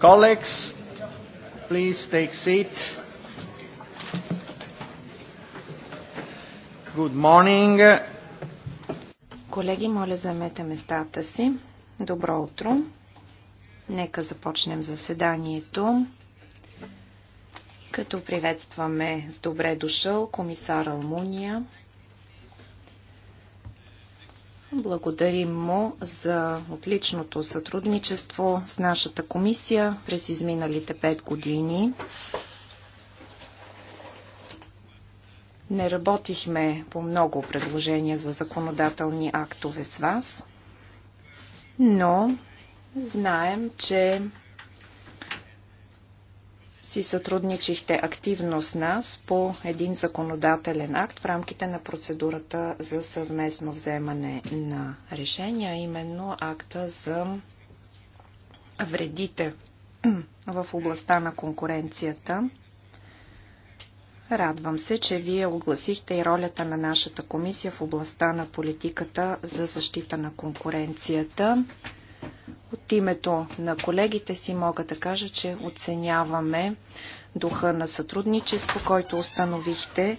Colleagues, please take seat. Good morning. Колеги, моля заемете местата си. Добро утро. Нека започнем заседанието. Като приветстваме с добре дошъл комисар Алмуния, Благодарим му за отличното сътрудничество с нашата комисия през изминалите 5 години. Не работихме по много предложения за законодателни актове с вас, но знаем, че си сътрудничихте активно с нас по един законодателен акт в рамките на процедурата за съвместно вземане на решения, именно акта за вредите в областта на конкуренцията. Радвам се, че вие огласихте и ролята на нашата комисия в областта на политиката за защита на конкуренцията. От името на колегите си мога да кажа, че оценяваме духа на сътрудничество, който установихте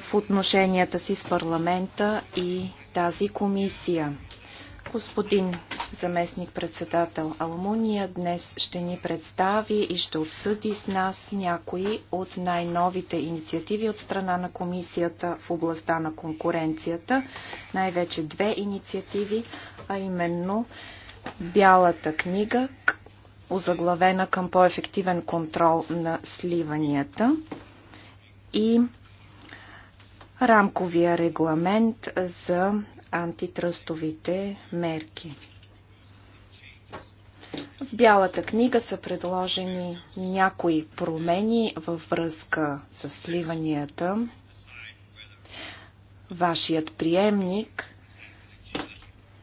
в отношенията си с парламента и тази комисия. Господин заместник-председател Алмуния днес ще ни представи и ще обсъди с нас някои от най-новите инициативи от страна на комисията в областта на конкуренцията. Най-вече две инициативи, а именно Бялата книга, озаглавена към по-ефективен контрол на сливанията и рамковия регламент за антитръстовите мерки. В Бялата книга са предложени някои промени във връзка с сливанията. Вашият приемник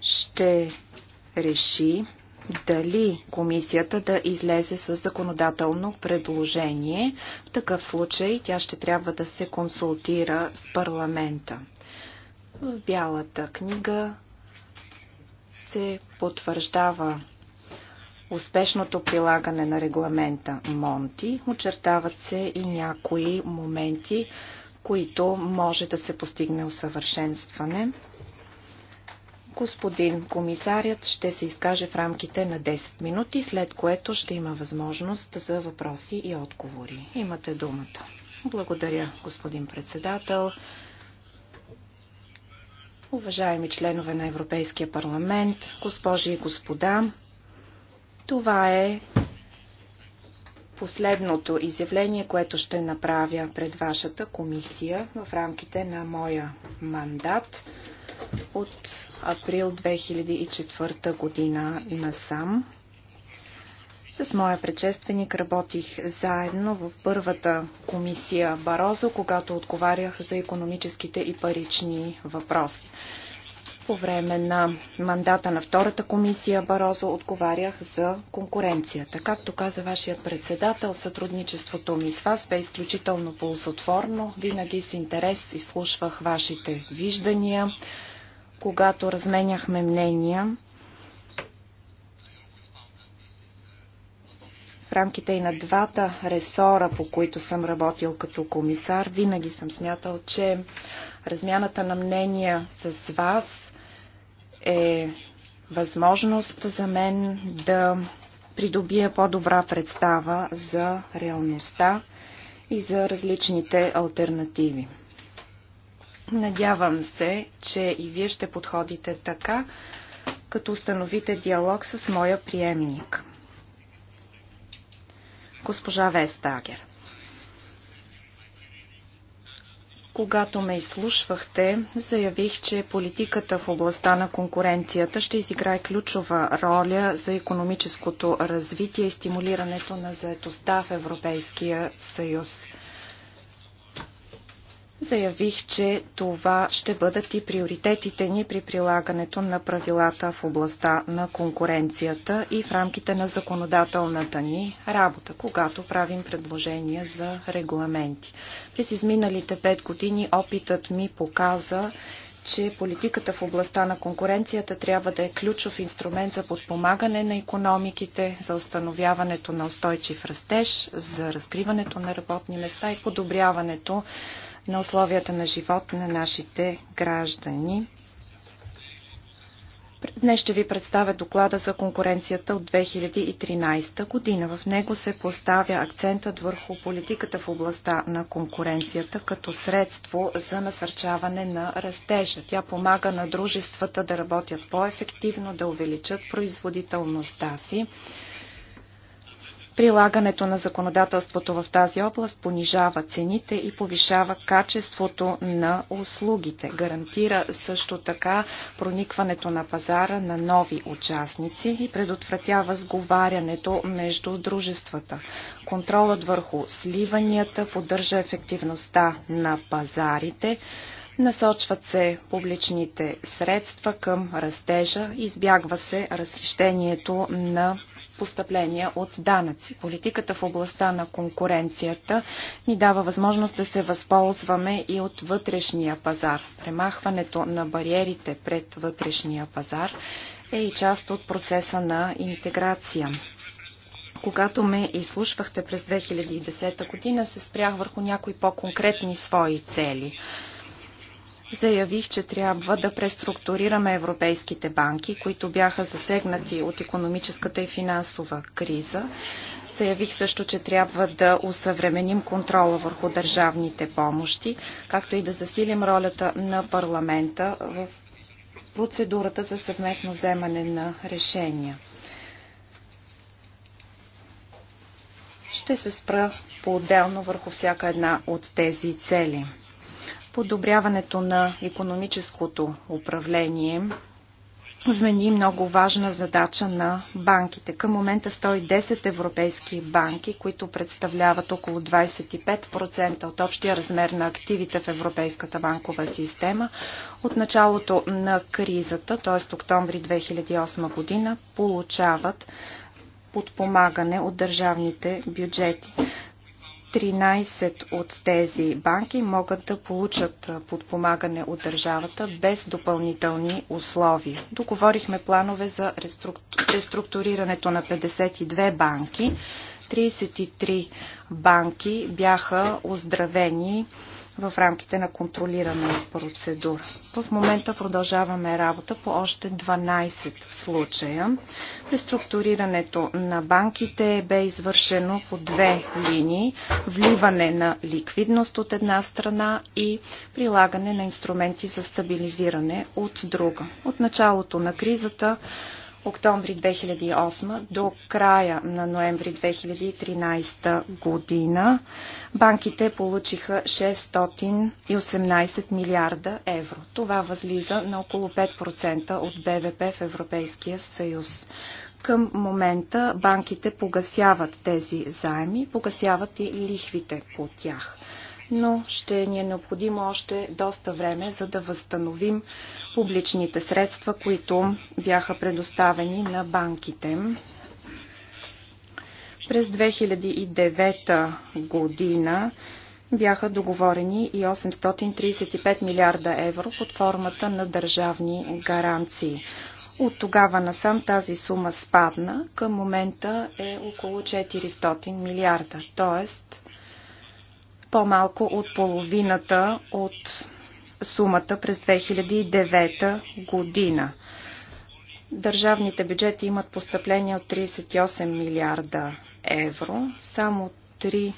ще реши дали комисията да излезе с законодателно предложение. В такъв случай тя ще трябва да се консултира с парламента. В Бялата книга се потвърждава успешното прилагане на регламента Монти. Очертават се и някои моменти, които може да се постигне усъвършенстване. Господин комисарят ще се изкаже в рамките на 10 минути, след което ще има възможност за въпроси и отговори. Имате думата. Благодаря, господин председател. Уважаеми членове на Европейския парламент, госпожи и господа, това е последното изявление, което ще направя пред вашата комисия в рамките на моя мандат. От април 2004 година насам с моя предшественик работих заедно в първата комисия Барозо, когато отговарях за економическите и парични въпроси. По време на мандата на втората комисия Барозо отговарях за конкуренцията. Както каза вашият председател, сътрудничеството ми с вас бе изключително ползотворно. Винаги с интерес изслушвах вашите виждания, когато разменяхме мнения в рамките и на двата ресора, по които съм работил като комисар, винаги съм смятал, че размяната на мнения с вас е възможност за мен да придобия по-добра представа за реалността и за различните альтернативи. Надявам се, че и вие ще подходите така, като установите диалог с моя приемник. Госпожа Вестагер. Когато ме изслушвахте, заявих, че политиката в областта на конкуренцията ще изиграе ключова роля за економическото развитие и стимулирането на заетостта в Европейския съюз заявих, че това ще бъдат и приоритетите ни при прилагането на правилата в областта на конкуренцията и в рамките на законодателната ни работа, когато правим предложения за регламенти. През изминалите пет години опитът ми показа, че политиката в областта на конкуренцията трябва да е ключов инструмент за подпомагане на економиките, за установяването на устойчив растеж, за разкриването на работни места и подобряването на условията на живот на нашите граждани. Днес ще ви представя доклада за конкуренцията от 2013 година. В него се поставя акцентът върху политиката в областта на конкуренцията като средство за насърчаване на растежа. Тя помага на дружествата да работят по-ефективно, да увеличат производителността си, Прилагането на законодателството в тази област понижава цените и повишава качеството на услугите. Гарантира също така проникването на пазара на нови участници и предотвратява сговарянето между дружествата. Контролът върху сливанията поддържа ефективността на пазарите. Насочват се публичните средства към растежа, избягва се разхищението на постъпления от данъци. Политиката в областта на конкуренцията ни дава възможност да се възползваме и от вътрешния пазар. Премахването на бариерите пред вътрешния пазар е и част от процеса на интеграция. Когато ме изслушвахте през 2010 година, се спрях върху някои по-конкретни свои цели – заявих, че трябва да преструктурираме европейските банки, които бяха засегнати от економическата и финансова криза. Заявих също, че трябва да усъвременим контрола върху държавните помощи, както и да засилим ролята на парламента в процедурата за съвместно вземане на решения. Ще се спра по-отделно върху всяка една от тези цели. Подобряването на економическото управление вмени много важна задача на банките. Към момента 110 европейски банки, които представляват около 25% от общия размер на активите в Европейската банкова система, от началото на кризата, т.е. октомври 2008 година, получават подпомагане от държавните бюджети. 13 от тези банки могат да получат подпомагане от държавата без допълнителни условия. Договорихме планове за реструктурирането на 52 банки. 33 банки бяха оздравени в рамките на контролирана процедура. В момента продължаваме работа по още 12 случая. Преструктурирането на банките бе извършено по две линии – вливане на ликвидност от една страна и прилагане на инструменти за стабилизиране от друга. От началото на кризата октомври 2008 до края на ноември 2013 година банките получиха 618 милиарда евро. Това възлиза на около 5% от БВП в Европейския съюз. Към момента банките погасяват тези заеми, погасяват и лихвите по тях но ще ни е необходимо още доста време, за да възстановим публичните средства, които бяха предоставени на банките. През 2009 година бяха договорени и 835 милиарда евро под формата на държавни гаранции. От тогава насам тази сума спадна, към момента е около 400 милиарда, т.е по-малко от половината от сумата през 2009 година. Държавните бюджети имат постъпления от 38 милиарда евро. Само 3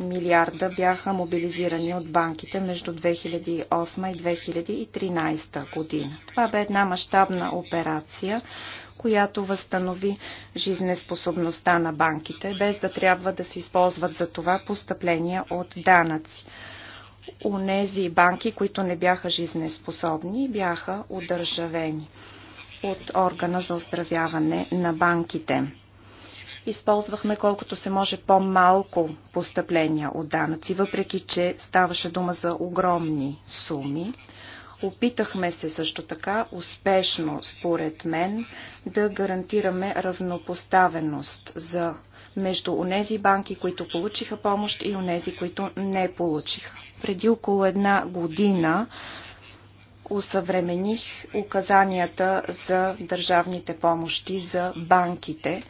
милиарда бяха мобилизирани от банките между 2008 и 2013 година. Това бе една мащабна операция, която възстанови жизнеспособността на банките, без да трябва да се използват за това постъпления от данъци. Унези банки, които не бяха жизнеспособни, бяха удържавени от органа за оздравяване на банките използвахме колкото се може по-малко постъпления от данъци, въпреки че ставаше дума за огромни суми. Опитахме се също така успешно, според мен, да гарантираме равнопоставеност за между онези банки, които получиха помощ и онези, които не получиха. Преди около една година усъвремених указанията за държавните помощи за банките.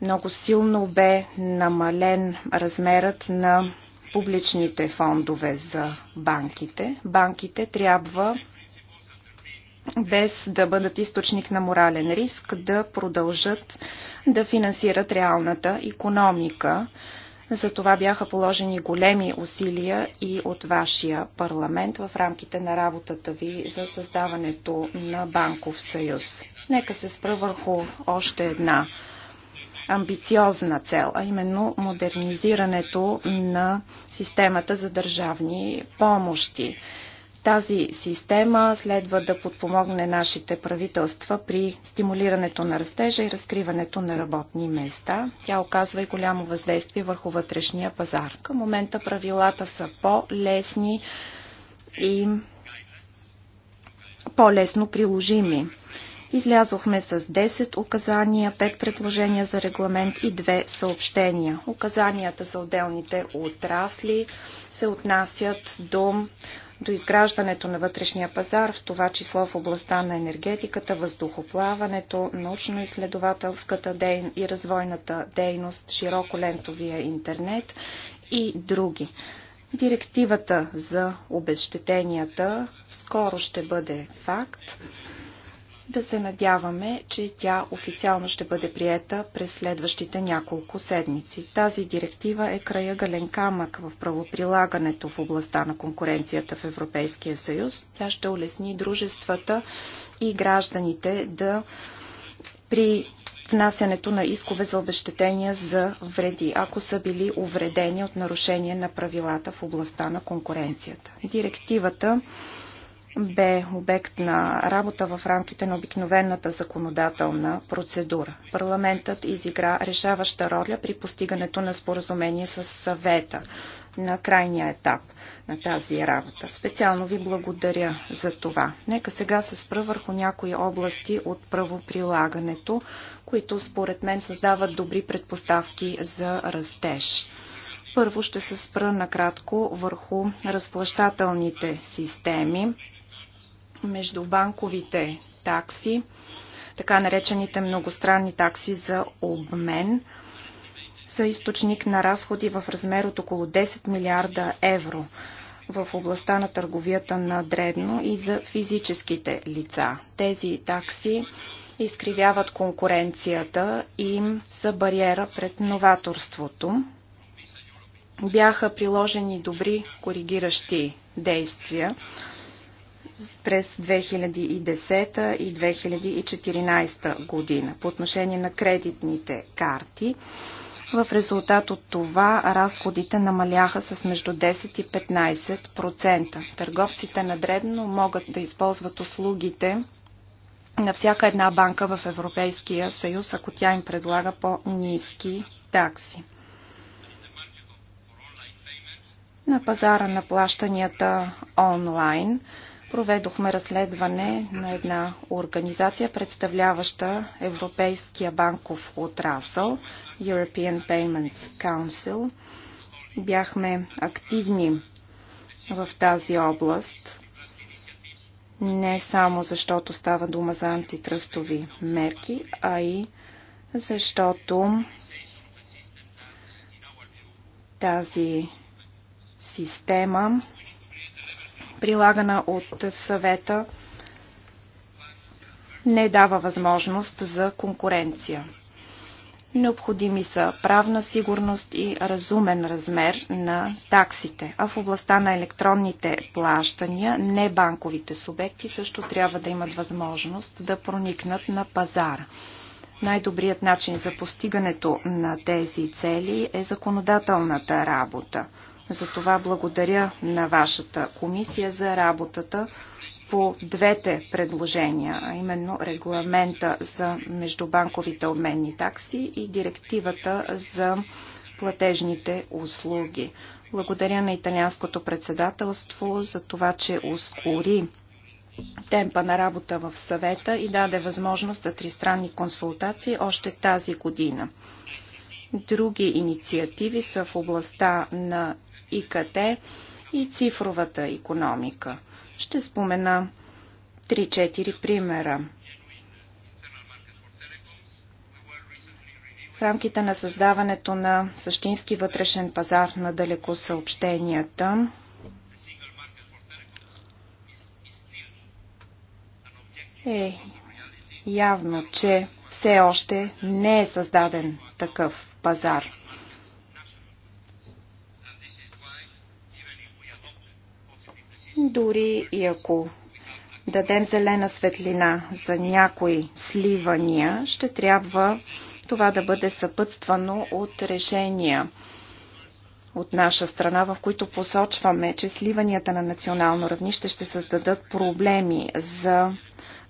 Много силно бе намален размерът на публичните фондове за банките. Банките трябва, без да бъдат източник на морален риск, да продължат да финансират реалната економика. За това бяха положени големи усилия и от вашия парламент в рамките на работата ви за създаването на банков съюз. Нека се спра върху още една амбициозна цел, а именно модернизирането на системата за държавни помощи. Тази система следва да подпомогне нашите правителства при стимулирането на растежа и разкриването на работни места. Тя оказва и голямо въздействие върху вътрешния пазар. Към момента правилата са по-лесни и по-лесно приложими. Излязохме с 10 указания, 5 предложения за регламент и 2 съобщения. Указанията за отделните отрасли се отнасят до до изграждането на вътрешния пазар, в това число в областта на енергетиката, въздухоплаването, научно-изследователската и развойната дейност, широколентовия интернет и други. Директивата за обещетенията скоро ще бъде факт. Да се надяваме, че тя официално ще бъде приета през следващите няколко седмици. Тази директива е края гален камък в правоприлагането в областта на конкуренцията в Европейския съюз. Тя ще улесни дружествата и гражданите да при внасянето на искове за обещетения за вреди, ако са били увредени от нарушение на правилата в областта на конкуренцията. Директивата бе обект на работа в рамките на обикновената законодателна процедура. Парламентът изигра решаваща роля при постигането на споразумение с съвета на крайния етап на тази работа. Специално ви благодаря за това. Нека сега се спра върху някои области от правоприлагането, които според мен създават добри предпоставки за растеж. Първо ще се спра накратко върху разплащателните системи между банковите такси, така наречените многостранни такси за обмен, са източник на разходи в размер от около 10 милиарда евро в областта на търговията на дребно и за физическите лица. Тези такси изкривяват конкуренцията и са бариера пред новаторството. Бяха приложени добри коригиращи действия през 2010 и 2014 година по отношение на кредитните карти. В резултат от това разходите намаляха с между 10 и 15%. Търговците на дребно могат да използват услугите на всяка една банка в Европейския съюз, ако тя им предлага по-низки такси. На пазара на плащанията онлайн – проведохме разследване на една организация, представляваща Европейския банков отрасъл, European Payments Council. Бяхме активни в тази област, не само защото става дума за антитръстови мерки, а и защото тази система прилагана от съвета, не дава възможност за конкуренция. Необходими са правна сигурност и разумен размер на таксите, а в областта на електронните плащания небанковите субекти също трябва да имат възможност да проникнат на пазара. Най-добрият начин за постигането на тези цели е законодателната работа. Затова благодаря на вашата комисия за работата по двете предложения, а именно регламента за междубанковите обменни такси и директивата за платежните услуги. Благодаря на италианското председателство за това, че ускори темпа на работа в съвета и даде възможност за тристранни консултации още тази година. Други инициативи са в областта на ИКТ и цифровата економика. Ще спомена 3-4 примера. В рамките на създаването на същински вътрешен пазар на далеко съобщенията, е явно, че все още не е създаден такъв пазар. Дори и ако дадем зелена светлина за някои сливания, ще трябва това да бъде съпътствано от решения от наша страна, в които посочваме, че сливанията на национално равнище ще създадат проблеми за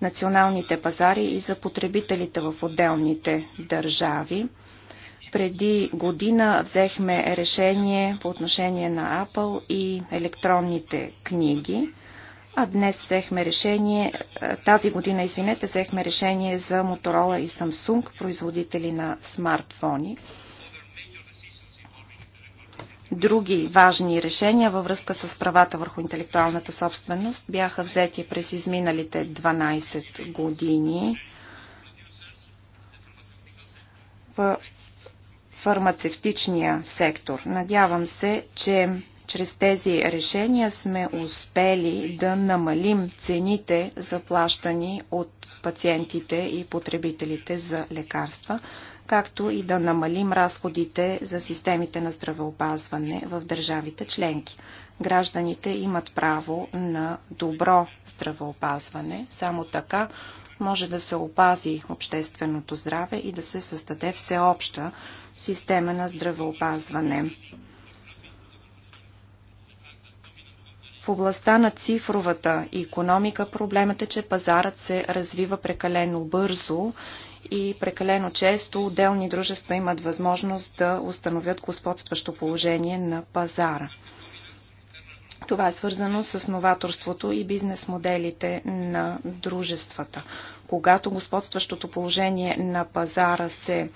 националните пазари и за потребителите в отделните държави. Преди година взехме решение по отношение на Apple и електронните книги, а днес взехме решение, тази година, извинете, взехме решение за Motorola и Samsung, производители на смартфони други важни решения във връзка с правата върху интелектуалната собственост бяха взети през изминалите 12 години. В фармацевтичния сектор. Надявам се, че чрез тези решения сме успели да намалим цените заплащани от пациентите и потребителите за лекарства, както и да намалим разходите за системите на здравеопазване в държавите членки. Гражданите имат право на добро здравеопазване. Само така може да се опази общественото здраве и да се създаде всеобща система на здравеопазване. В областта на цифровата економика проблемът е, че пазарът се развива прекалено бързо и прекалено често отделни дружества имат възможност да установят господстващо положение на пазара. Това е свързано с новаторството и бизнес моделите на дружествата. Когато господстващото положение на пазара се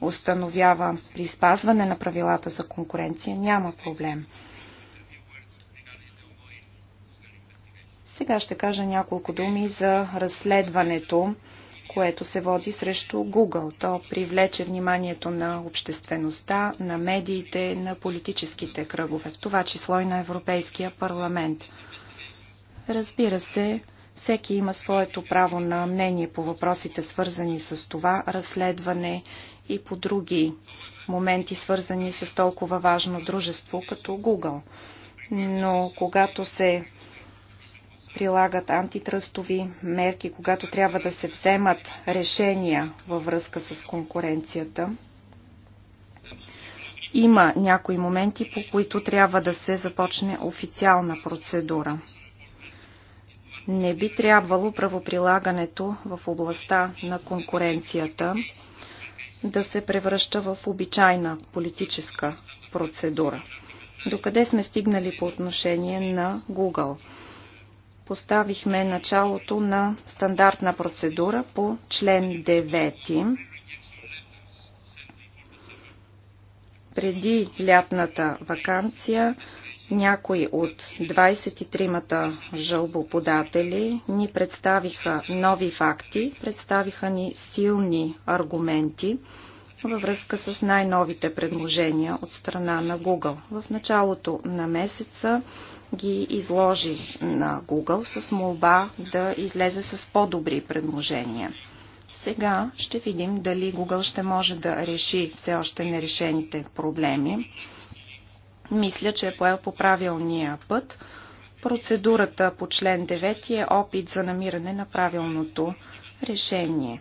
установява при спазване на правилата за конкуренция, няма проблем. Сега ще кажа няколко думи за разследването което се води срещу Google. То привлече вниманието на обществеността, на медиите, на политическите кръгове, в това число и на Европейския парламент. Разбира се, всеки има своето право на мнение по въпросите, свързани с това разследване и по други моменти, свързани с толкова важно дружество като Google. Но когато се прилагат антитръстови мерки, когато трябва да се вземат решения във връзка с конкуренцията. Има някои моменти, по които трябва да се започне официална процедура. Не би трябвало правоприлагането в областта на конкуренцията да се превръща в обичайна политическа процедура. Докъде сме стигнали по отношение на Google? поставихме началото на стандартна процедура по член 9. Преди лятната вакансия някои от 23-мата жълбоподатели ни представиха нови факти, представиха ни силни аргументи – във връзка с най-новите предложения от страна на Google. В началото на месеца ги изложих на Google с молба да излезе с по-добри предложения. Сега ще видим дали Google ще може да реши все още нерешените проблеми. Мисля, че е поел по правилния път. Процедурата по член 9 е опит за намиране на правилното решение.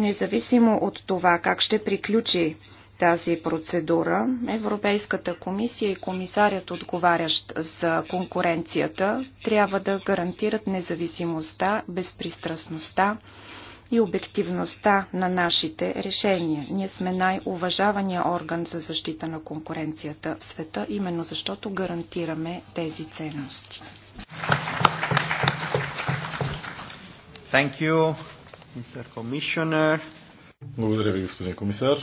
Независимо от това как ще приключи тази процедура, Европейската комисия и комисарят, отговарящ за конкуренцията, трябва да гарантират независимостта, безпристрастността и обективността на нашите решения. Ние сме най-уважавания орган за защита на конкуренцията в света, именно защото гарантираме тези ценности. Thank you. Mr. Commissioner. Благодаря ви, господин комисар.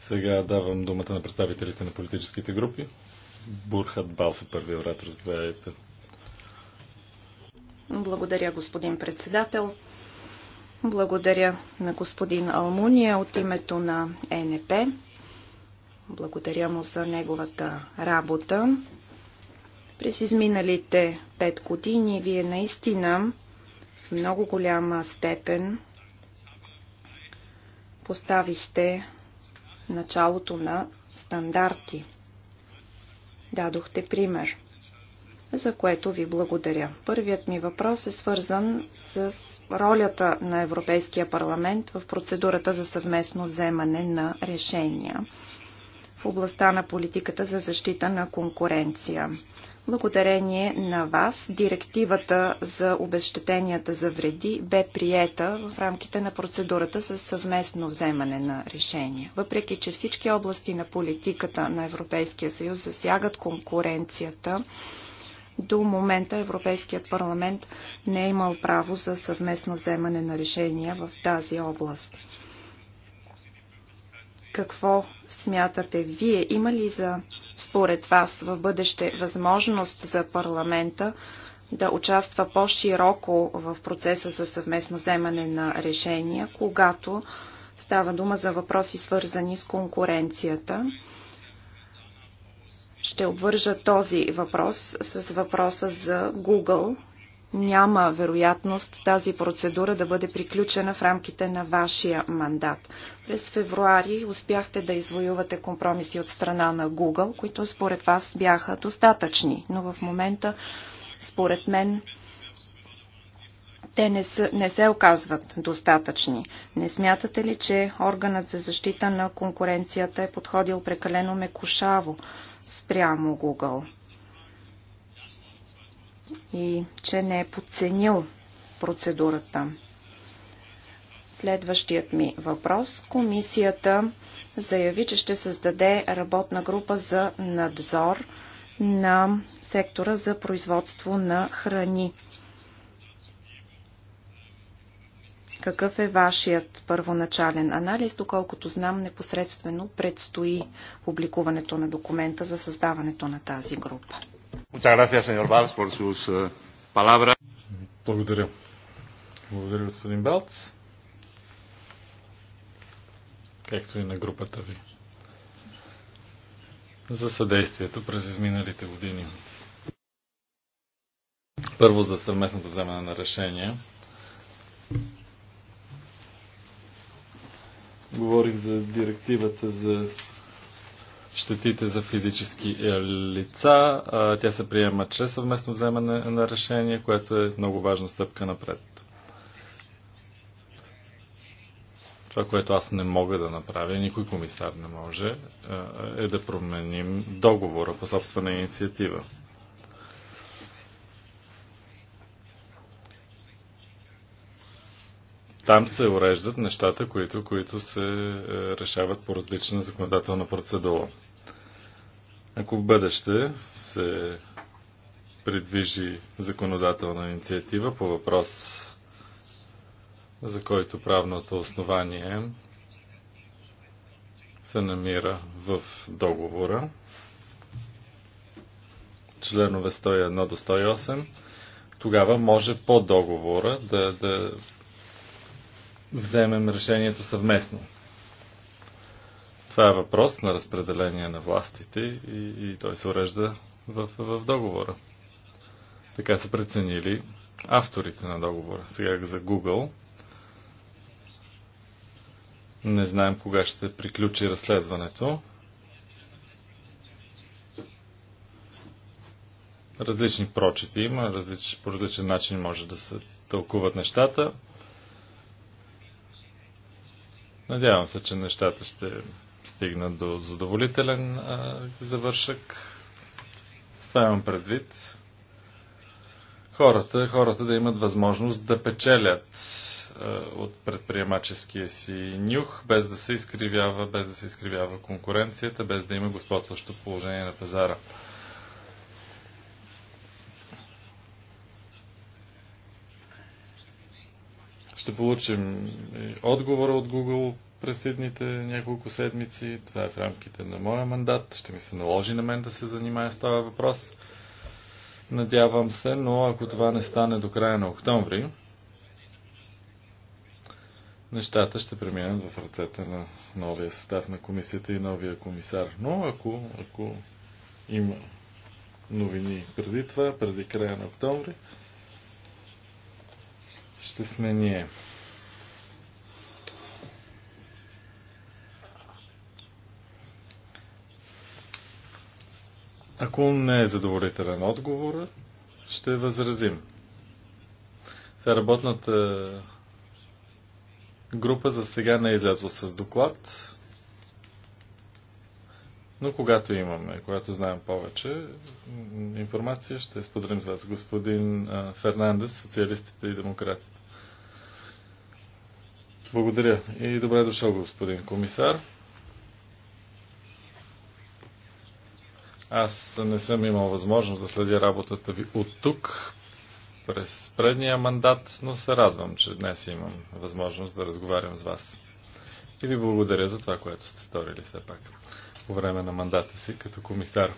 Сега давам думата на представителите на политическите групи. Бурхат Балса, е първият врат, разговаряйте. Благодаря, господин председател. Благодаря на господин Алмуния от името на ЕНП. Благодаря му за неговата работа. През изминалите пет години вие наистина в много голяма степен поставихте началото на стандарти. Дадохте пример, за което ви благодаря. Първият ми въпрос е свързан с ролята на Европейския парламент в процедурата за съвместно вземане на решения в областта на политиката за защита на конкуренция. Благодарение на вас, директивата за обещетенията за вреди бе приета в рамките на процедурата с съвместно вземане на решения. Въпреки, че всички области на политиката на Европейския съюз засягат конкуренцията, до момента Европейският парламент не е имал право за съвместно вземане на решения в тази област. Какво смятате вие? Има ли за според вас в бъдеще възможност за парламента да участва по-широко в процеса за съвместно вземане на решения, когато става дума за въпроси свързани с конкуренцията. Ще обвържа този въпрос с въпроса за Google, няма вероятност тази процедура да бъде приключена в рамките на вашия мандат. През февруари успяхте да извоювате компромиси от страна на Google, които според вас бяха достатъчни, но в момента, според мен, те не, са, не се оказват достатъчни. Не смятате ли, че органът за защита на конкуренцията е подходил прекалено мекушаво спрямо Google? и че не е подценил процедурата. Следващият ми въпрос. Комисията заяви, че ще създаде работна група за надзор на сектора за производство на храни. Какъв е вашият първоначален анализ? Доколкото знам, непосредствено предстои публикуването на документа за създаването на тази група. Eh, Благодаря. Благодаря, господин Балц. Както и на групата ви. За съдействието през изминалите години. Първо за съвместното вземане на решения. Говорих за директивата за щетите за физически е, лица. Тя се приема чрез съвместно вземане на решение, което е много важна стъпка напред. Това, което аз не мога да направя, никой комисар не може, е, е да променим договора по собствена инициатива. там се уреждат нещата, които, които се е, решават по различна законодателна процедура. Ако в бъдеще се предвижи законодателна инициатива по въпрос, за който правното основание се намира в договора, членове 101 до 108, тогава може по договора да, да вземем решението съвместно. Това е въпрос на разпределение на властите и, и той се урежда в, в договора. Така са преценили авторите на договора. Сега за Google. Не знаем кога ще приключи разследването. Различни прочети има, различ, по различен начин може да се тълкуват нещата. Надявам се, че нещата ще стигна до задоволителен а, завършък. С това имам предвид. Хората, хората да имат възможност да печелят а, от предприемаческия си нюх, без да се изкривява, без да се изкривява конкуренцията, без да има господстващо положение на пазара. Ще получим отговора от Google през следните няколко седмици. Това е в рамките на моя мандат. Ще ми се наложи на мен да се занимая с този въпрос. Надявам се, но ако това не стане до края на октомври, нещата ще преминат в ръцете на новия състав на комисията и новия комисар. Но ако, ако има новини преди това, преди края на октомври, ще сме ние. Ако не е задоволителен отговор, ще възразим. Та работната група за сега не е излязла с доклад, но когато имаме, когато знаем повече информация, ще споделим с вас. Господин Фернандес, социалистите и демократите. Благодаря и добре дошъл, господин комисар. Аз не съм имал възможност да следя работата ви от тук през предния мандат, но се радвам, че днес имам възможност да разговарям с вас. И ви благодаря за това, което сте сторили все пак по време на мандата си като комисар.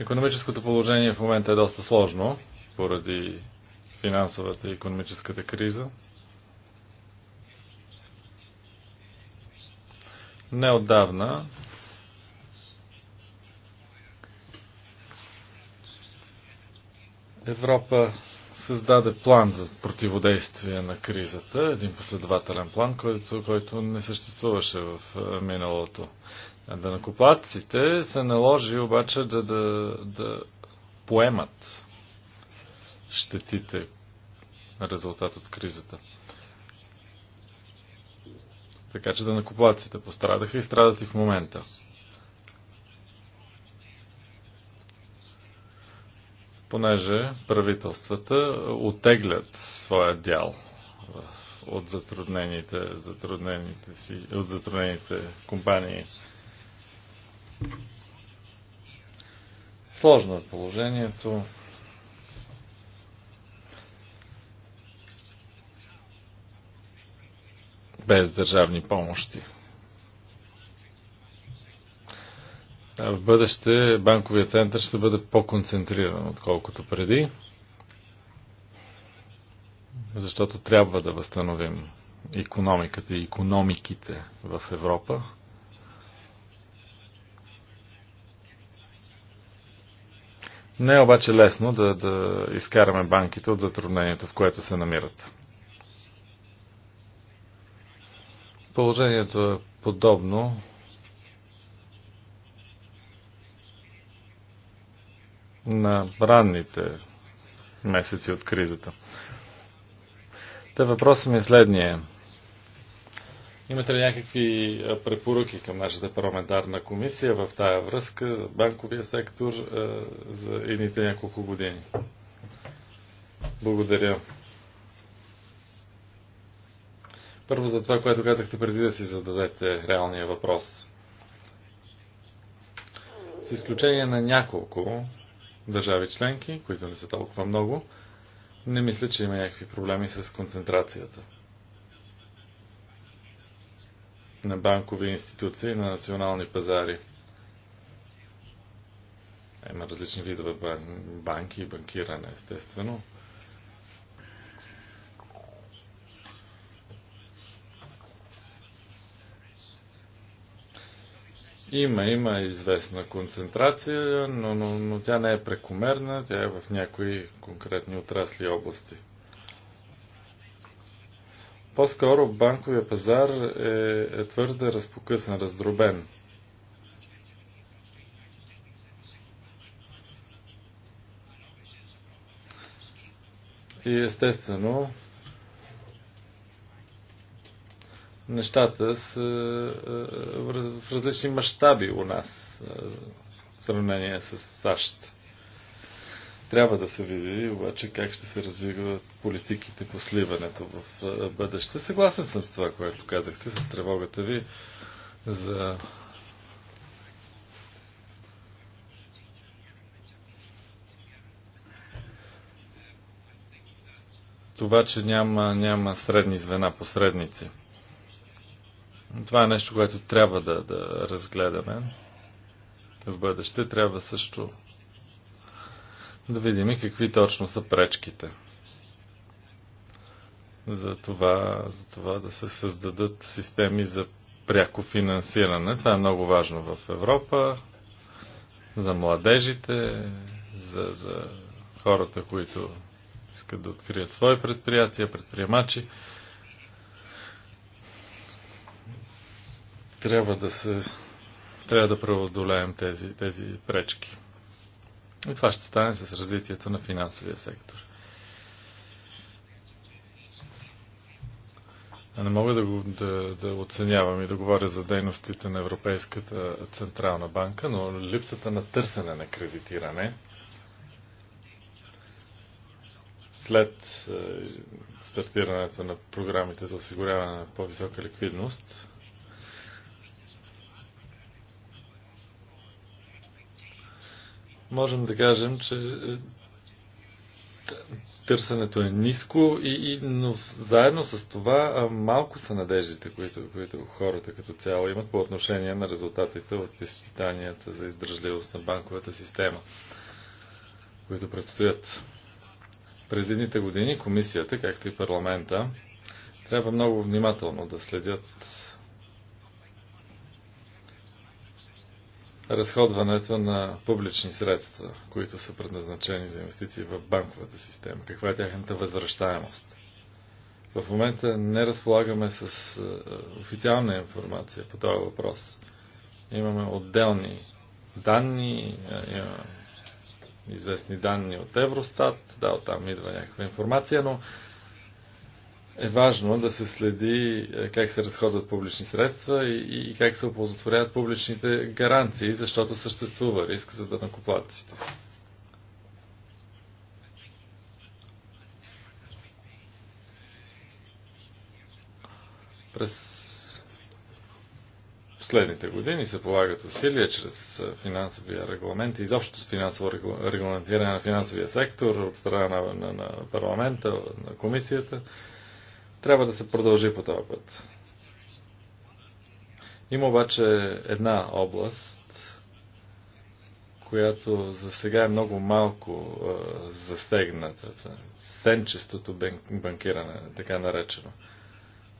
Економическото положение в момента е доста сложно поради финансовата и економическата криза. Неотдавна Европа създаде план за противодействие на кризата, един последователен план, който, който не съществуваше в е, миналото. Данакоплатците се наложи обаче да, да, да поемат щетите на резултат от кризата. Така че данакоплатците пострадаха и страдат и в момента. понеже правителствата отеглят своя дял от затруднените, затруднените си, от затруднените компании. Сложно е положението. Без държавни помощи. В бъдеще банковия център ще бъде по-концентриран, отколкото преди, защото трябва да възстановим економиката и економиките в Европа. Не е обаче лесно да, да изкараме банките от затруднението, в което се намират. Положението е подобно на ранните месеци от кризата. Та въпросът ми е следния. Имате ли някакви препоръки към нашата парламентарна комисия в тая връзка за банковия сектор за едните няколко години? Благодаря. Първо за това, което казахте преди да си зададете реалния въпрос. С изключение на няколко, държави членки, които не са толкова много, не мисля, че има някакви проблеми с концентрацията на банкови институции на национални пазари. Има различни видове банки и банкиране, естествено. Има, има известна концентрация, но, но, но тя не е прекомерна, тя е в някои конкретни отрасли и области. По-скоро банковия пазар е, е твърде разпокъсан, раздробен. И естествено, нещата са е, е, в различни мащаби у нас е, в сравнение с САЩ. Трябва да се види обаче как ще се развиват политиките по сливането в бъдеще. Съгласен съм с това, което казахте, с тревогата ви за това, че няма, няма средни звена, посредници. Това е нещо, което трябва да, да разгледаме в бъдеще. Трябва също да видим и какви точно са пречките за това, за това да се създадат системи за пряко финансиране. Това е много важно в Европа, за младежите, за, за хората, които искат да открият свои предприятия, предприемачи. трябва да се трябва да преодолеем тези, тези пречки. И това ще стане с развитието на финансовия сектор. Не мога да, го, да, да оценявам и да говоря за дейностите на Европейската Централна банка, но липсата на търсене на кредитиране след е, стартирането на програмите за осигуряване на по-висока ликвидност можем да кажем, че е, търсенето е ниско, и, и, но заедно с това малко са надеждите, които, които хората като цяло имат по отношение на резултатите от изпитанията за издържливост на банковата система, които предстоят. През едните години комисията, както и парламента, трябва много внимателно да следят разходването на публични средства, които са предназначени за инвестиции в банковата система? Каква е тяхната възвръщаемост? В момента не разполагаме с е, официална информация по този въпрос. Имаме отделни данни, е, имаме известни данни от Евростат, да, оттам идва някаква информация, но е важно да се следи е, как се разходват публични средства и, и как се оползотворяват публичните гаранции, защото съществува риск за данакоплатците. През последните години се полагат усилия чрез е, финансовия регламент и изобщо с финансово регламентиране на финансовия сектор от страна на, на, на парламента, на комисията. Трябва да се продължи по този път. Има обаче една област, която за сега е много малко е, засегната. Сенчестото банкиране, така наречено.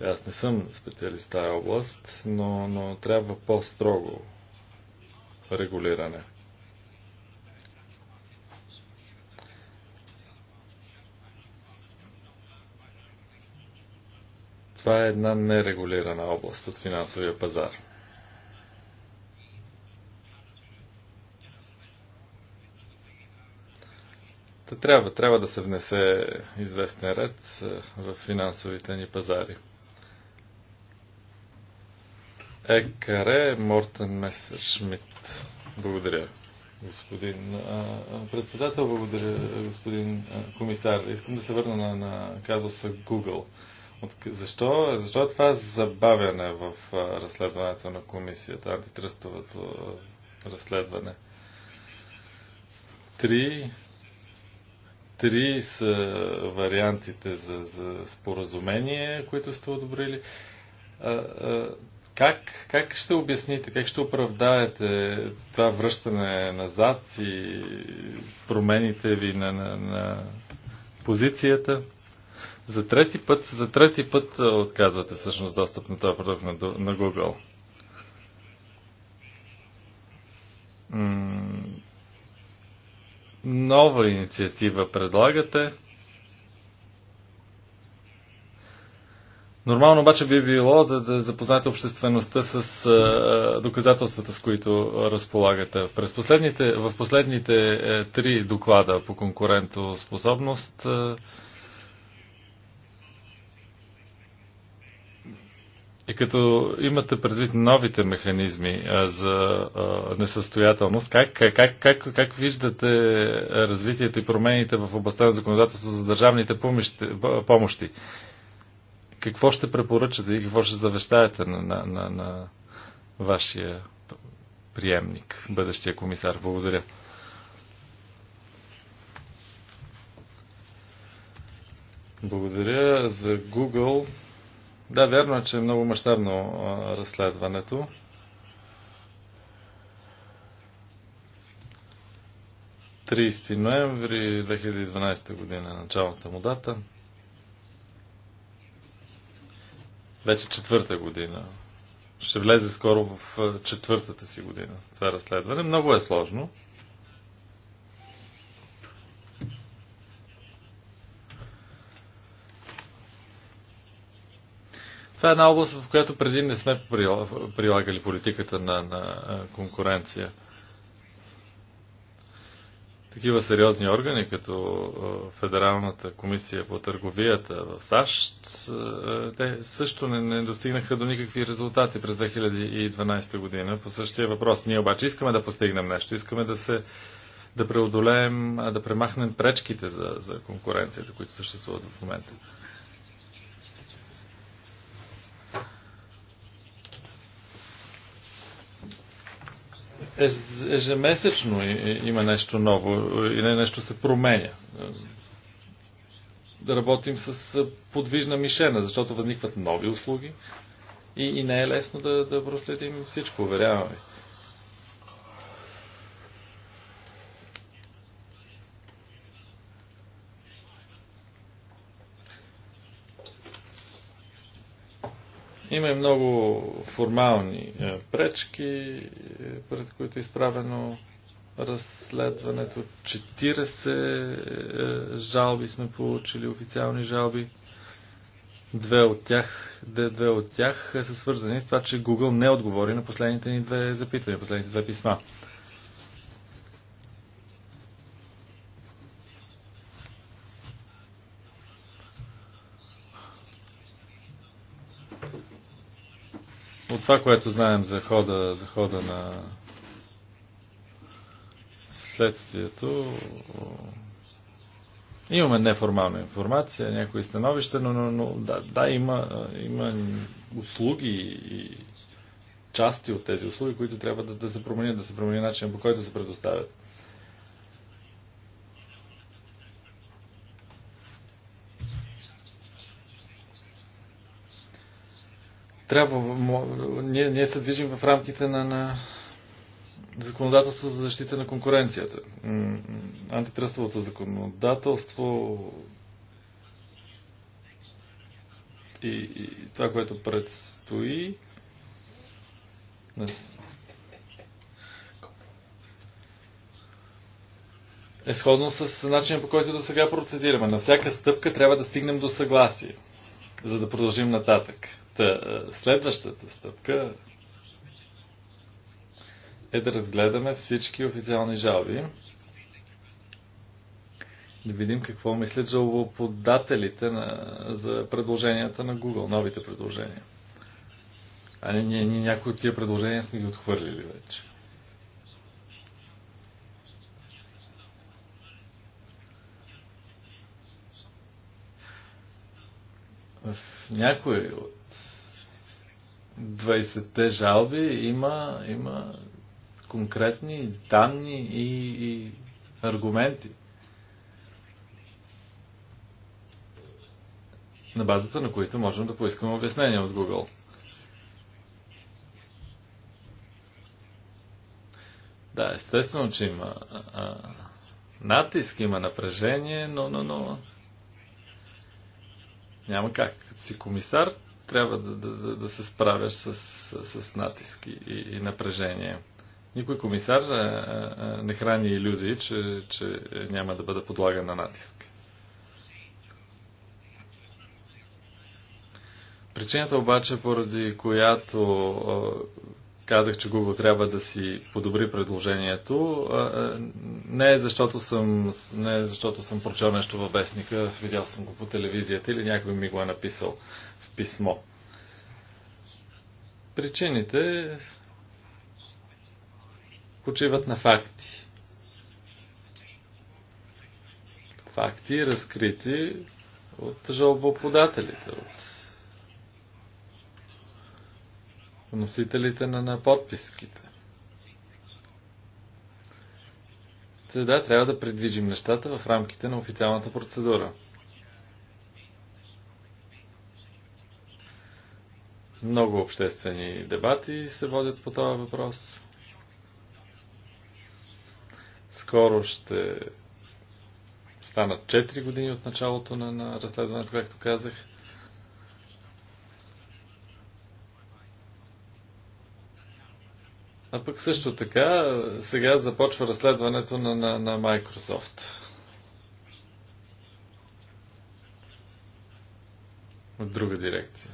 Аз не съм специалист в тази област, но, но трябва по-строго регулиране. това е една нерегулирана област от финансовия пазар. Та трябва, трябва да се внесе известен ред е, в финансовите ни пазари. Екаре Мортен Месершмит. Благодаря, господин председател, благодаря, господин комисар. Искам да се върна на, на казуса Google защо, защо е това забавяне в разследването на комисията, антитръстовото разследване? Три, три са вариантите за, за споразумение, които сте одобрили. как, как ще обясните, как ще оправдаете това връщане назад и промените ви на, на, на позицията? За трети път, за трети път отказвате всъщност достъп на този продукт на, на Google. нова инициатива предлагате. Нормално обаче би било да, да запознаете обществеността с а, доказателствата, с които разполагате. През последните, в последните е, три доклада по конкурентоспособност а, И като имате предвид новите механизми а, за а, несъстоятелност, как, как, как, как виждате развитието и промените в областта на законодателство за държавните помощи? помощи? Какво ще препоръчате и какво ще завещаете на, на, на, на вашия приемник, бъдещия комисар? Благодаря. Благодаря за Google. Да, вярно е, че е много мащабно разследването. Тридесети ноември 2012 година е началната му дата. Вече четвърта година. Ще влезе скоро в четвъртата си година това разследване. Много е сложно. Това е една област, в която преди не сме прилагали политиката на, на конкуренция. Такива сериозни органи, като Федералната комисия по търговията в САЩ, те също не, не достигнаха до никакви резултати през 2012 година по същия въпрос. Ние обаче искаме да постигнем нещо, искаме да се да преодолеем, да премахнем пречките за, за конкуренцията, които съществуват в момента. Е ежемесечно има нещо ново и нещо се променя. Да работим с подвижна мишена, защото възникват нови услуги и, и не е лесно да, да проследим всичко, уверяваме ви. Има и много формални е, пречки, е, пред които е изправено разследването. 40 е, жалби сме получили, официални жалби. Две от тях, две от тях са свързани с това, че Google не отговори на последните ни две запитвания, последните две писма. това, което знаем за хода, за хода на следствието, имаме неформална информация, някои становища, но, но, но да, да има, има услуги и части от тези услуги, които трябва да, да се променят, да се промени начинът по който се предоставят. Трябва, ние, ние се движим в рамките на, на законодателство за защита на конкуренцията. Антитръстовото законодателство и, и това, което предстои. е сходно с начина по който до сега процедираме. На всяка стъпка трябва да стигнем до съгласие, за да продължим нататък. Та, е, следващата стъпка е да разгледаме всички официални жалби, да видим какво мислят жалбоподателите на, за предложенията на Google, новите предложения. А ние, ние някои от тия предложения сме ги отхвърлили вече. В някои от 20-те жалби има, има конкретни данни и, и аргументи. на базата на които можем да поискаме обяснение от Google. Да, естествено, че има а, натиск, има напрежение, но, но, но няма как. Като си комисар, трябва да, да, да, да се справяш с, с, с натиск и, и напрежение. Никой комисар а, а, не храни иллюзии, че, че няма да бъде подлаган на натиск. Причината обаче, поради която а, казах, че Google трябва да си подобри предложението, а, не, е защото съм, не е защото съм прочел нещо във вестника, видял съм го по телевизията или някой ми го е написал писмо. Причините почиват на факти. Факти, разкрити от жалбоподателите, от носителите на, на подписките. да, трябва да предвижим нещата в рамките на официалната процедура. Много обществени дебати се водят по този въпрос. Скоро ще станат 4 години от началото на, на разследването, както казах. А пък също така, сега започва разследването на, на, на Microsoft. От друга дирекция.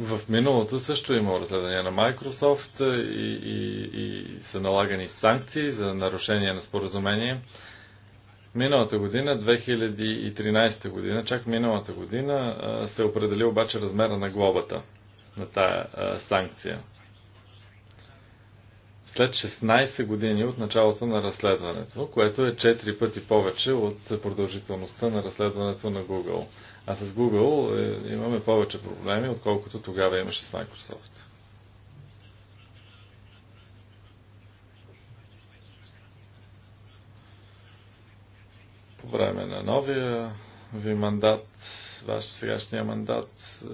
В миналото също има разследвания на Microsoft и, и, и са налагани санкции за нарушение на споразумение. Миналата година, 2013 година, чак миналата година, се определи обаче размера на глобата на тая санкция. След 16 години от началото на разследването, което е 4 пъти повече от продължителността на разследването на Google. А с Google е, имаме повече проблеми, отколкото тогава имаше с Microsoft. По време на новия ви мандат, ваш сегашния мандат, е,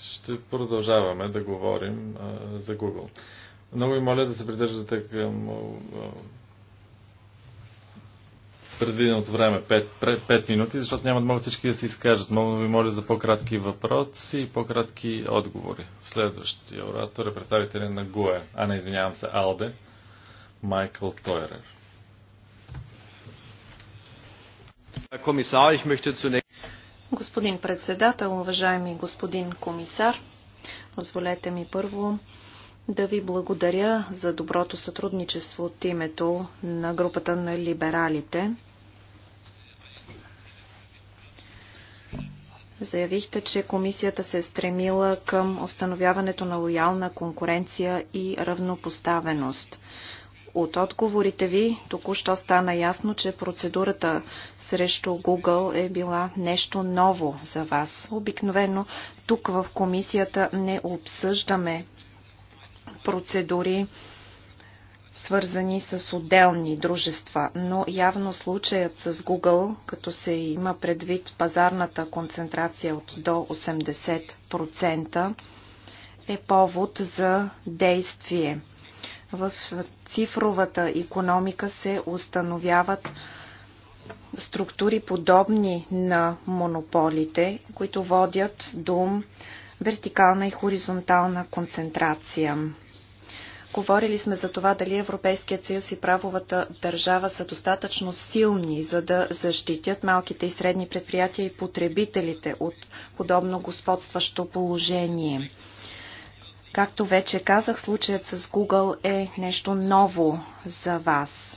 ще продължаваме да говорим за Google. Много ви моля да се придържате към предвиденото време 5, е 5 минути, защото няма да могат всички да се изкажат. Много ви моля за по-кратки въпроси и по-кратки отговори. Следващия оратор е представител на ГУЕ, а не извинявам се, АЛДЕ, Майкъл Тойрер. Господин председател, уважаеми господин комисар, позволете ми първо да ви благодаря за доброто сътрудничество от името на групата на либералите. Заявихте, че комисията се е стремила към установяването на лоялна конкуренция и равнопоставеност. От отговорите ви току-що стана ясно, че процедурата срещу Google е била нещо ново за вас. Обикновено тук в комисията не обсъждаме процедури, свързани с отделни дружества, но явно случаят с Google, като се има предвид пазарната концентрация от до 80%, е повод за действие. В цифровата економика се установяват структури подобни на монополите, които водят до вертикална и хоризонтална концентрация. Говорили сме за това дали Европейският съюз и правовата държава са достатъчно силни, за да защитят малките и средни предприятия и потребителите от подобно господстващо положение. Както вече казах, случаят с Google е нещо ново за вас.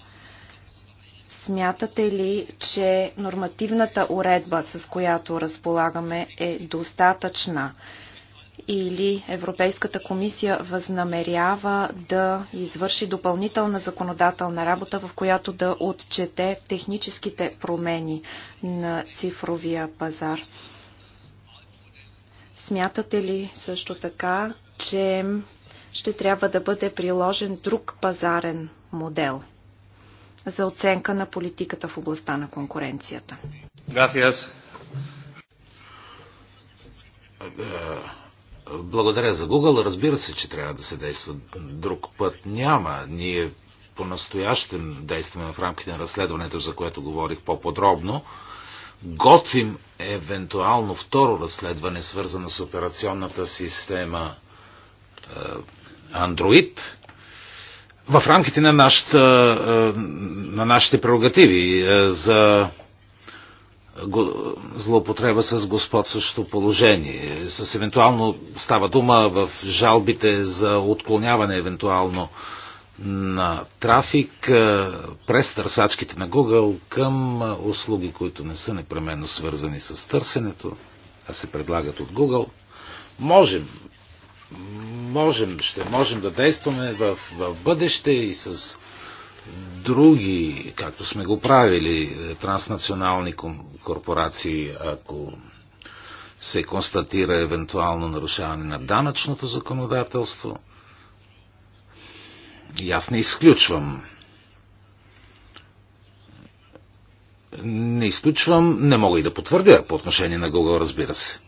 Смятате ли, че нормативната уредба, с която разполагаме, е достатъчна? или Европейската комисия възнамерява да извърши допълнителна законодателна работа, в която да отчете техническите промени на цифровия пазар. Смятате ли също така, че ще трябва да бъде приложен друг пазарен модел за оценка на политиката в областта на конкуренцията? Gracias. Е, благодаря за Google. Разбира се, че трябва да се действа. Друг път няма. Ние по-настоящем действаме в рамките на разследването, за което говорих по-подробно. Готвим евентуално второ разследване, свързано с операционната система е, Android, в рамките на, нашата, е, на нашите прерогативи е, за злоупотреба с господстващото положение. С евентуално става дума в жалбите за отклоняване евентуално на трафик е, през търсачките на Google към е, услуги, които не са непременно свързани с търсенето, а се предлагат от Google. Можем, можем, ще можем да действаме в, в бъдеще и с други, както сме го правили, е, транснационални корпорации, ако се констатира евентуално нарушаване на данъчното законодателство. И аз не изключвам. Не изключвам, не мога и да потвърдя по отношение на Google, разбира се.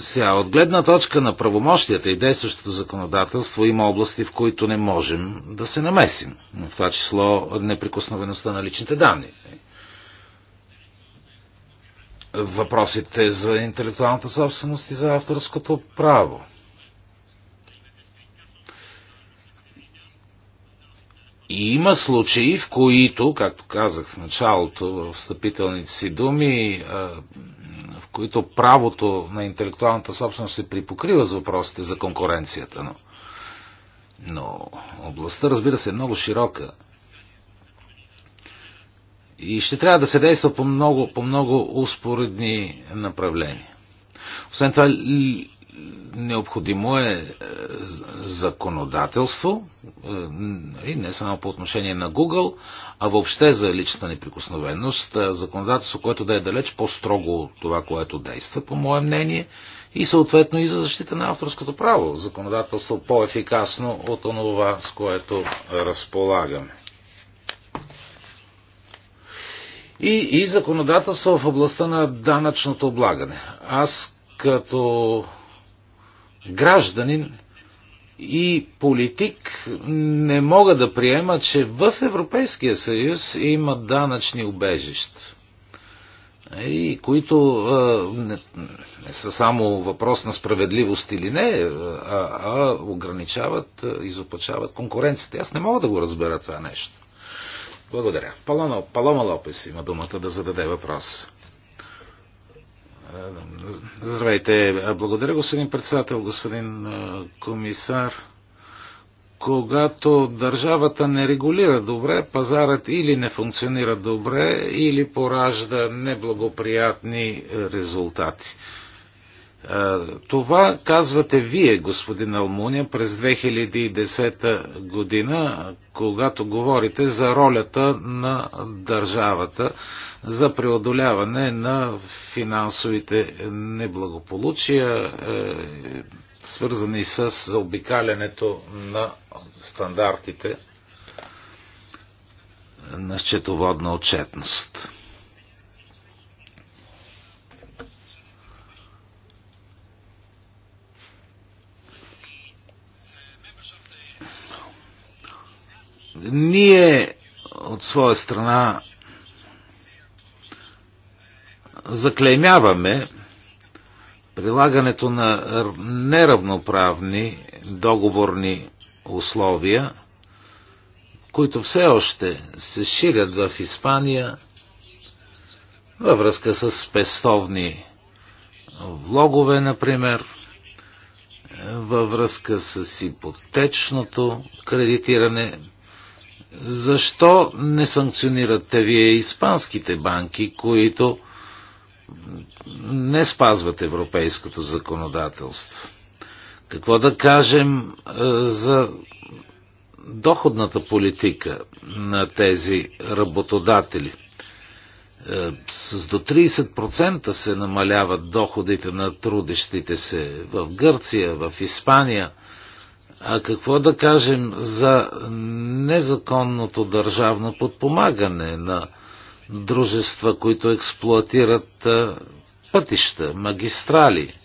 Сега, от гледна точка на правомощията и действащото законодателство има области, в които не можем да се намесим. В това число неприкосновеността на личните данни. Въпросите за интелектуалната собственост и за авторското право. И има случаи, в които, както казах в началото, в встъпителните си думи, в които правото на интелектуалната собственост се припокрива с въпросите за конкуренцията. Но, но областта, разбира се, е много широка. И ще трябва да се действа по много, по много успоредни направления. Освен това, необходимо е, е законодателство, е, не само по отношение на Google, а въобще за личната неприкосновеност, е, законодателство, което да е далеч по-строго от това, което действа, по мое мнение, и съответно и за защита на авторското право, законодателство по-ефикасно от онова, с което разполагаме. И, и законодателство в областта на данъчното облагане. Аз като гражданин и политик не мога да приема, че в Европейския съюз има данъчни убежища. И които а, не, не са само въпрос на справедливост или не, а, а ограничават, изопачават конкуренцията. Аз не мога да го разбера това нещо. Благодаря. Палома, Палома Лопес има думата да зададе въпрос. Здравейте. Благодаря, господин председател, господин комисар. Когато държавата не регулира добре, пазарът или не функционира добре, или поражда неблагоприятни резултати. Това казвате вие, господин Алмуня, през 2010 година, когато говорите за ролята на държавата за преодоляване на финансовите неблагополучия, е, свързани с заобикалянето на стандартите на счетоводна отчетност. Ние от своя страна заклеймяваме прилагането на неравноправни договорни условия, които все още се ширят в Испания във връзка с пестовни влогове, например, във връзка с ипотечното кредитиране, защо не санкционирате вие испанските банки, които не спазват европейското законодателство? Какво да кажем е, за доходната политика на тези работодатели? Е, с до 30% се намаляват доходите на трудещите се в Гърция, в Испания – а какво да кажем за незаконното държавно подпомагане на дружества, които експлуатират пътища, магистрали?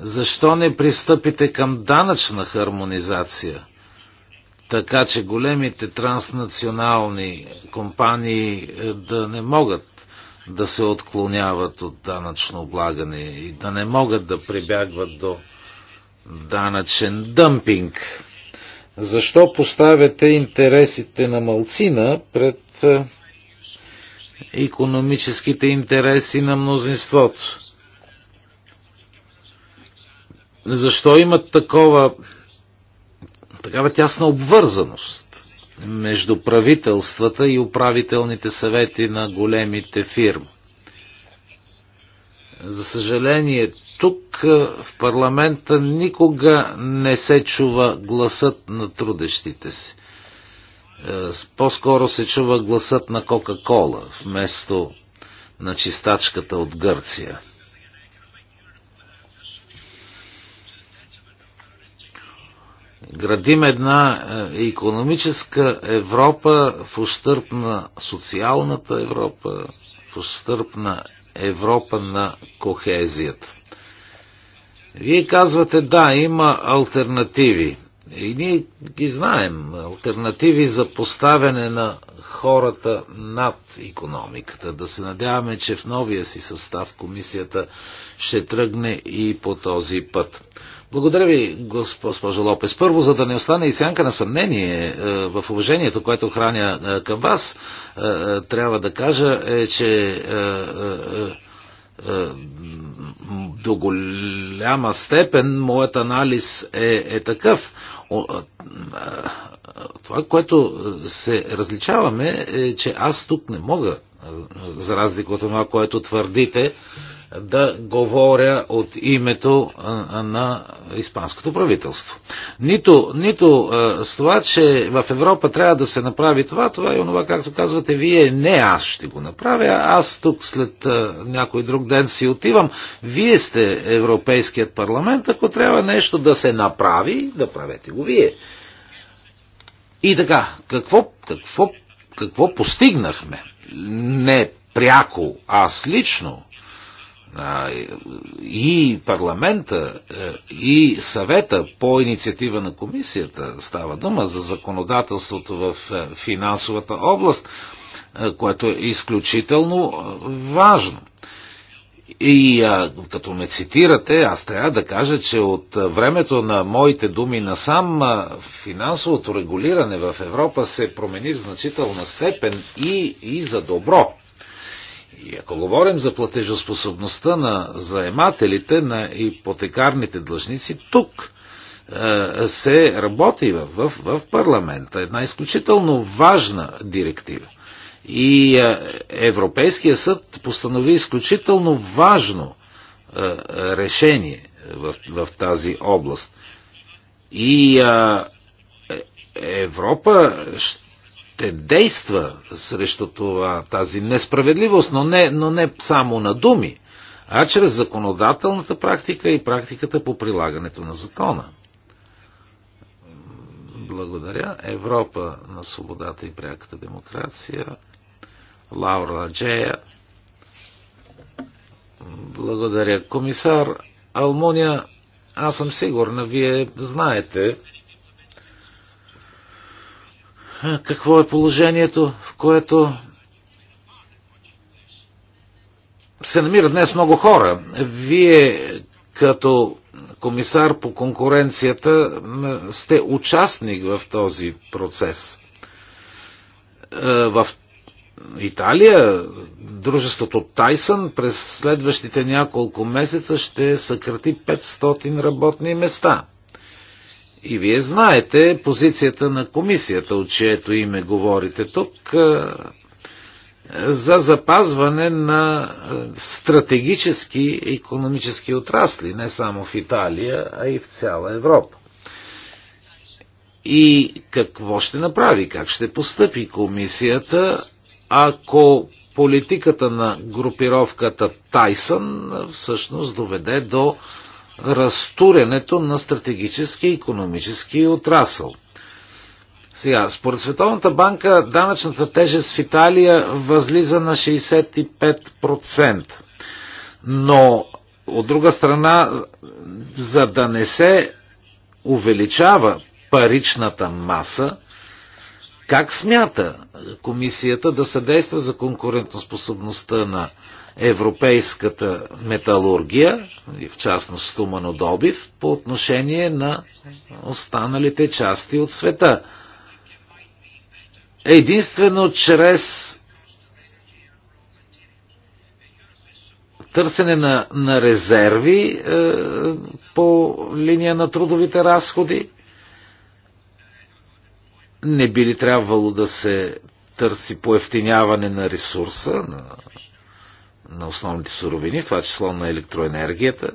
Защо не пристъпите към данъчна хармонизация, така че големите транснационални компании е, да не могат да се отклоняват от данъчно облагане и да не могат да прибягват до данъчен дъмпинг. Защо поставяте интересите на малцина пред економическите интереси на мнозинството? Защо имат такова, такава тясна обвързаност между правителствата и управителните съвети на големите фирми? За съжаление, тук е, в парламента никога не се чува гласът на трудещите си. Е, по-скоро се чува гласът на Кока-Кола вместо на чистачката от Гърция. Градим една економическа Европа в ущърп на социалната Европа, в ущърп на Европа на кохезията. Вие казвате, да, има альтернативи. И ние ги знаем. Альтернативи за поставяне на хората над економиката. Да се надяваме, че в новия си състав комисията ще тръгне и по този път. Благодаря ви, госпожо Лопес. Първо, за да не остане и сянка на съмнение е, в уважението, което храня е, към вас, е, трябва да кажа, е, че е, до голяма степен моят анализ е, е такъв. Е, това, което се различаваме е, че аз тук не мога, е, за разлика от това, което твърдите, да говоря от името на испанското правителство. Нито, нито с това, че в Европа трябва да се направи това, това и е онова, както казвате вие, не аз ще го направя, аз тук след някой друг ден си отивам. Вие сте Европейският парламент, ако трябва нещо да се направи, да правете го вие. И така, какво, какво, какво постигнахме? Не пряко аз лично, и парламента, е, и съвета по инициатива на комисията, става дума за законодателството в е, финансовата област, е, което е изключително важно. И а, като ме цитирате, аз трябва да кажа, че от времето на моите думи насам а, финансовото регулиране в Европа се промени в значителна степен и, и за добро. И ако говорим за платежоспособността на заемателите, на ипотекарните длъжници, тук е, се работи в, в, в парламента. Една изключително важна директива. И е, Европейския съд постанови изключително важно е, решение в, в тази област. И Европа ще ще действа срещу това, тази несправедливост, но не, но не само на думи, а чрез законодателната практика и практиката по прилагането на закона. Благодаря. Европа на свободата и пряката демокрация. Лаура Джея. Благодаря. Комисар Алмония, аз съм сигурна, вие знаете, какво е положението, в което се намират днес много хора. Вие като комисар по конкуренцията сте участник в този процес. В Италия дружеството Тайсън през следващите няколко месеца ще съкрати 500 работни места. И вие знаете позицията на комисията, от чието име говорите тук, е, за запазване на е, стратегически економически отрасли, не само в Италия, а и в цяла Европа. И какво ще направи, как ще постъпи комисията, ако политиката на групировката Тайсън е, всъщност доведе до разтурянето на стратегически и економически отрасъл. Сега, според Световната банка, данъчната тежест в Италия възлиза на 65%. Но, от друга страна, за да не се увеличава паричната маса, как смята комисията да съдейства за конкурентоспособността на европейската металургия, и в частност Туманодобив по отношение на останалите части от света. Единствено чрез търсене на, на резерви е, по линия на трудовите разходи, не би ли трябвало да се търси поевтиняване на ресурса, на на основните суровини, в това число на електроенергията.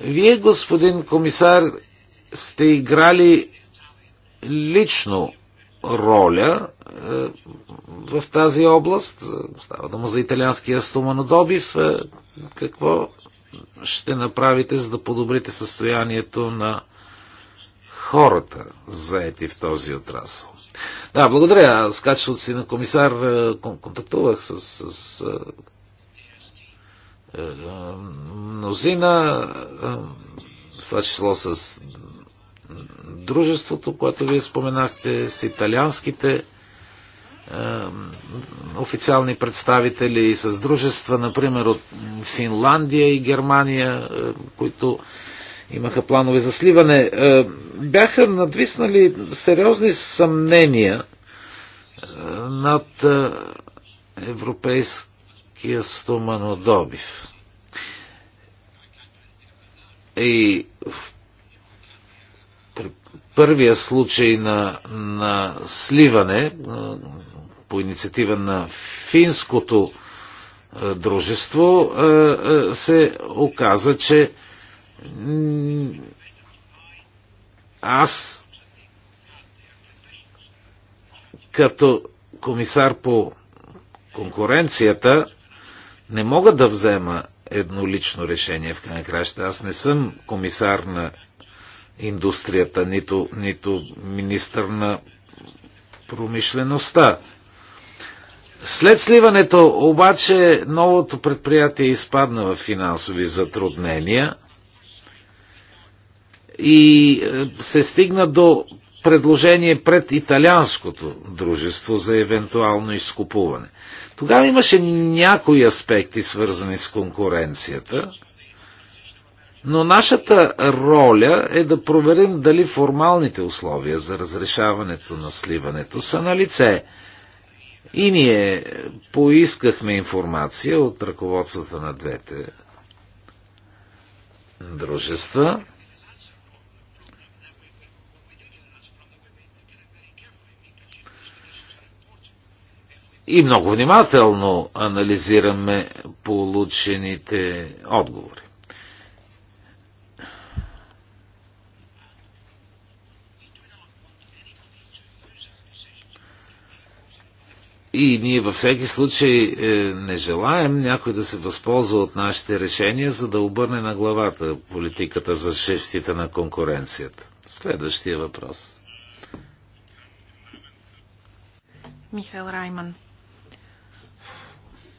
Вие, господин комисар, сте играли лично роля е, в тази област. Става дума за италианския стоманодобив. Е, какво ще направите, за да подобрите състоянието на хората, заети в този отрасъл? Да, благодаря. Аз качеството си на комисар е, контактувах с, с, с е, е, мнозина, в това число с дружеството, което вие споменахте, с италианските официални представители, с дружества, например, от Финландия и Германия, които имаха планове за сливане, е, бяха надвиснали сериозни съмнения е, над е, европейския стоманодобив. И в първия случай на, на сливане по инициатива на финското дружество се оказа, че аз като комисар по конкуренцията не мога да взема еднолично решение в крайна краща. Аз не съм комисар на индустрията, нито, нито министър на промишлеността. След сливането обаче новото предприятие изпадна в финансови затруднения – и е, се стигна до предложение пред италианското дружество за евентуално изкупуване. Тогава имаше някои аспекти, свързани с конкуренцията, но нашата роля е да проверим дали формалните условия за разрешаването на сливането са на лице. И ние поискахме информация от ръководствата на двете дружества. и много внимателно анализираме получените отговори. И ние във всеки случай е, не желаем някой да се възползва от нашите решения, за да обърне на главата политиката за защита на конкуренцията. Следващия въпрос. Михаил Райман.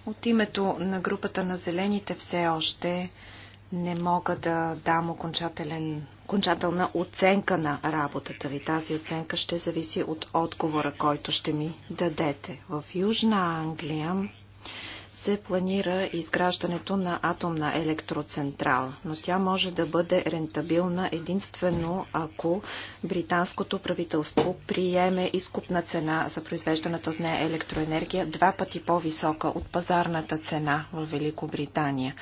От името на групата на зелените все още не мога да дам окончателна оценка на работата ви. Тази оценка ще зависи от отговора, който ще ми дадете. В Южна Англия се планира изграждането на атомна електроцентрала, но тя може да бъде рентабилна единствено ако британското правителство приеме изкупна цена за произвежданата от нея електроенергия два пъти по-висока от пазарната цена в Великобритания.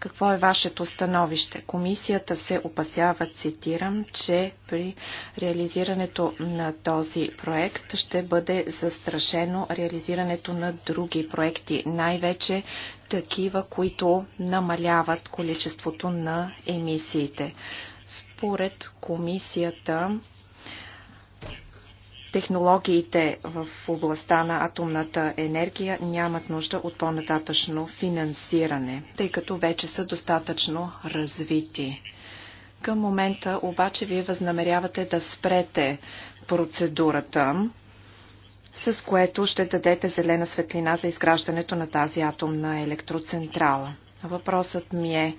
Какво е вашето становище? Комисията се опасява, цитирам, че при реализирането на този проект ще бъде застрашено реализирането на други проекти, най-вече такива, които намаляват количеството на емисиите. Според комисията, технологиите в областта на атомната енергия нямат нужда от по-нататъчно финансиране, тъй като вече са достатъчно развити. Към момента обаче вие възнамерявате да спрете процедурата, с което ще дадете зелена светлина за изграждането на тази атомна електроцентрала. Въпросът ми е,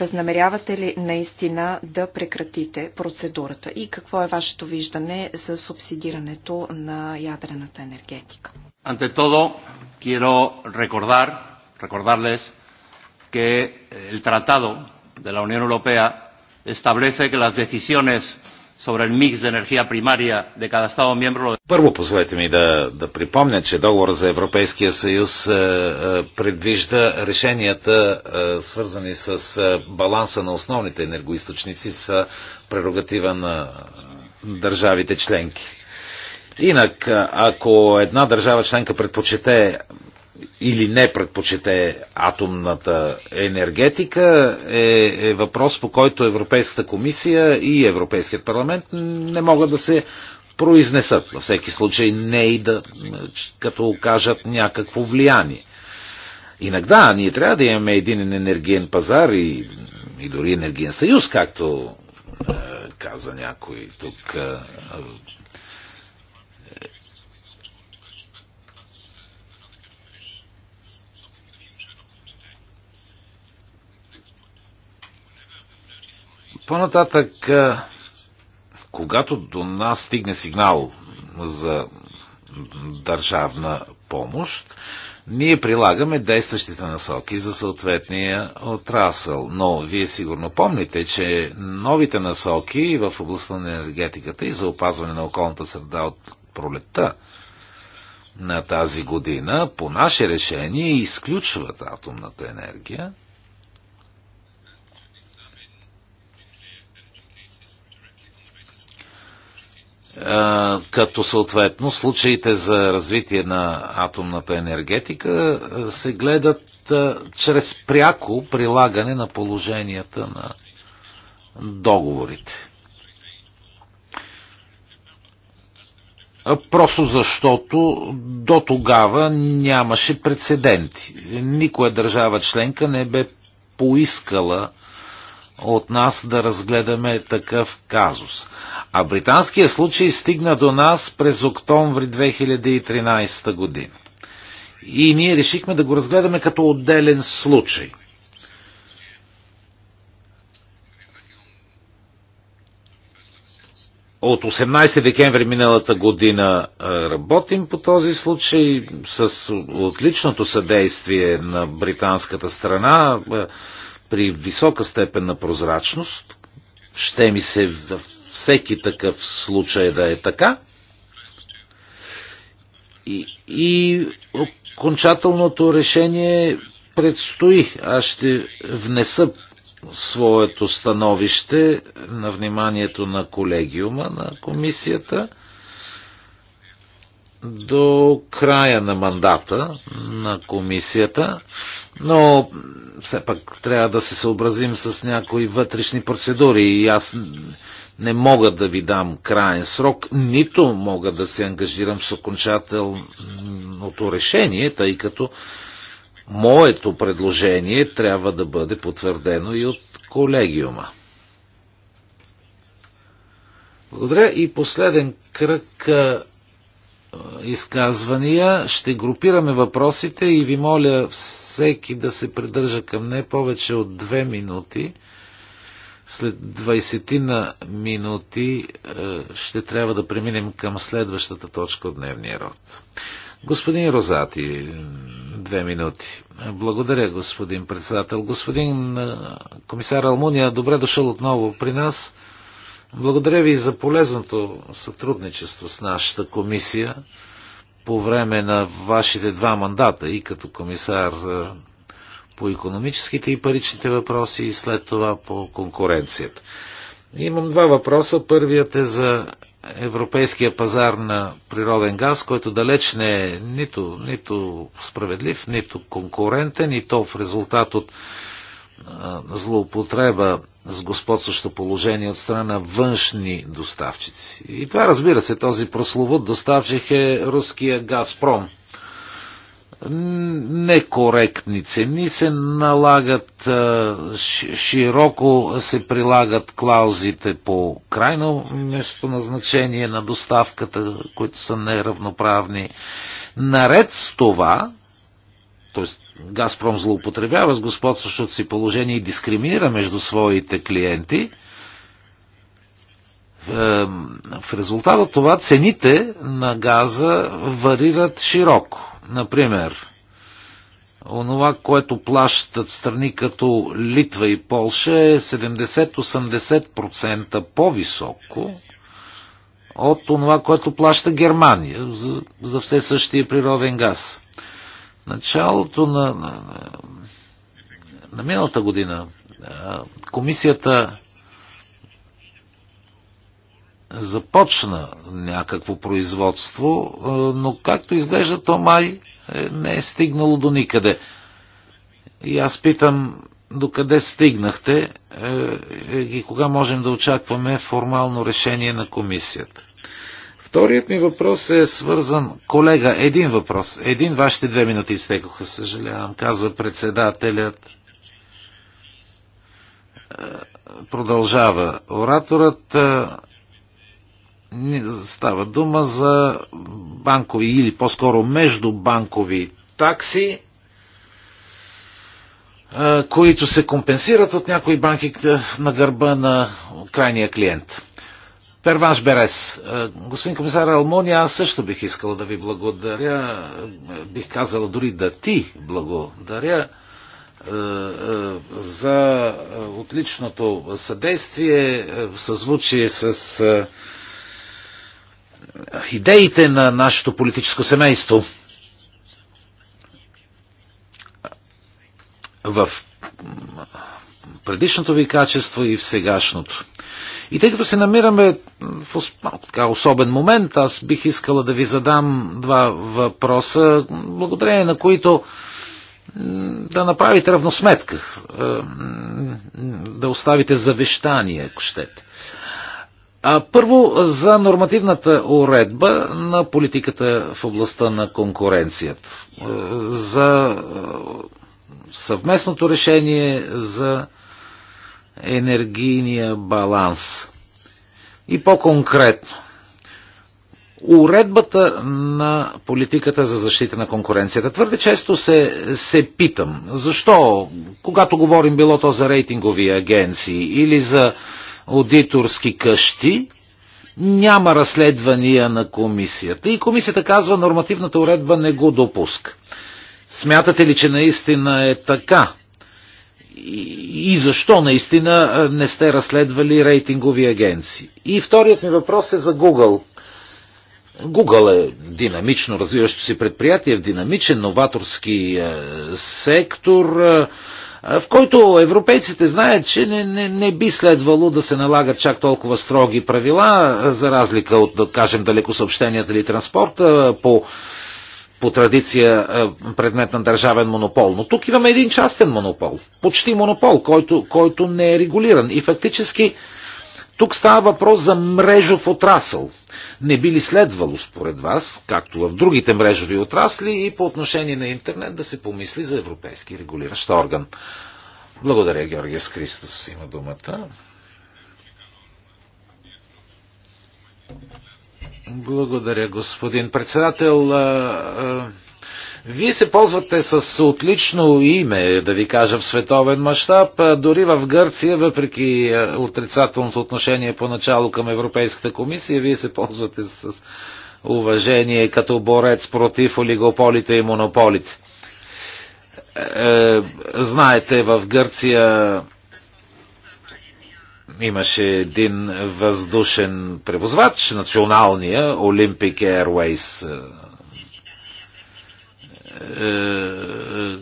Възнамерявате ли наистина да прекратите процедурата? И какво е вашето виждане за субсидирането на ядрената енергетика? Ante todo, quiero recordar, recordarles que el Tratado de la Unión Europea establece que las decisiones sobre el mix de energía primaria de cada Estado miembro. Първо позволете ми да, да припомня, че договор за Европейския съюз е, е, предвижда решенията, е, свързани с е, баланса на основните енергоисточници, са прерогатива на е, държавите членки. Инак, е, ако една държава членка предпочете или не предпочете атомната енергетика е, е въпрос, по който Европейската комисия и Европейският парламент не могат да се произнесат. Във всеки случай не и да като окажат някакво влияние. Инак да, ние трябва да имаме един енергиен пазар и, и дори енергиен съюз, както е, каза някой тук е, По-нататък, когато до нас стигне сигнал за държавна помощ, ние прилагаме действащите насоки за съответния отрасъл. Но вие сигурно помните, че новите насоки в областта на енергетиката и за опазване на околната среда от пролетта на тази година по наше решение изключват атомната енергия като съответно случаите за развитие на атомната енергетика се гледат чрез пряко прилагане на положенията на договорите. Просто защото до тогава нямаше прецеденти. Никоя държава членка не бе поискала от нас да разгледаме такъв казус. А британският случай стигна до нас през октомври 2013 година. И ние решихме да го разгледаме като отделен случай. От 18 декември миналата година е, работим по този случай с отличното съдействие на британската страна. Е, при висока степен на прозрачност, ще ми се във всеки такъв случай да е така, и, и окончателното решение предстои. Аз ще внеса своето становище на вниманието на колегиума на комисията до края на мандата на комисията, но все пак трябва да се съобразим с някои вътрешни процедури и аз не мога да ви дам краен срок, нито мога да се ангажирам с окончателното решение, тъй като моето предложение трябва да бъде потвърдено и от колегиума. Благодаря и последен кръг е, изказвания. Ще групираме въпросите и ви моля всеки да се придържа към не повече от две минути. След 20 на минути е, ще трябва да преминем към следващата точка от дневния род. Господин Розати, две минути. Благодаря, господин председател. Господин е, комисар Алмуния, добре дошъл отново при нас. Благодаря ви за полезното сътрудничество с нашата комисия по време на вашите два мандата и като комисар е, по економическите и паричните въпроси и след това по конкуренцията. Имам два въпроса. Първият е за европейския пазар на природен газ, който далеч не е нито, нито справедлив, нито конкурентен и то в резултат от е, злоупотреба с господстващо положение от страна на външни доставчици. И това, разбира се, този прословут доставчик е руския Газпром. Некоректни цени се налагат, широко се прилагат клаузите по крайно местоназначение на доставката, които са неравноправни. Наред с това, т.е. Газпром злоупотребява с господстващото си положение и дискриминира между своите клиенти, в резултат от това цените на газа варират широко. Например, онова, което плащат страни като Литва и Полша е 70-80% по-високо от онова, което плаща Германия за, за все същия природен газ началото на, на, на, миналата година комисията започна някакво производство, но както изглежда, то май е, не е стигнало до никъде. И аз питам, до къде стигнахте е, и кога можем да очакваме формално решение на комисията? Вторият ми въпрос е свързан... Колега, един въпрос. Един, вашите две минути изтекоха, съжалявам, казва председателят. Е, продължава. Ораторът е, става дума за банкови или по-скоро междубанкови такси, е, които се компенсират от някои банки на гърба на крайния клиент. Перванш Берес. Е, господин комисар Алмония, аз също бих искал да ви благодаря, е, бих казал дори да ти благодаря е, за отличното съдействие в съзвучие с идеите на нашето политическо семейство. В предишното ви качество и в сегашното. И тъй като се намираме в така, особен момент, аз бих искала да ви задам два въпроса, благодарение на които да направите равносметка, е, да оставите завещание, ако щете. А първо за нормативната уредба на политиката в областта на конкуренцията. Е, за е, съвместното решение за енергийния баланс. И по-конкретно, уредбата на политиката за защита на конкуренцията. Твърде често се, се питам, защо, когато говорим било то за рейтингови агенции или за аудиторски къщи, няма разследвания на комисията. И комисията казва, нормативната уредба не го допуска. Смятате ли, че наистина е така? и защо наистина не сте разследвали рейтингови агенции? И вторият ми въпрос е за Google. Google е динамично развиващо си предприятие в динамичен новаторски сектор, в който европейците знаят, че не, не, не би следвало да се налагат чак толкова строги правила, за разлика от, да кажем, далекосъобщенията или транспорта по по традиция е, предмет на държавен монопол. Но тук имаме един частен монопол, почти монопол, който, който не е регулиран. И фактически тук става въпрос за мрежов отрасъл. Не би ли следвало, според вас, както в другите мрежови отрасли и по отношение на интернет, да се помисли за европейски регулиращ орган? Благодаря, Георгия Скристос, Христос. Има думата. Благодаря, господин председател. Вие се ползвате с отлично име, да ви кажа, в световен мащаб. Дори в Гърция, въпреки отрицателното отношение поначало към Европейската комисия, вие се ползвате с уважение като борец против олигополите и монополите. Е, е, знаете, в Гърция Имаше един въздушен превозвач, националния Olympic Airways, е, е,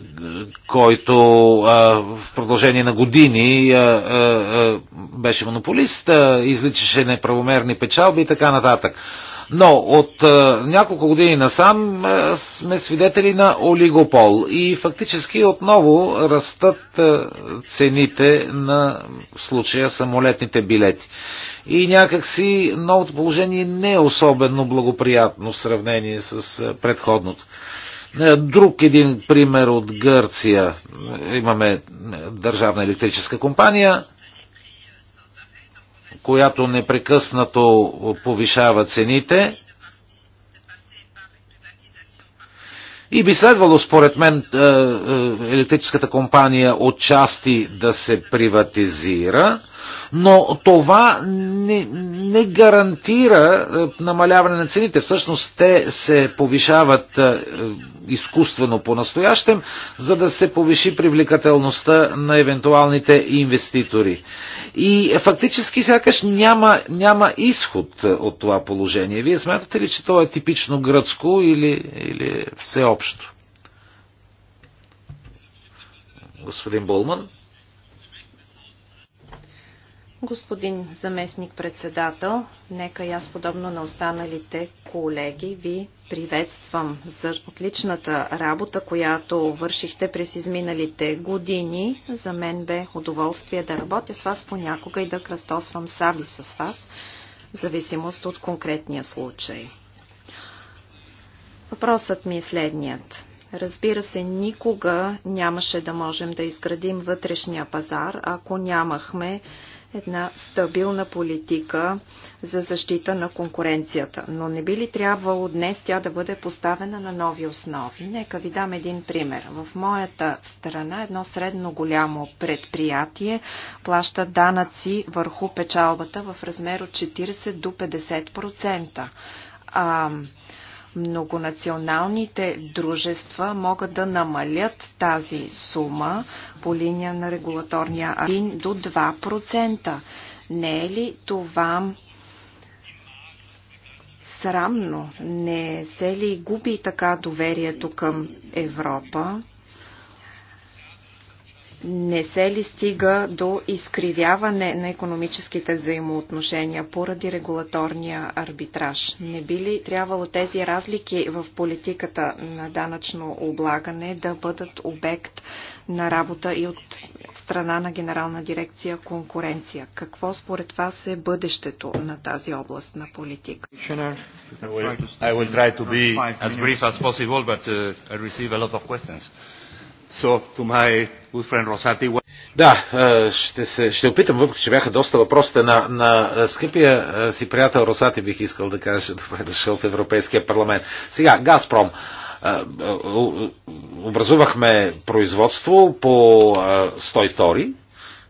който е, в продължение на години беше монополист, изличаше неправомерни печалби и така нататък. Но от а, е, няколко години насам а, е, сме свидетели на олигопол и фактически отново растат а, е, цените на в случая самолетните билети. И някакси новото положение не е особено благоприятно в сравнение с а, предходното. Друг един пример от Гърция. Имаме държавна електрическа компания, която непрекъснато повишава цените. И би следвало, според мен, е, е, електрическата компания отчасти да се приватизира но това не, не гарантира е, намаляване на цените. Всъщност те се повишават е, изкуствено по-настоящем, за да се повиши привлекателността на евентуалните инвеститори. И фактически сякаш няма, няма изход е, от това положение. Вие смятате ли, че то е типично гръцко или, или всеобщо? Господин Болман. Господин заместник-председател, нека и аз, подобно на останалите колеги, ви приветствам за отличната работа, която вършихте през изминалите години. За мен бе удоволствие да работя с вас понякога и да кръстосвам сами с вас, в зависимост от конкретния случай. Въпросът ми е следният. Разбира се, никога нямаше да можем да изградим вътрешния пазар, ако нямахме една стабилна политика за защита на конкуренцията. Но не би ли трябвало днес тя да бъде поставена на нови основи? Нека ви дам един пример. В моята страна едно средно голямо предприятие плаща данъци върху печалбата в размер от 40 до 50%. А, Многонационалните дружества могат да намалят тази сума по линия на регулаторния 1 до 2%. Не е ли това срамно? Не се ли губи така доверието към Европа? не се ли стига до изкривяване на економическите взаимоотношения поради регулаторния арбитраж? Не би ли трябвало тези разлики в политиката на данъчно облагане да бъдат обект на работа и от страна на Генерална дирекция конкуренция? Какво според вас е бъдещето на тази област на политика? I will try to be as brief as possible, but uh, I receive a lot of questions. So, to my good friend Rosati. Да, ще, се, ще опитам, въпреки че бяха доста въпросите на, на скъпия си приятел Росати, бих искал да кажа, добре дошъл в Европейския парламент. Сега, Газпром. Образувахме производство по 102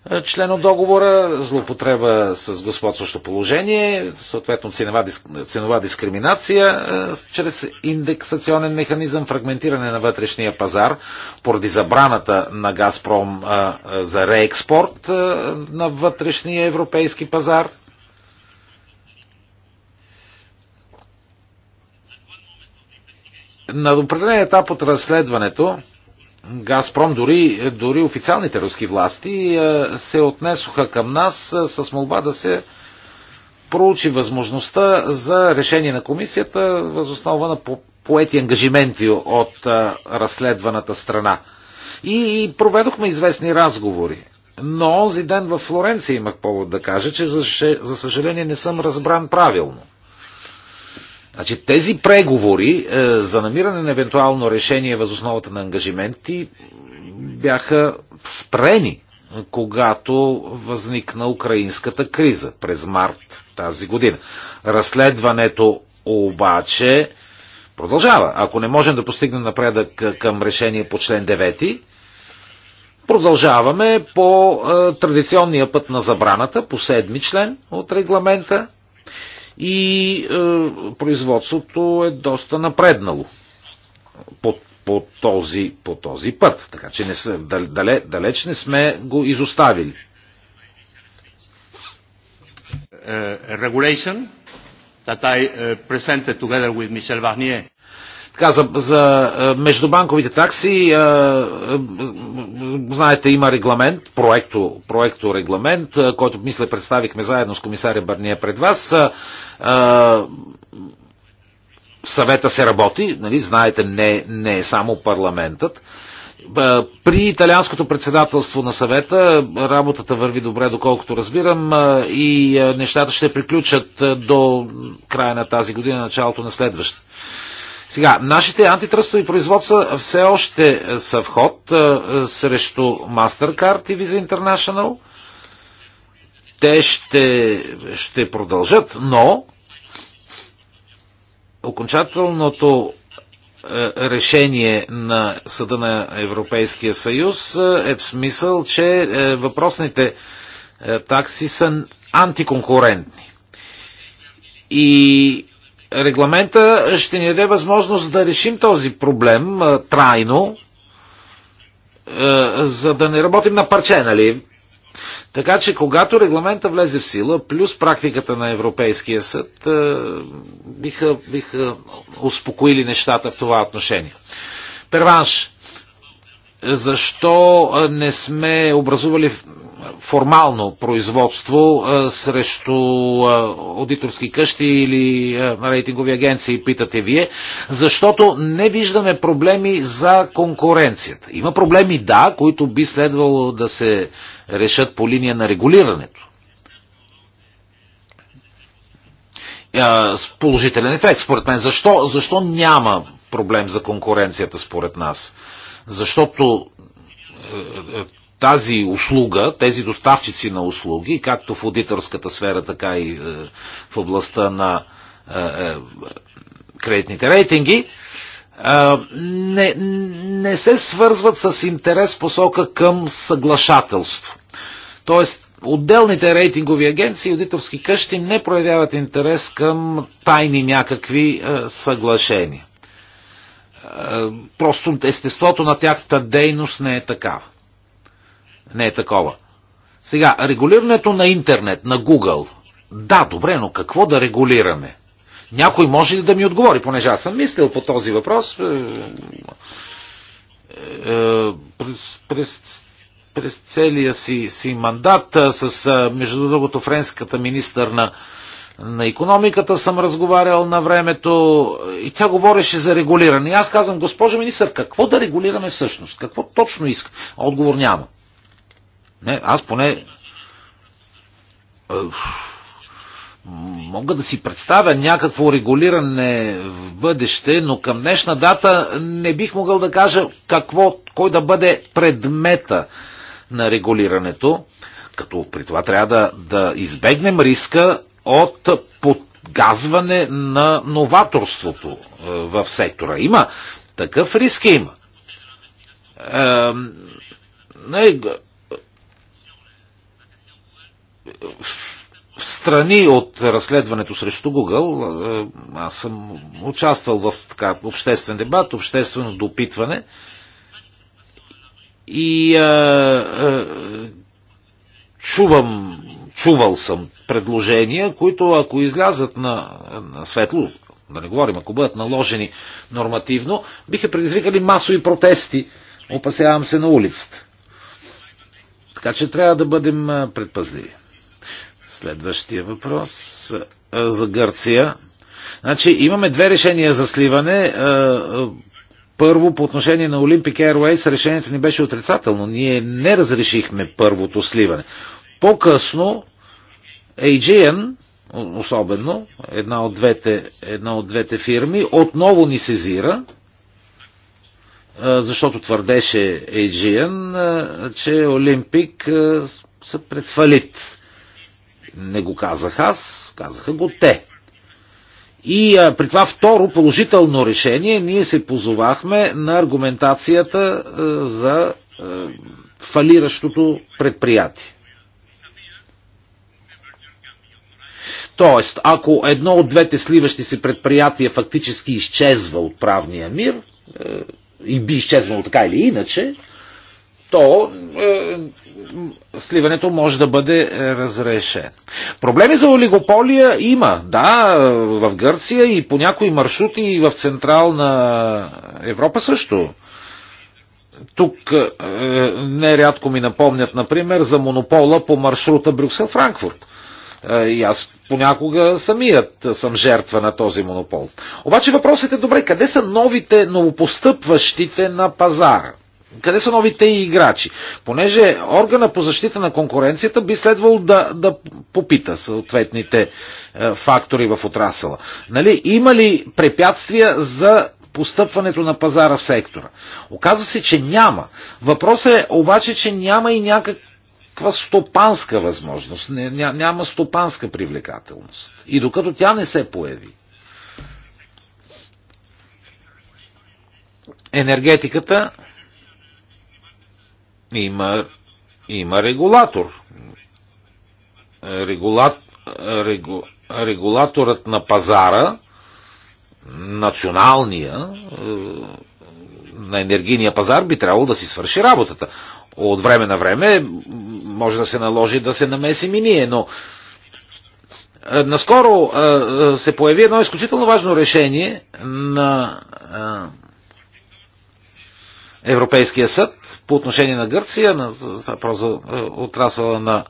е, член от договора, злоупотреба с господстващо положение, съответно ценова, ценова дискриминация е, чрез индексационен механизъм, фрагментиране на вътрешния пазар поради забраната на Газпром е, за реекспорт на вътрешния европейски пазар. На определен етап от разследването Газпром, дори, дори официалните руски власти е, се отнесоха към нас е, с молба да се проучи възможността за решение на комисията възоснова на поети ангажименти от е, разследваната страна. И, проведохме известни разговори. Но онзи ден в Флоренция имах повод да кажа, че за съжаление не съм разбран правилно. Значи, тези преговори е, за намиране на евентуално решение въз основата на ангажименти бяха спрени, когато възникна украинската криза през март тази година. Разследването обаче продължава. Ако не можем да постигнем напредък към решение по член 9, продължаваме по е, традиционния път на забраната, по седми член от регламента, и е, производството е доста напреднало по, по, този, по този път. Така че не са, далеч, далеч не сме го изоставили. Uh, regulation that I uh, presented together with Michel Barnier така, за, за е, междубанковите такси, а, е, е, знаете, има регламент, проекто, проекто регламент, а, който, мисля, представихме заедно с комисаря Барния пред вас. а, съвета се работи, нали, знаете, не, не е само парламентът. При италианското председателство на съвета работата върви добре, доколкото разбирам, и нещата ще приключат до края на тази година, началото на следващата. Сега, нашите антитръстови производства все още е, са в ход е, срещу Mastercard и Visa International. Те ще, ще продължат, но окончателното е, решение на Съда на Европейския съюз е в смисъл, че въпросните такси са антиконкурентни. И регламента ще ни даде възможност да решим този проблем трайно, за да не работим на парче, нали? Така че, когато регламента влезе в сила, плюс практиката на Европейския съд, биха, биха успокоили нещата в това отношение. Перванш, защо не сме образували формално производство срещу аудиторски къщи или рейтингови агенции, питате вие, защото не виждаме проблеми за конкуренцията. Има проблеми, да, които би следвало да се решат по линия на регулирането. С положителен ефект, според мен. Защо, защо няма проблем за конкуренцията, според нас? Защото е, е, тази услуга, тези доставчици на услуги, както в аудиторската сфера, така и е, в областта на е, е, кредитните рейтинги, не, не се свързват с интерес посока към съглашателство. Тоест, отделните рейтингови агенции и аудиторски къщи не проявяват интерес към тайни някакви съглашения. Просто естеството на тяхната дейност не е такава не е такова. Сега, регулирането на интернет, на Google. Да, добре, но какво да регулираме? Някой може ли да ми отговори, понеже аз съм мислил по този въпрос. Е, е, е през, през, през целия си, си мандат е, с, е, между другото, френската министър на, на економиката съм разговарял на времето и тя говореше за регулиране. И аз казвам, госпожо министър, какво да регулираме всъщност? Какво точно иска? Отговор няма. Не, аз поне мога да си представя някакво регулиране в бъдеще, но към днешна дата не бих могъл да кажа какво, кой да бъде предмета на регулирането, като при това трябва да, да избегнем риска от подгазване на новаторството в сектора. Има такъв риск има. Е, в страни от разследването срещу Google, е, аз съм участвал в така обществен дебат, обществено допитване и а, е, а, е, чувам, чувал съм предложения, които ако излязат на, на светло, да не говорим, ако бъдат наложени нормативно, биха предизвикали масови протести, опасявам се на улицата. Така че трябва да бъдем предпазливи. Следващия въпрос за Гърция. Значи имаме две решения за сливане. Първо, по отношение на Olympic Airways, решението ни беше отрицателно. Ние не разрешихме първото сливане. По-късно, Aegean, особено, една от двете, една от двете фирми, отново ни сезира, защото твърдеше Aegean, че Олимпик са пред фалит. Не го казах аз, казаха го те. И а, при това второ положително решение ние се позовахме на аргументацията а, за а, фалиращото предприятие. Тоест, ако едно от двете сливащи се предприятия фактически изчезва от правния мир е, и би изчезнало така или иначе, то е, сливането може да бъде разрешено. Проблеми за олигополия има, да, в Гърция и по някои маршрути и в Централна Европа също. Тук е, нерядко ми напомнят, например, за монопола по маршрута Брюксел-Франкфурт. Е, и аз понякога самият съм жертва на този монопол. Обаче въпросът е добре, къде са новите, новопостъпващите на пазара? Къде са новите играчи? Понеже органа по защита на конкуренцията би следвало да, да попита съответните е, фактори в отрасъла. Нали? Има ли препятствия за постъпването на пазара в сектора? Оказва се, че няма. Въпросът е обаче, че няма и някаква стопанска възможност. Ня, няма стопанска привлекателност. И докато тя не се появи, енергетиката има, има регулатор. Регула, регу, регулаторът на пазара, националния, на енергийния пазар би трябвало да си свърши работата. От време на време може да се наложи да се намесим и ние, но наскоро се появи едно изключително важно решение на Европейския съд по отношение на Гърция, на въпроса е, отрасъла на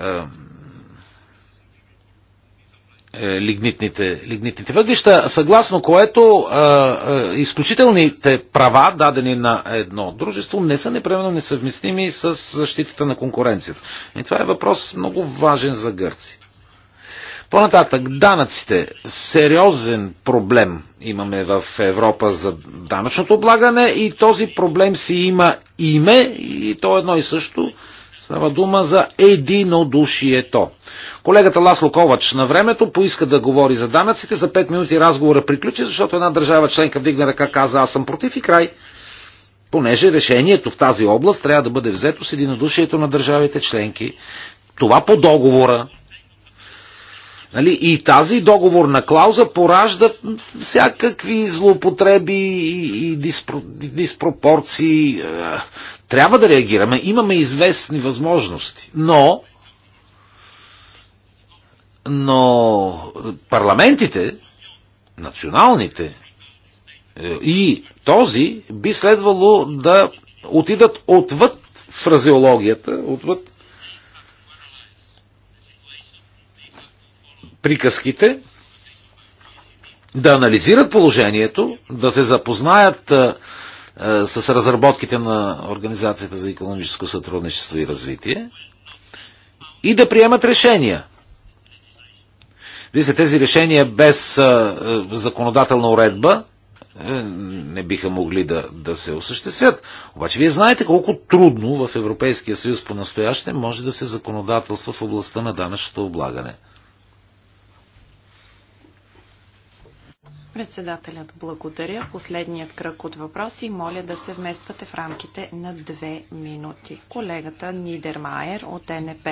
е, е, лигнитните, лигнитните въглища, съгласно което а, а, изключителните права, дадени на едно дружество, не са непременно несъвместими с защитата на конкуренцията. И това е въпрос много важен за Гърция. По-нататък, данъците. Сериозен проблем имаме в Европа за данъчното облагане и този проблем си има име и то е едно и също. Става дума за единодушието. Колегата Ласло Ковач на времето поиска да говори за данъците. За 5 минути разговора приключи, защото една държава членка вдигна ръка, каза аз съм против и край. Понеже решението в тази област трябва да бъде взето с единодушието на държавите членки. Това по договора, Нали? И тази договорна клауза поражда всякакви злоупотреби и, диспро, диспропорции. Е, трябва да реагираме. Имаме известни възможности. Но, но парламентите, националните е, и този би следвало да отидат отвъд фразеологията, отвъд приказките, да анализират положението, да се запознаят а, с разработките на Организацията за економическо сътрудничество и развитие и да приемат решения. Вижте, тези решения без а, законодателна уредба е, не биха могли да, да се осъществят. Обаче вие знаете колко трудно в Европейския съюз по-настояще може да се законодателства в областта на данъчното облагане. Председателят благодаря. Последният кръг от въпроси. Моля да се вмествате в рамките на две минути. Колегата Нидермайер от НП.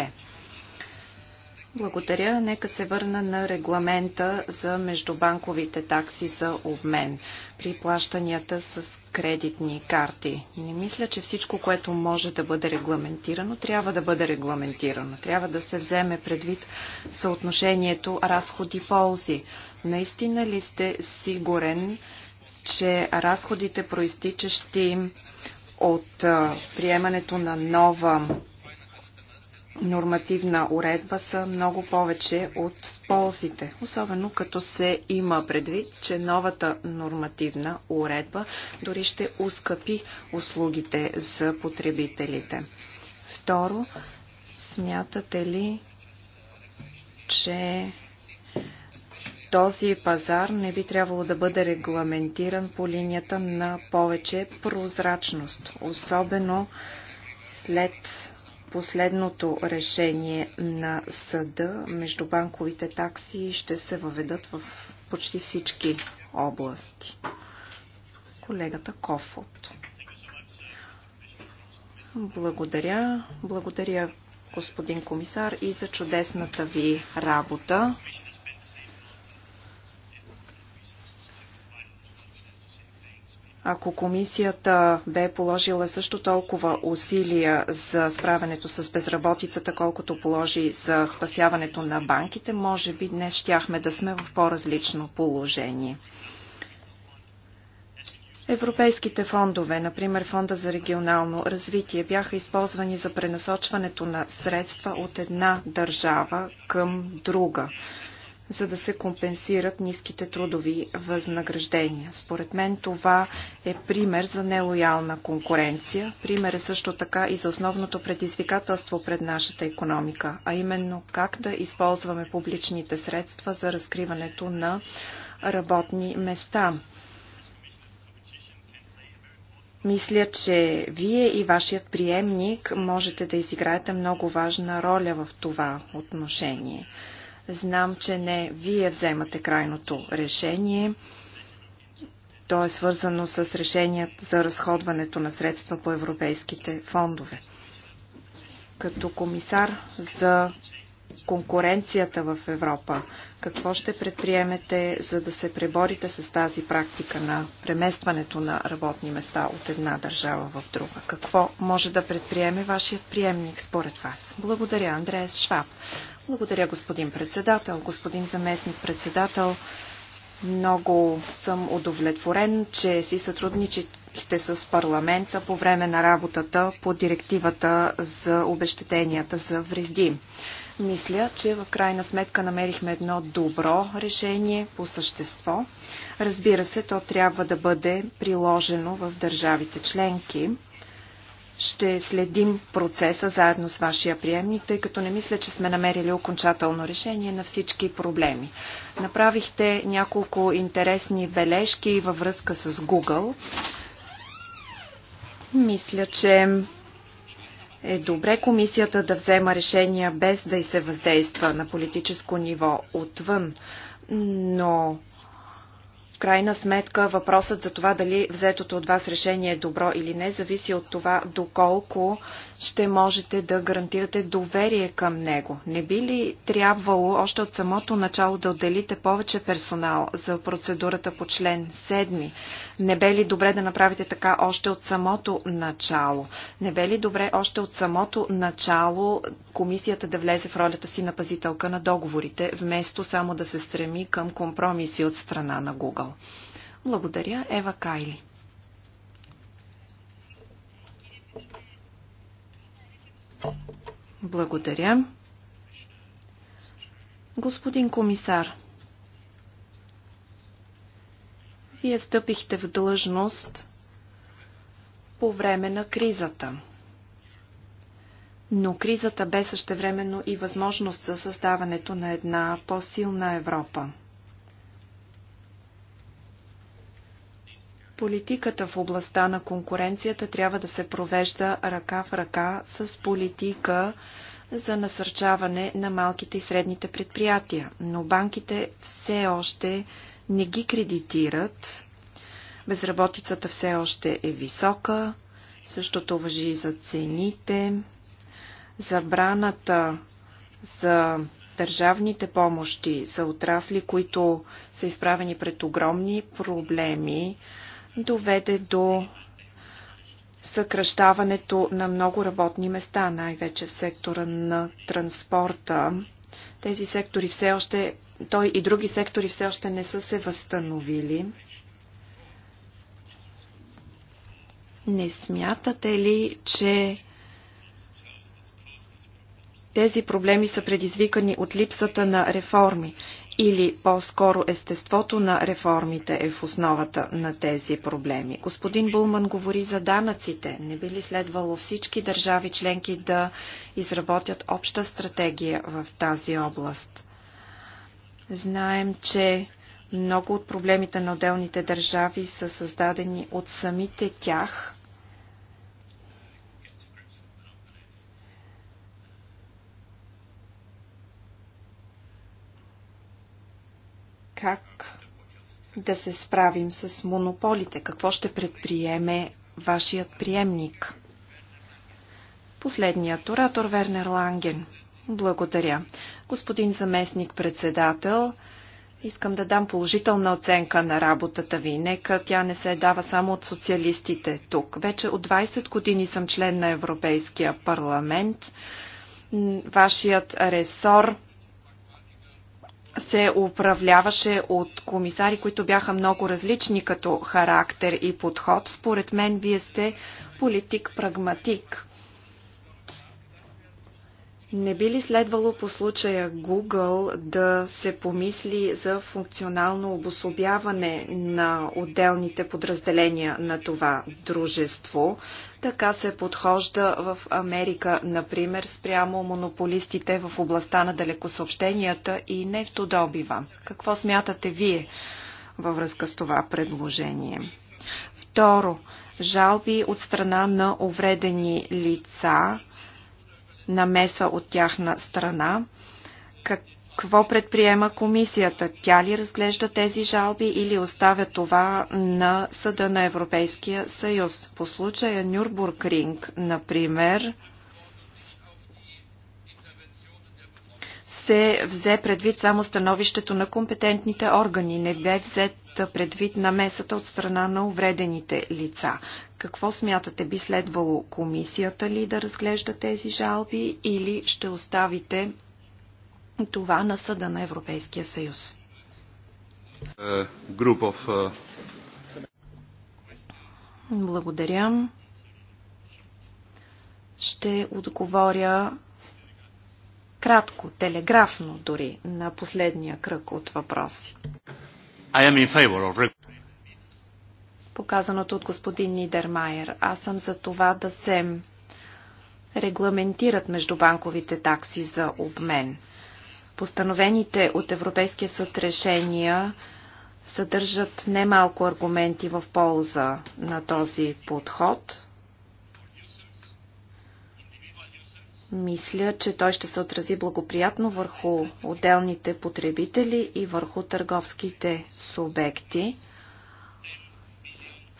Благодаря. Нека се върна на регламента за междубанковите такси за обмен при плащанията с кредитни карти. Не мисля, че всичко, което може да бъде регламентирано, трябва да бъде регламентирано. Трябва да се вземе предвид съотношението разходи-ползи. Наистина ли сте сигурен, че разходите, проистичащи от приемането на нова нормативна уредба са много повече от ползите, особено като се има предвид, че новата нормативна уредба дори ще ускъпи услугите за потребителите. Второ, смятате ли, че този пазар не би трябвало да бъде регламентиран по линията на повече прозрачност, особено след последното решение на съда между банковите такси ще се въведат в почти всички области. Колегата Кофот. Благодаря. Благодаря, господин комисар, и за чудесната ви работа. Ако комисията бе положила също толкова усилия за справянето с безработицата, колкото положи за спасяването на банките, може би днес щяхме да сме в по-различно положение. Европейските фондове, например Фонда за регионално развитие, бяха използвани за пренасочването на средства от една държава към друга за да се компенсират ниските трудови възнаграждения. Според мен това е пример за нелоялна конкуренция. Пример е също така и за основното предизвикателство пред нашата економика, а именно как да използваме публичните средства за разкриването на работни места. Мисля, че вие и вашият приемник можете да изиграете много важна роля в това отношение. Знам, че не вие вземате крайното решение. То е свързано с решението за разходването на средства по европейските фондове. Като комисар за конкуренцията в Европа? Какво ще предприемете, за да се преборите с тази практика на преместването на работни места от една държава в друга? Какво може да предприеме вашият приемник според вас? Благодаря, Андреас Шваб. Благодаря, господин председател, господин заместник председател. Много съм удовлетворен, че си сътрудничихте с парламента по време на работата по директивата за обещетенията за вреди. Мисля, че в крайна сметка намерихме едно добро решение по същество. Разбира се, то трябва да бъде приложено в държавите членки. Ще следим процеса заедно с вашия приемник, тъй като не мисля, че сме намерили окончателно решение на всички проблеми. Направихте няколко интересни бележки във връзка с Google. Мисля, че е добре комисията да взема решения без да й се въздейства на политическо ниво отвън, но крайна сметка въпросът за това дали взетото от вас решение е добро или не, зависи от това доколко ще можете да гарантирате доверие към него. Не би ли трябвало още от самото начало да отделите повече персонал за процедурата по член 7? Не бе ли добре да направите така още от самото начало? Не бе ли добре още от самото начало комисията да влезе в ролята си на пазителка на договорите, вместо само да се стреми към компромиси от страна на Google? Благодаря, Ева Кайли. Благодаря. Господин комисар, вие стъпихте в длъжност по време на кризата. Но кризата бе същевременно и възможност за създаването на една по-силна Европа. Политиката в областта на конкуренцията трябва да се провежда ръка в ръка с политика за насърчаване на малките и средните предприятия, но банките все още не ги кредитират. Безработицата все още е висока, същото въжи и за цените. Забраната за държавните помощи за отрасли, които са изправени пред огромни проблеми, доведе до съкръщаването на много работни места, най-вече в сектора на транспорта. Тези сектори все още, той и други сектори все още не са се възстановили. Не смятате ли, че тези проблеми са предизвикани от липсата на реформи или по-скоро естеството на реформите е в основата на тези проблеми. Господин Булман говори за данъците. Не би ли следвало всички държави членки да изработят обща стратегия в тази област? Знаем, че много от проблемите на отделните държави са създадени от самите тях как да се справим с монополите? Какво ще предприеме вашият приемник? Последният оратор Вернер Ланген. Благодаря. Господин заместник председател, искам да дам положителна оценка на работата ви. Нека тя не се дава само от социалистите тук. Вече от 20 години съм член на Европейския парламент. Вашият ресор се управляваше от комисари, които бяха много различни като характер и подход. Според мен вие сте политик-прагматик. Не би ли следвало по случая Google да се помисли за функционално обособяване на отделните подразделения на това дружество? Така се подхожда в Америка, например, спрямо монополистите в областта на далекосъобщенията и нефтодобива. Какво смятате вие във връзка с това предложение? Второ, жалби от страна на увредени лица, намеса от тяхна страна какво предприема комисията? Тя ли разглежда тези жалби или оставя това на Съда на Европейския съюз? По случая Нюрбургринг, например, се взе предвид само становището на компетентните органи. Не бе взет предвид на месата от страна на увредените лица. Какво смятате би следвало комисията ли да разглежда тези жалби или ще оставите това на Съда на Европейския съюз. Групов. Е, е, Благодаря. Ще отговоря кратко, телеграфно дори, на последния кръг от въпроси. I am in favor of... Показаното от господин Нидермайер. Аз съм за това да се регламентират междубанковите такси за обмен. Постановените от Европейския съд решения съдържат немалко аргументи в полза на този подход. Мисля, че той ще се отрази благоприятно върху отделните потребители и върху търговските субекти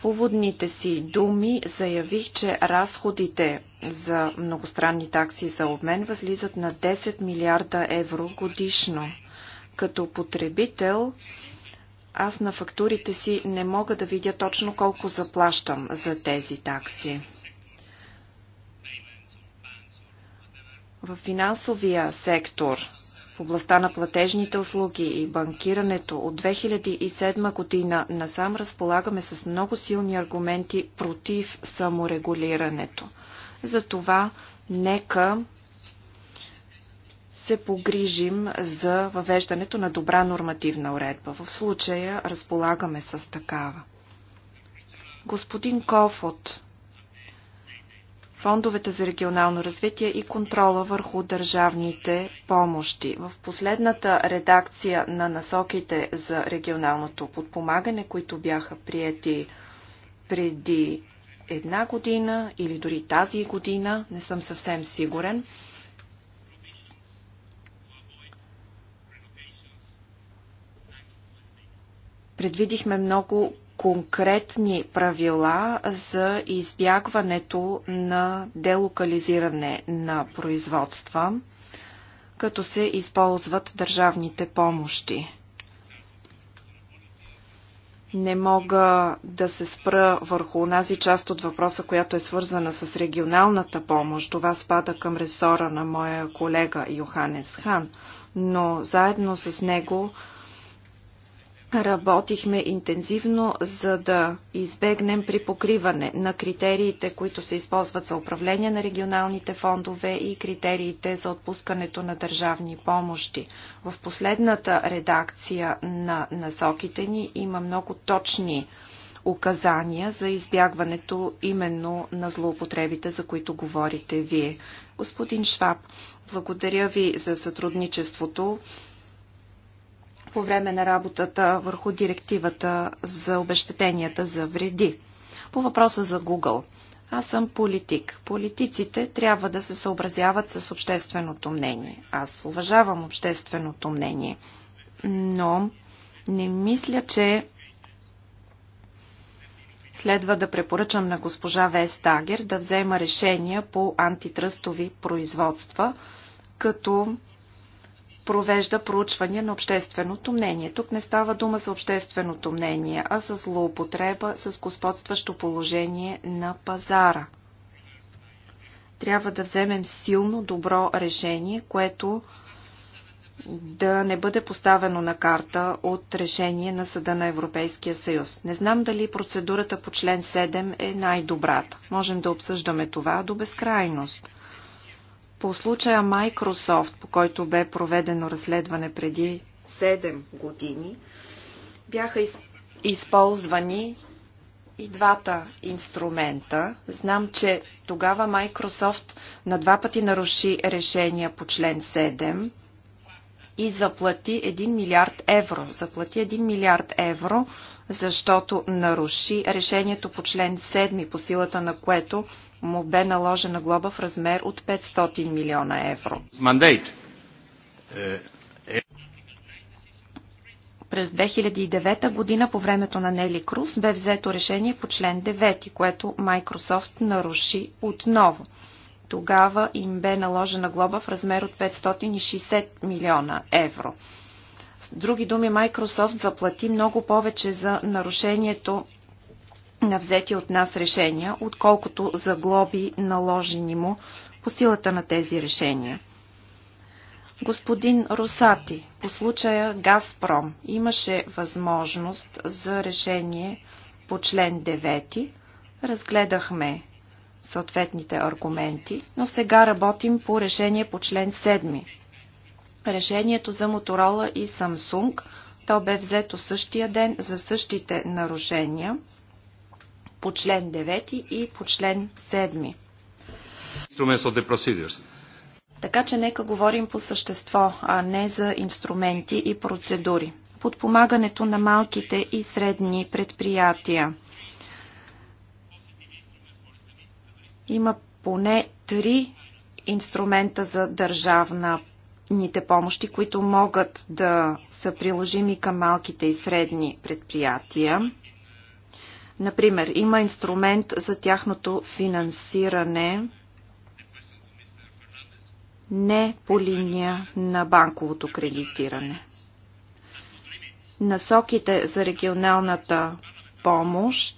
уводните си думи заявих, че разходите за многостранни такси за обмен възлизат на 10 милиарда евро годишно. Като потребител аз на фактурите си не мога да видя точно колко заплащам за тези такси. В финансовия сектор в областта на платежните услуги и банкирането от 2007 година насам разполагаме с много силни аргументи против саморегулирането. Затова нека се погрижим за въвеждането на добра нормативна уредба. В случая разполагаме с такава. Господин Кофот фондовете за регионално развитие и контрола върху държавните помощи. В последната редакция на насоките за регионалното подпомагане, които бяха приети преди една година или дори тази година, не съм съвсем сигурен, предвидихме много конкретни правила за избягването на делокализиране на производства, като се използват държавните помощи. Не мога да се спра върху онази част от въпроса, която е свързана с регионалната помощ. Това спада към ресора на моя колега Йоханес Хан, но заедно с него Работихме интензивно, за да избегнем при покриване на критериите, които се използват за управление на регионалните фондове и критериите за отпускането на държавни помощи. В последната редакция на насоките ни има много точни указания за избягването именно на злоупотребите, за които говорите вие. Господин Шваб, благодаря ви за сътрудничеството по време на работата върху директивата за обещетенията за вреди. По въпроса за Google. Аз съм политик. Политиците трябва да се съобразяват с общественото мнение. Аз уважавам общественото мнение, но не мисля, че следва да препоръчам на госпожа Вестагер да взема решения по антитръстови производства, като провежда проучвания на общественото мнение. Тук не става дума за общественото мнение, а за злоупотреба с господстващо положение на пазара. Трябва да вземем силно добро решение, което да не бъде поставено на карта от решение на Съда на Европейския съюз. Не знам дали процедурата по член 7 е най-добрата. Можем да обсъждаме това до безкрайност. По случая Microsoft, по който бе проведено разследване преди 7 години, бяха из... използвани и двата инструмента. Знам, че тогава Microsoft на два пъти наруши решения по член 7 и заплати 1 милиард евро. Заплати 1 милиард евро, защото наруши решението по член 7, по силата на което му бе наложена глоба в размер от 500 милиона евро. Е, е. През 2009 година по времето на Нели Круз бе взето решение по член 9, което Microsoft наруши отново. Тогава им бе наложена глоба в размер от 560 милиона евро. С други думи, Microsoft заплати много повече за нарушението на взети от нас решения, отколкото за глоби наложени му по силата на тези решения. Господин Русати, по случая Газпром имаше възможност за решение по член 9. Разгледахме съответните аргументи, но сега работим по решение по член 7. Решението за Моторола и Самсунг. то бе взето същия ден за същите нарушения – по член 9 и по член 7. Така че нека говорим по същество, а не за инструменти и процедури. Подпомагането на малките и средни предприятия. Има поне три инструмента за държавна ните помощи, които могат да са приложими към малките и средни предприятия. Например, има инструмент за тяхното финансиране не по линия на банковото кредитиране. Насоките за регионалната помощ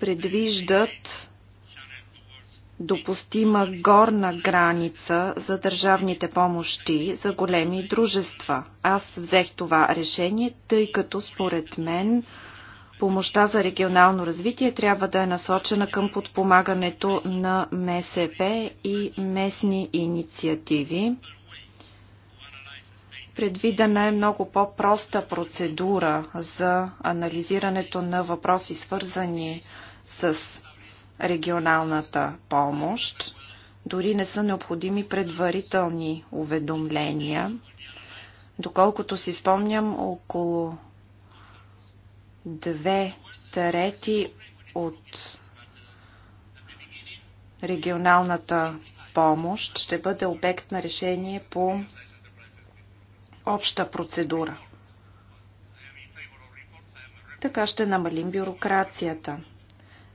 предвиждат допустима горна граница за държавните помощи за големи дружества. Аз взех това решение, тъй като според мен помощта за регионално развитие трябва да е насочена към подпомагането на МСП и местни инициативи. Предвидена е много по-проста процедура за анализирането на въпроси, свързани с регионалната помощ. Дори не са необходими предварителни уведомления. Доколкото си спомням, около две трети от регионалната помощ ще бъде обект на решение по обща процедура. Така ще намалим бюрокрацията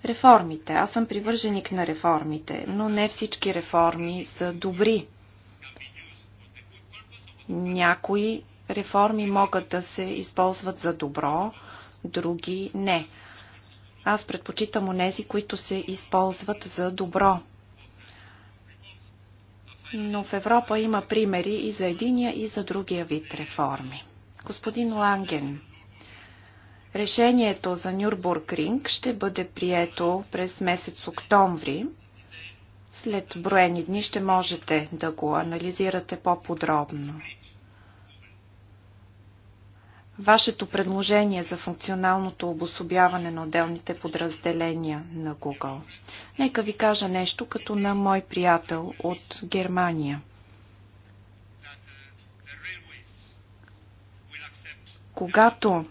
реформите. Аз съм привърженик на реформите, но не всички реформи са добри. Някои реформи могат да се използват за добро, други не. Аз предпочитам онези, които се използват за добро. Но в Европа има примери и за единия, и за другия вид реформи. Господин Ланген, Решението за Нюрбург Ринг ще бъде прието през месец октомври. След броени дни ще можете да го анализирате по-подробно. Вашето предложение за функционалното обособяване на отделните подразделения на Google. Нека ви кажа нещо като на мой приятел от Германия. Когато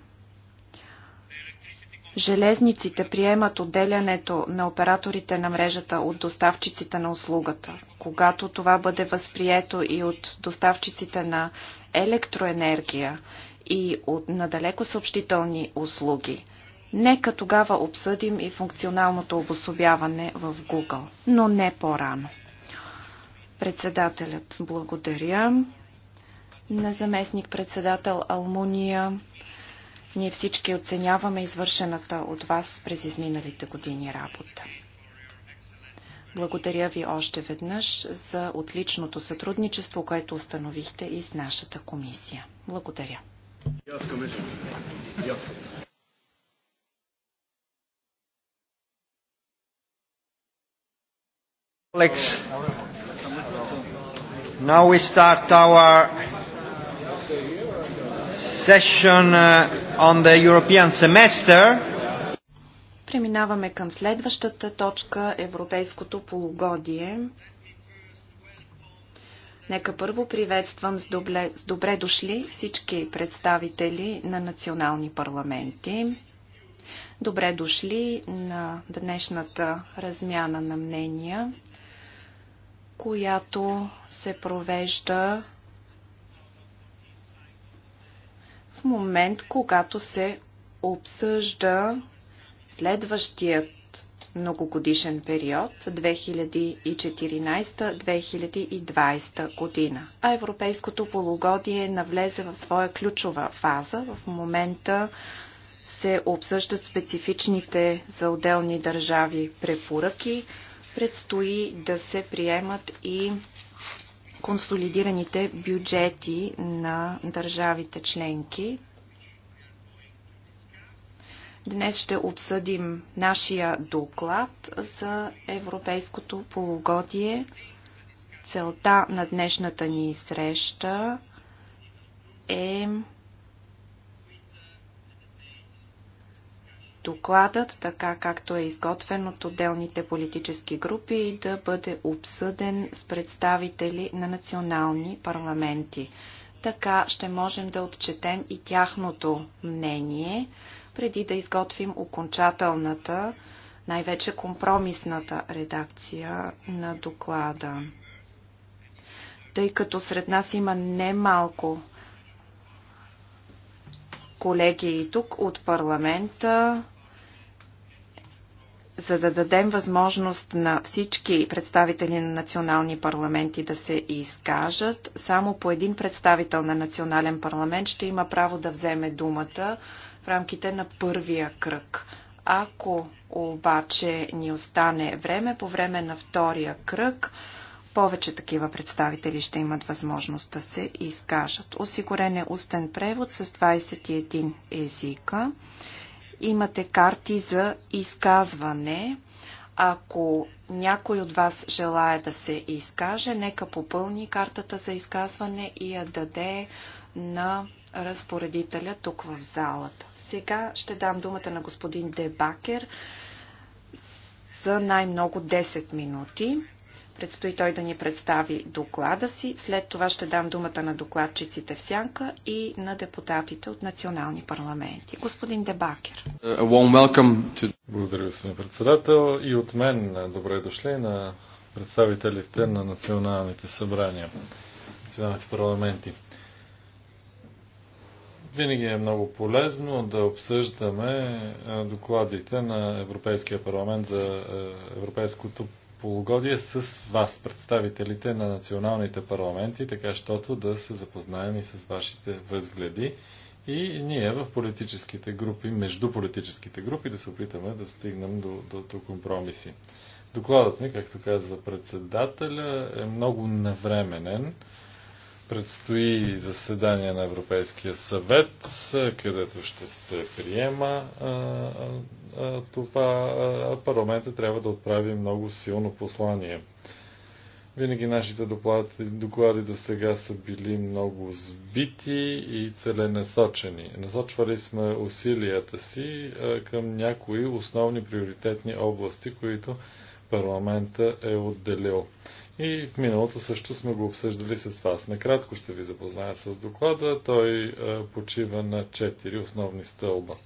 Железниците приемат отделянето на операторите на мрежата от доставчиците на услугата. Когато това бъде възприето и от доставчиците на електроенергия и от надалеко съобщителни услуги, нека тогава обсъдим и функционалното обособяване в Google, но не по-рано. Председателят благодаря на заместник председател Алмуния ние всички оценяваме извършената от вас през изминалите години работа. Благодаря ви още веднъж за отличното сътрудничество, което установихте и с нашата комисия. Благодаря. Now we start our session uh, on the European semester. Преминаваме към следващата точка Европейското полугодие. Нека първо приветствам с добре, с добре дошли всички представители на национални парламенти. Добре дошли на днешната размяна на мнения, която се провежда в момент, когато се обсъжда следващият многогодишен период 2014-2020 година. А европейското полугодие навлезе в своя ключова фаза. В момента се обсъждат специфичните за отделни държави препоръки. Предстои да се приемат и консолидираните бюджети на държавите членки. Днес ще обсъдим нашия доклад за европейското полугодие. Целта на днешната ни среща е докладът, така както е изготвен от отделните политически групи и да бъде обсъден с представители на национални парламенти. Така ще можем да отчетем и тяхното мнение, преди да изготвим окончателната, най-вече компромисната редакция на доклада. Тъй като сред нас има немалко колеги и тук от парламента, за да дадем възможност на всички представители на национални парламенти да се изкажат. Само по един представител на национален парламент ще има право да вземе думата в рамките на първия кръг. Ако обаче ни остане време по време на втория кръг, повече такива представители ще имат възможност да се изкажат. Осигурен е устен превод с 21 езика. Имате карти за изказване. Ако някой от вас желая да се изкаже, нека попълни картата за изказване и я даде на разпоредителя тук в залата. Сега ще дам думата на господин Дебакер за най-много 10 минути. Предстои той да ни представи доклада си. След това ще дам думата на докладчиците в Сянка и на депутатите от национални парламенти. Господин Дебакер. To... Благодаря, господин председател. И от мен добре дошли на представителите на националните събрания, националните парламенти. Винаги е много полезно да обсъждаме докладите на Европейския парламент за европейското полугодие с вас, представителите на националните парламенти, така щото да се запознаем и с вашите възгледи и ние в политическите групи, между политическите групи да се опитаме да стигнем до, до, до компромиси. Докладът ми, както каза председателя, е много навременен. Предстои заседание на Европейския съвет, където ще се приема а, а, това. А парламента трябва да отправи много силно послание. Винаги нашите доклади, доклади до сега са били много сбити и целенасочени. Насочвали сме усилията си а, към някои основни приоритетни области, които парламента е отделил. И в миналото също сме го обсъждали с вас. Накратко ще ви запозная с доклада. Той е, почива на четири основни стълба.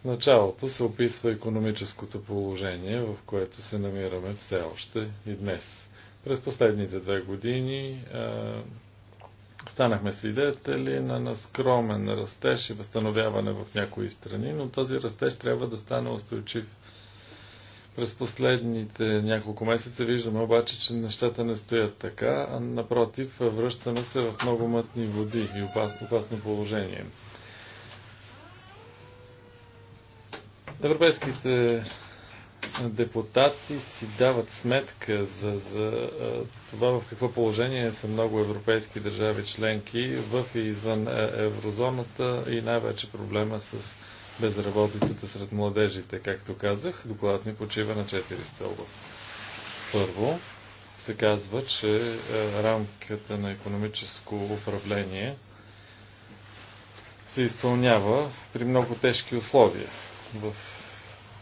В началото се описва економическото положение, в което се намираме все още и днес. През последните две години е, Станахме свидетели на, наскромен растеж и възстановяване в някои страни, но този растеж трябва да стане устойчив през последните няколко месеца виждаме обаче, че нещата не стоят така, а напротив, връщаме се в много мътни води и опасно, опасно положение. Европейските депутати си дават сметка за, за това в какво положение са много европейски държави членки в и извън еврозоната и най-вече проблема с безработицата сред младежите. Както казах, докладът ни почива на 4 стълба. Първо, се казва, че е, рамката на економическо управление се изпълнява при много тежки условия в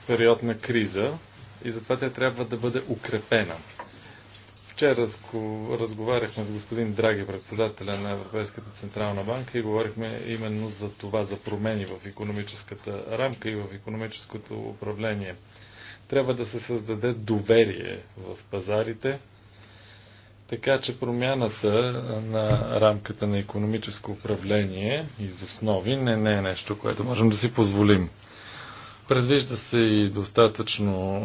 период на криза и затова тя трябва да бъде укрепена. Вчера разговаряхме с господин Драги, председателя на Европейската централна банка и говорихме именно за това, за промени в економическата рамка и в економическото управление. Трябва да се създаде доверие в пазарите, така че промяната на рамката на економическо управление из основи не, не е нещо, което можем да си позволим. Предвижда се и достатъчно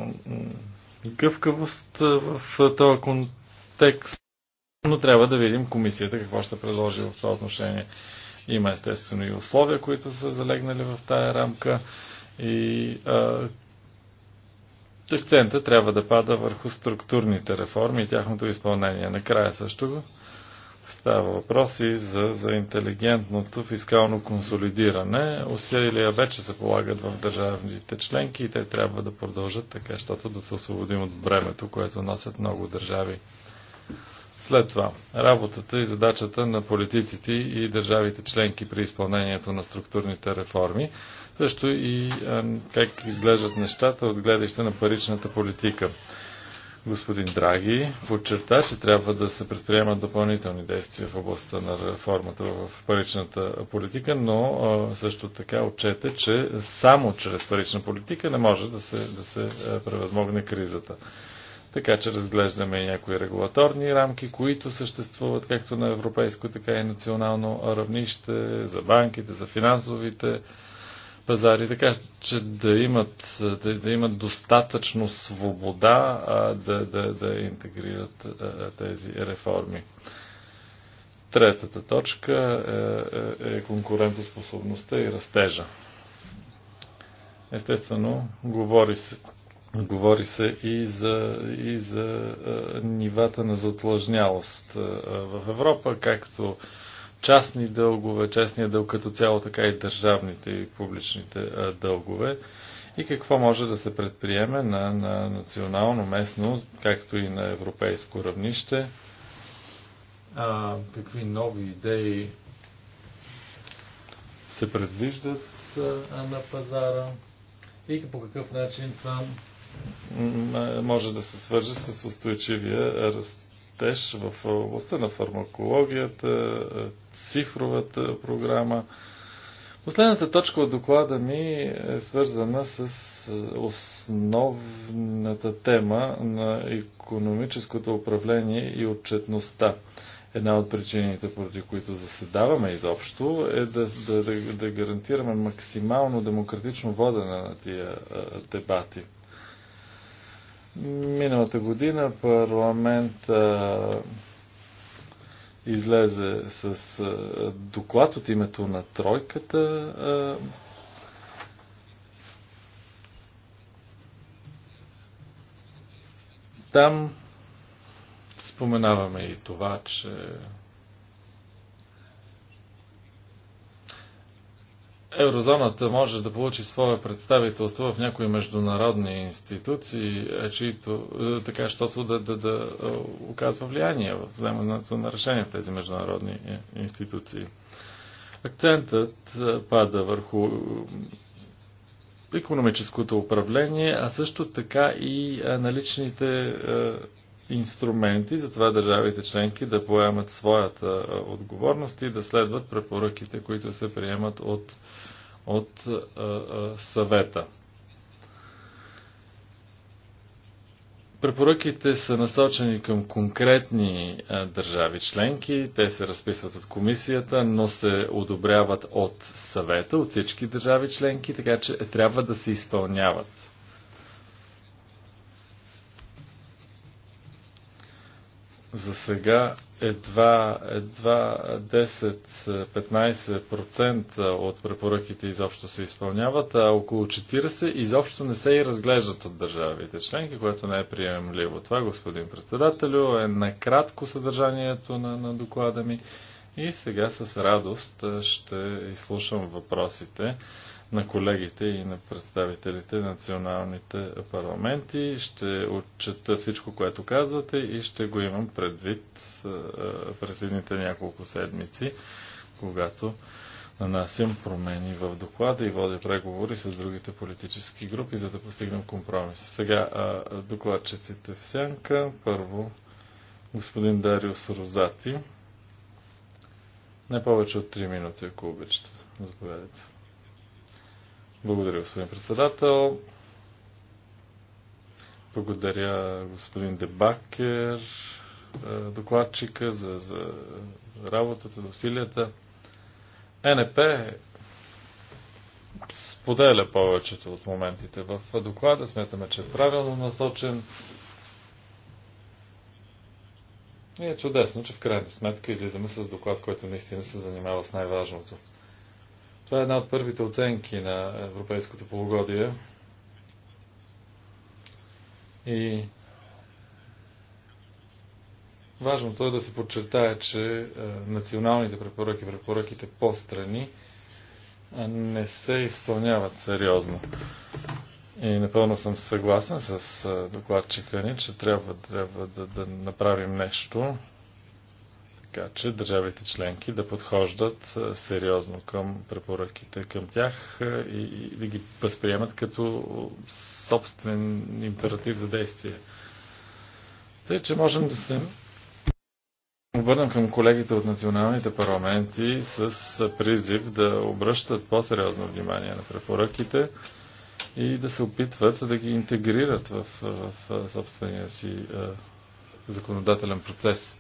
гъвкавост в този текст, но трябва да видим комисията какво ще предложи в това отношение. Има естествено и условия, които са залегнали в тая рамка и а, акцента трябва да пада върху структурните реформи и тяхното изпълнение. Накрая също става въпрос и за, за интелигентното фискално консолидиране. Усилия вече се полагат в държавните членки и те трябва да продължат така, защото да се освободим от времето, което носят много държави. След това, работата и задачата на политиците и държавите членки при изпълнението на структурните реформи, също и как изглеждат нещата от гледаща на паричната политика. Господин Драги подчерта, че трябва да се предприемат допълнителни действия в областта на реформата в паричната политика, но също така отчете, че само чрез парична политика не може да се, да се превъзмогне кризата. Така че разглеждаме и някои регулаторни рамки, които съществуват както на европейско, така и национално равнище, за банките, за финансовите пазари, така че да имат, да, да имат достатъчно свобода а, да, да, да интегрират а, тези реформи. Третата точка е, е, е конкурентоспособността и растежа. Естествено, говори се Говори се и за, и за а, нивата на затлъжнялост а, в Европа, както частни дългове, частния дълг като цяло, така и държавните и публичните а, дългове. И какво може да се предприеме на, на национално, местно, както и на европейско равнище. А, какви нови идеи се предвиждат а, на пазара и по какъв начин това може да се свърже с устойчивия растеж в областта на фармакологията, цифровата програма. Последната точка от доклада ми е свързана с основната тема на економическото управление и отчетността. Една от причините, поради които заседаваме изобщо, е да, да, да, да гарантираме максимално демократично водене на тия а, дебати. Миналата година парламент а, излезе с а, доклад от името на тройката. А, там споменаваме и това, че Еврозоната може да получи свое представителство в някои международни институции, е, чието, е, така, щото да, да, да е, оказва влияние в вземането на решения в тези международни институции. Акцентът пада върху економическото управление, а също така и наличните инструменти за това държавите членки да поемат своята отговорност и да следват препоръките, които се приемат от, от съвета. Препоръките са насочени към конкретни държави членки, те се разписват от комисията, но се одобряват от съвета, от всички държави членки, така че трябва да се изпълняват. За сега едва, едва 10-15% от препоръките изобщо се изпълняват, а около 40% изобщо не се и разглеждат от държавите членки, което не е приемливо. Това, господин председателю, е накратко съдържанието на, на доклада ми. И сега с радост ще изслушам въпросите на колегите и на представителите на националните парламенти. Ще отчета всичко, което казвате и ще го имам предвид през едните няколко седмици, когато нанасям промени в доклада и водя преговори с другите политически групи, за да постигнем компромис. Сега докладчиците в сянка. Първо господин Дариус Розати. Не повече от 3 минути, ако обичате. Заповядайте. Благодаря, господин председател. Благодаря, господин Дебакер, е, докладчика, за, за работата, за усилията. Е НП споделя повечето от моментите в доклада. Смятаме, че е правилно насочен. И е чудесно, че в крайна сметка излизаме с доклад, който наистина се занимава с най-важното. Това е една от първите оценки на европейското полугодие. И важното е да се подчертая, че е, националните препоръки, препоръките по страни не се изпълняват сериозно. И напълно съм съгласен с е, докладчика ни, че трябва, трябва да, да направим нещо така че държавите членки да подхождат сериозно към препоръките към тях и, и да ги възприемат като собствен императив за действие. Тъй, че можем да се обърнем към колегите от националните парламенти с призив да обръщат по-сериозно внимание на препоръките и да се опитват да ги интегрират в, в, в собствения си законодателен процес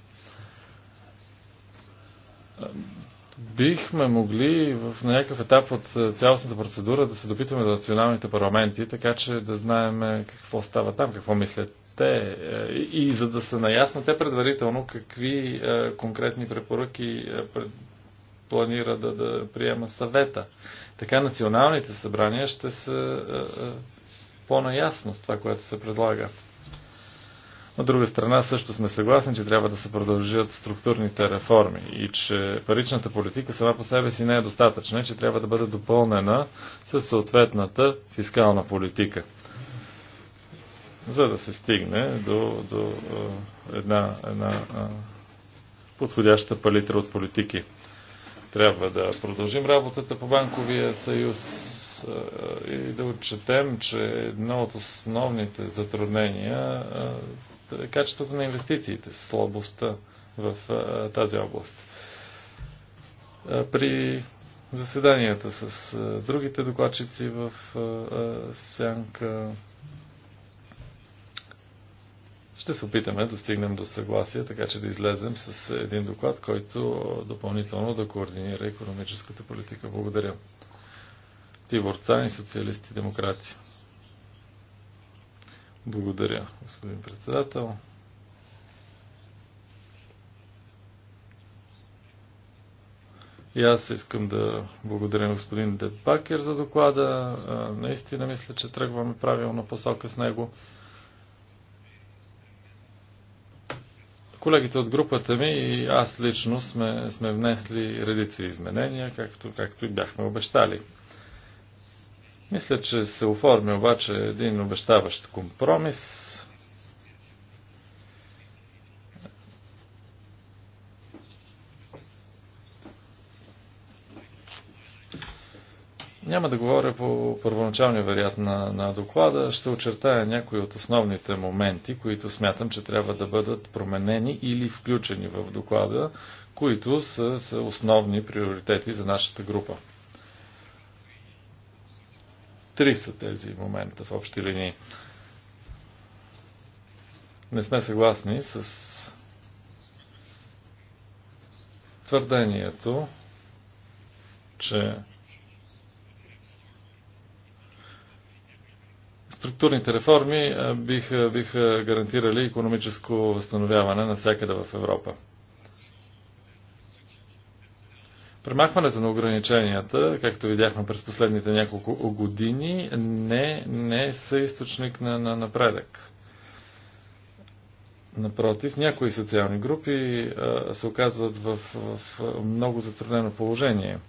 бихме могли в някакъв етап от е, цялостната процедура да се допитваме до националните парламенти, така че да знаем е, какво става там, какво мислят те. Е, и за да са наясно те предварително какви конкретни препоръки планира да, да приема съвета. Така националните събрания ще са по-наясно с това, което се предлага. От друга страна също сме съгласни, че трябва да се продължат структурните реформи и че паричната политика сама по себе си не е достатъчна че трябва да бъде допълнена с съответната фискална политика за да се стигне до, до една, една подходяща палитра от политики. Трябва да продължим работата по банковия съюз и да отчетем, че едно от основните затруднения качеството на инвестициите, слабостта в тази област. при заседанията с другите докладчици в Сянка ще се опитаме да стигнем до съгласие, така че да излезем с един доклад, който допълнително да координира економическата политика. Благодаря. Тибор Цани, социалисти и демократи. Благодаря, господин председател. И аз искам да благодаря господин Депакер за доклада. Наистина мисля, че тръгваме правилно посока с него. Колегите от групата ми и аз лично сме, сме внесли редици изменения, както, както и бяхме обещали. Мисля, че се оформи обаче един обещаващ компромис. Няма да говоря по първоначалния вариант на, на доклада, ще очертая някои от основните моменти, които смятам, че трябва да бъдат променени или включени в доклада, които са, са основни приоритети за нашата група. Три са тези момента в общи линии. Не сме съгласни с твърдението, че структурните реформи биха, биха гарантирали економическо възстановяване навсякъде в Европа. Премахването на ограниченията, както видяхме през последните няколко години, не, не са източник на, на напредък. Напротив, някои социални групи а, се оказват в, в много затруднено положение –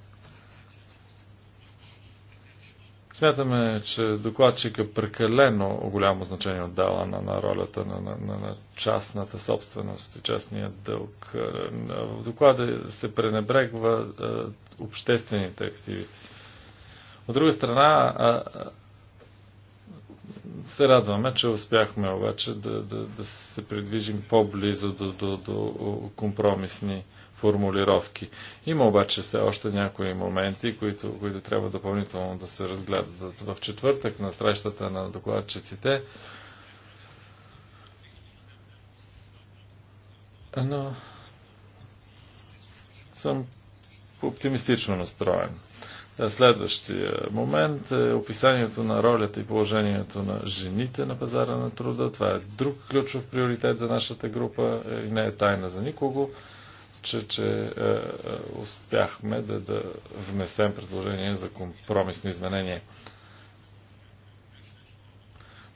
Смятаме, че докладчика прекалено голямо значение отдава на, на ролята на, на, на, частната собственост и частния дълг. Е, в доклада се пренебрегва е, обществените активи. От друга страна, а, е, е, се радваме, че успяхме обаче да, да, да се придвижим по-близо до, до, до компромисни формулировки. Има обаче все още някои моменти, които, които трябва допълнително да се разгледат. В четвъртък на срещата на докладчиците но съм оптимистично настроен. Следващия момент е описанието на ролята и положението на жените на пазара на труда. Това е друг ключов приоритет за нашата група и не е тайна за никого че, че е, е, успяхме да, да внесем предложение за компромисно изменение.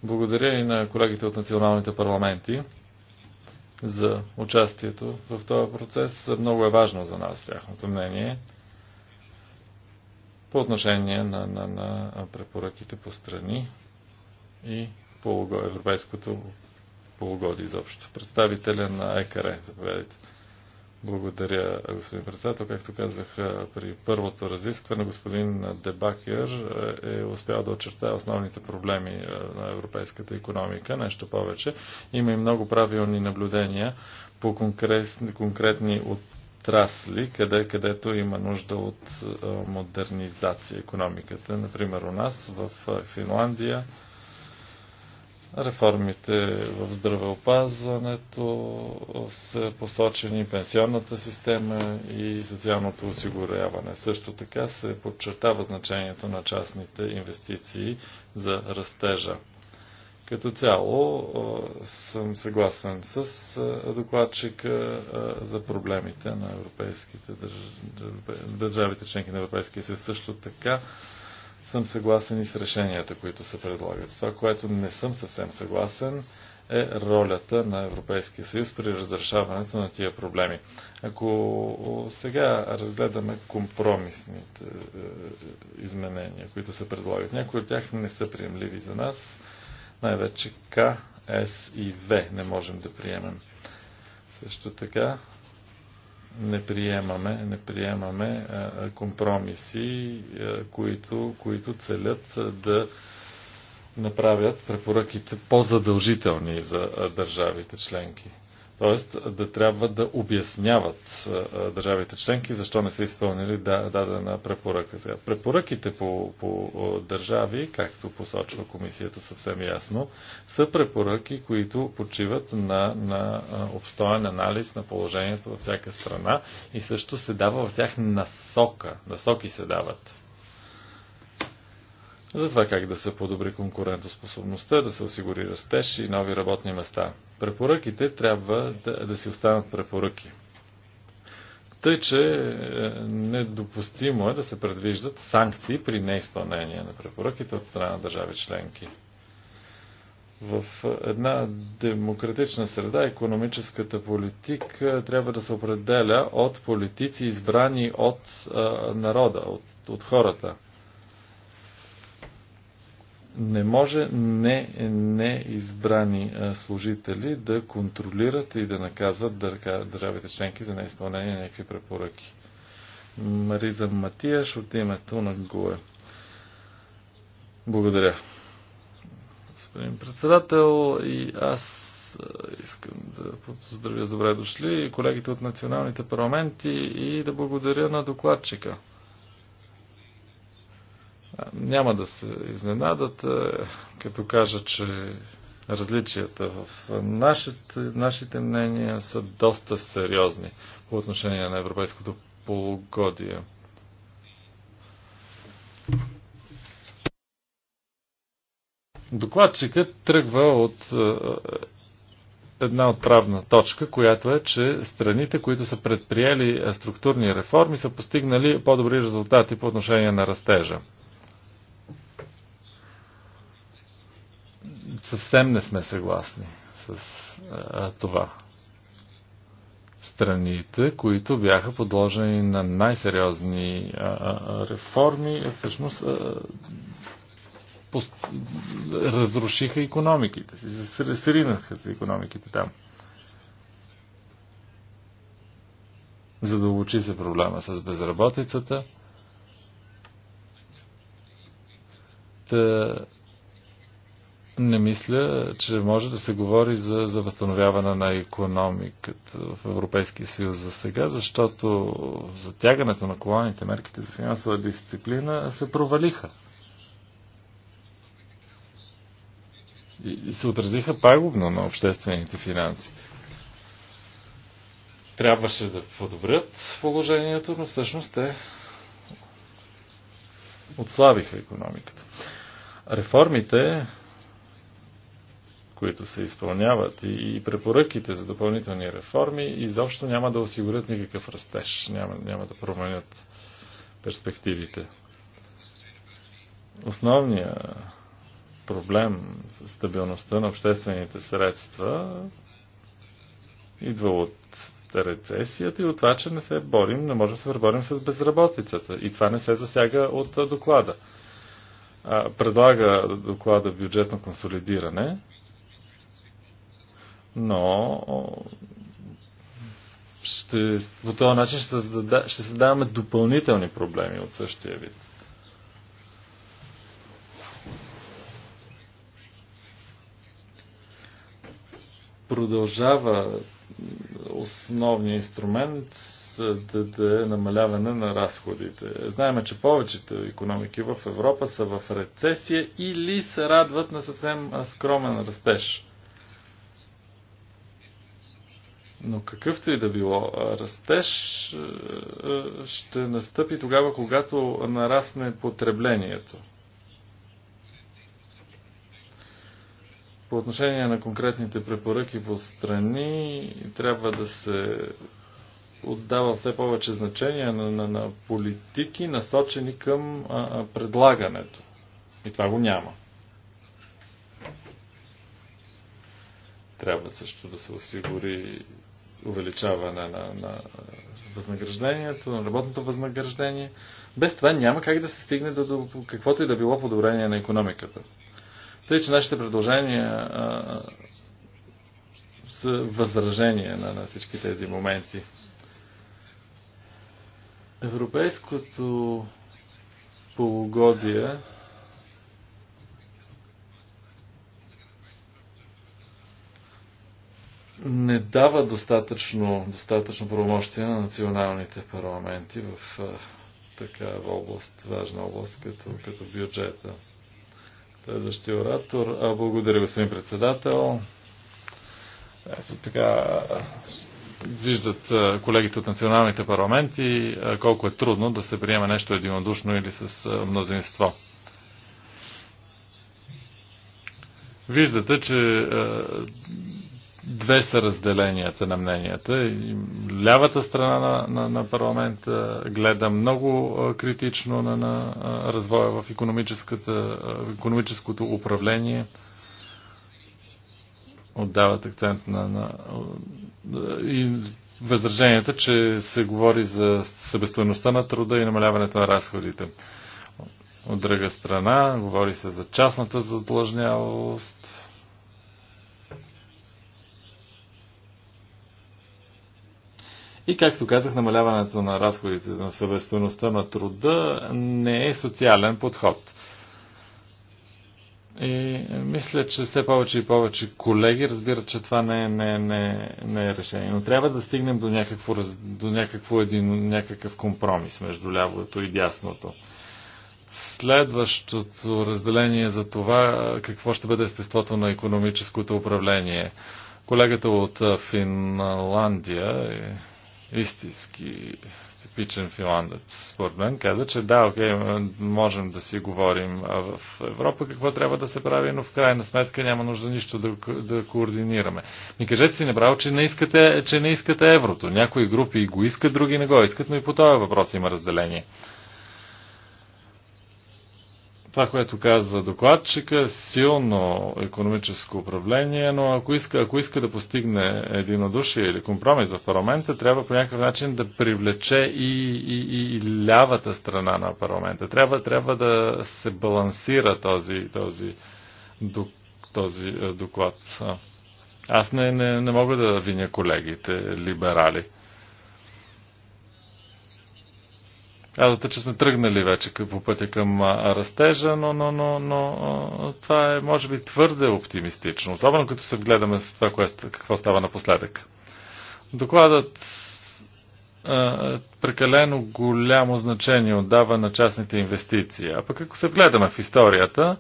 Благодаря и на колегите от националните парламенти за участието в този процес. Много е важно за нас тяхното мнение по отношение на, на, на препоръките по страни и по европейското полугодие изобщо. Представителя на ЕКР, заповядайте. Благодаря, господин председател. Както казах при първото разискване, господин Дебакер е успял да очертая основните проблеми на европейската економика. Нещо повече. Има и много правилни наблюдения по конкретни отрасли, къде, където има нужда от модернизация економиката. Например, у нас в Финландия Реформите в здравеопазването са посочени пенсионната система и социалното осигуряване. Също така се подчертава значението на частните инвестиции за растежа. Като цяло съм съгласен с докладчика за проблемите на европейските държ... държавите членки на Европейския съюз. Също така съм съгласен и с решенията, които се предлагат. Това, което не съм съвсем съгласен, е ролята на Европейския съюз при разрешаването на тия проблеми. Ако сега разгледаме компромисните е, е, изменения, които се предлагат, някои от тях не са приемливи за нас, най-вече К, С и В не можем да приемем. Също така не приемаме, не приемаме компромиси, които, които целят да направят препоръките по-задължителни за държавите членки. Т.е. да трябва да обясняват държавите членки защо не са изпълнили дадена препоръка. Сега, препоръките по, по държави, както посочва комисията съвсем ясно, са препоръки, които почиват на, на обстоен анализ на положението във всяка страна и също се дава в тях насока. Насоки се дават за това как да се подобри конкурентоспособността, да се осигури растеж и нови работни места. Препоръките трябва да, да си останат препоръки. Тъй, че е, недопустимо е да се предвиждат санкции при неизпълнение на препоръките от страна на държави членки. В е, една демократична среда економическата политика трябва да се определя от политици, избрани от а, е, народа, от, от хората не може не, не избрани служители да контролират и да наказват държавите членки за неизпълнение на някакви препоръки. Мариза Матияш от името на ГУЕ. Благодаря. Господин председател, и аз искам да поздравя за добре дошли колегите от националните парламенти и да благодаря на докладчика. Няма да се изненадат, е, като кажа, че различията в нашите, нашите мнения са доста сериозни по отношение на европейското полугодие. Докладчикът тръгва от е, една отправна точка, която е, че страните, които са предприели структурни реформи, са постигнали по-добри резултати по отношение на растежа. съвсем не сме съгласни с а, това. Страните, които бяха подложени на най-сериозни реформи, всъщност а, пост... разрушиха економиките си, сринаха се економиките там. Задълбочи се проблема с безработицата. Та не мисля, че може да се говори за, за възстановяване на економиката в Европейския съюз за сега, защото затягането на колоните, мерките за финансова дисциплина се провалиха. И, и се отразиха пагубно на обществените финанси. Трябваше да подобрят положението, но всъщност те отслабиха економиката. Реформите които се изпълняват и, препоръките за допълнителни реформи изобщо няма да осигурят никакъв растеж, няма, няма да променят перспективите. Основният проблем с стабилността на обществените средства идва от рецесията и от това, че не се борим, не можем да се преборим с безработицата. И това не се засяга от доклада. Предлага доклада бюджетно консолидиране – но ще, по този начин ще, създада, ще създаваме допълнителни проблеми от същия вид. Продължава основния инструмент да, да е намаляване на разходите. Знаеме, че повечето економики в Европа са в рецесия или се радват на съвсем скромен растеж. Но какъвто и да било растеж, ще настъпи тогава, когато нарасне потреблението. По отношение на конкретните препоръки по страни, трябва да се отдава все повече значение на, на, на политики, насочени към а, а, предлагането. И това го няма. Трябва също да се осигури увеличаване на, на възнаграждението, на работното възнаграждение. Без това няма как да се стигне до, каквото и да било подобрение на економиката. Тъй, че нашите предложения а, са възражение на, на всички тези моменти. Европейското полугодие не дава достатъчно, достатъчно промощия на националните парламенти в такава област, важна област, като, като бюджета. Следващия оратор. А, благодаря, господин председател. Ето така виждат колегите от националните парламенти колко е трудно да се приеме нещо единодушно или с мнозинство. Виждате, че Две са разделенията на мненията. Лявата страна на, на, на парламента гледа много критично на, на развоя в, в економическото управление. Отдават акцент на, на и възраженията, че се говори за събестоеността на труда и намаляването на разходите. От друга страна, говори се за частната задлъжнялост И както казах, намаляването на разходите на съвестността на труда не е социален подход. И мисля, че все повече и повече колеги разбират, че това не е, не, е, не, е, не е решение. Но трябва да стигнем до, някакво, до някакво един, някакъв компромис между лявото и дясното. Следващото разделение за това какво ще бъде естеството на економическото управление. Колегата от Финландия е истински типичен финландец, според мен, каза, че да, окей, можем да си говорим в Европа какво трябва да се прави, но в крайна сметка няма нужда нищо да, да координираме. Ми кажете си направо, че не, искате, че не искате еврото. Някои групи го искат, други не го искат, но и по този въпрос има разделение това, което каза докладчика, е силно економическо управление, но ако иска, ако иска да постигне единодушие или компромис в парламента, трябва по някакъв начин да привлече и, и, и лявата страна на парламента. Трябва, трябва да се балансира този, този, този е, доклад. Аз не, не, не мога да виня колегите либерали. Казвате, че сме тръгнали вече по пътя към растежа, но, но, но, но това е, може би, твърде оптимистично, особено като се вгледаме с това, кое, какво става напоследък. Докладът е, прекалено голямо значение отдава на частните инвестиции. А пък ако се вгледаме в историята,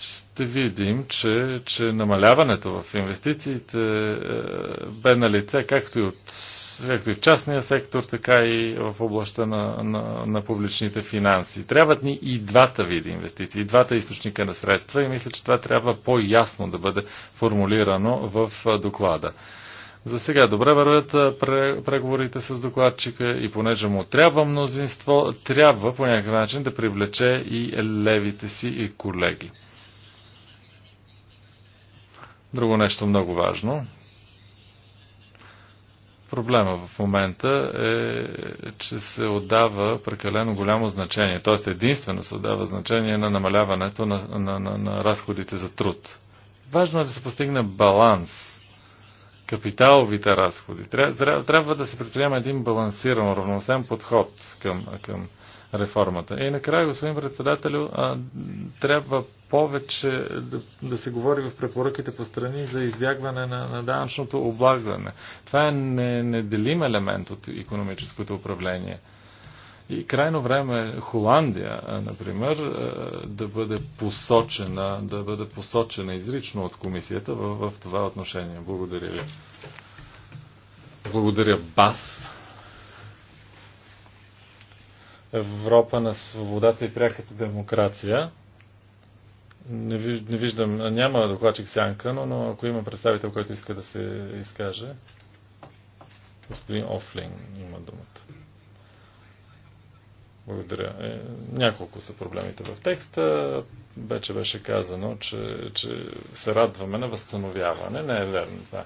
ще видим, че, че намаляването в инвестициите е, бе на лице както и, от, както и в частния сектор, така и в областта на, на, на публичните финанси. Трябват ни и двата вида инвестиции, и двата източника на средства и мисля, че това трябва по-ясно да бъде формулирано в доклада. За сега добре вървят преговорите с докладчика и понеже му трябва мнозинство, трябва по някакъв начин да привлече и левите си и колеги. Друго нещо много важно. Проблема в момента е, че се отдава прекалено голямо значение, т.е. единствено се отдава значение на намаляването на, на, на, на разходите за труд. Важно е да се постигне баланс капиталовите разходи. Трябва, трябва, трябва да се предприема един балансиран, равносен подход към, към реформата. И накрая, господин председателю, трябва повече да, да се говори в препоръките по страни за избягване на, на данъчното облагане. Това е не, неделим елемент от економическото управление. И крайно време е Холандия, например, да бъде посочена, да бъде посочена изрично от комисията в, в това отношение. Благодаря ви. Благодаря Бас Европа на свободата и пряката демокрация. Не, не виждам, няма докладчик сянка, но, но ако има представител, който иска да се изкаже, господин Офлин има думата. Благодаря. Е, няколко са проблемите в текста. Вече беше казано, че, че се радваме на възстановяване. Не е верно това. Да.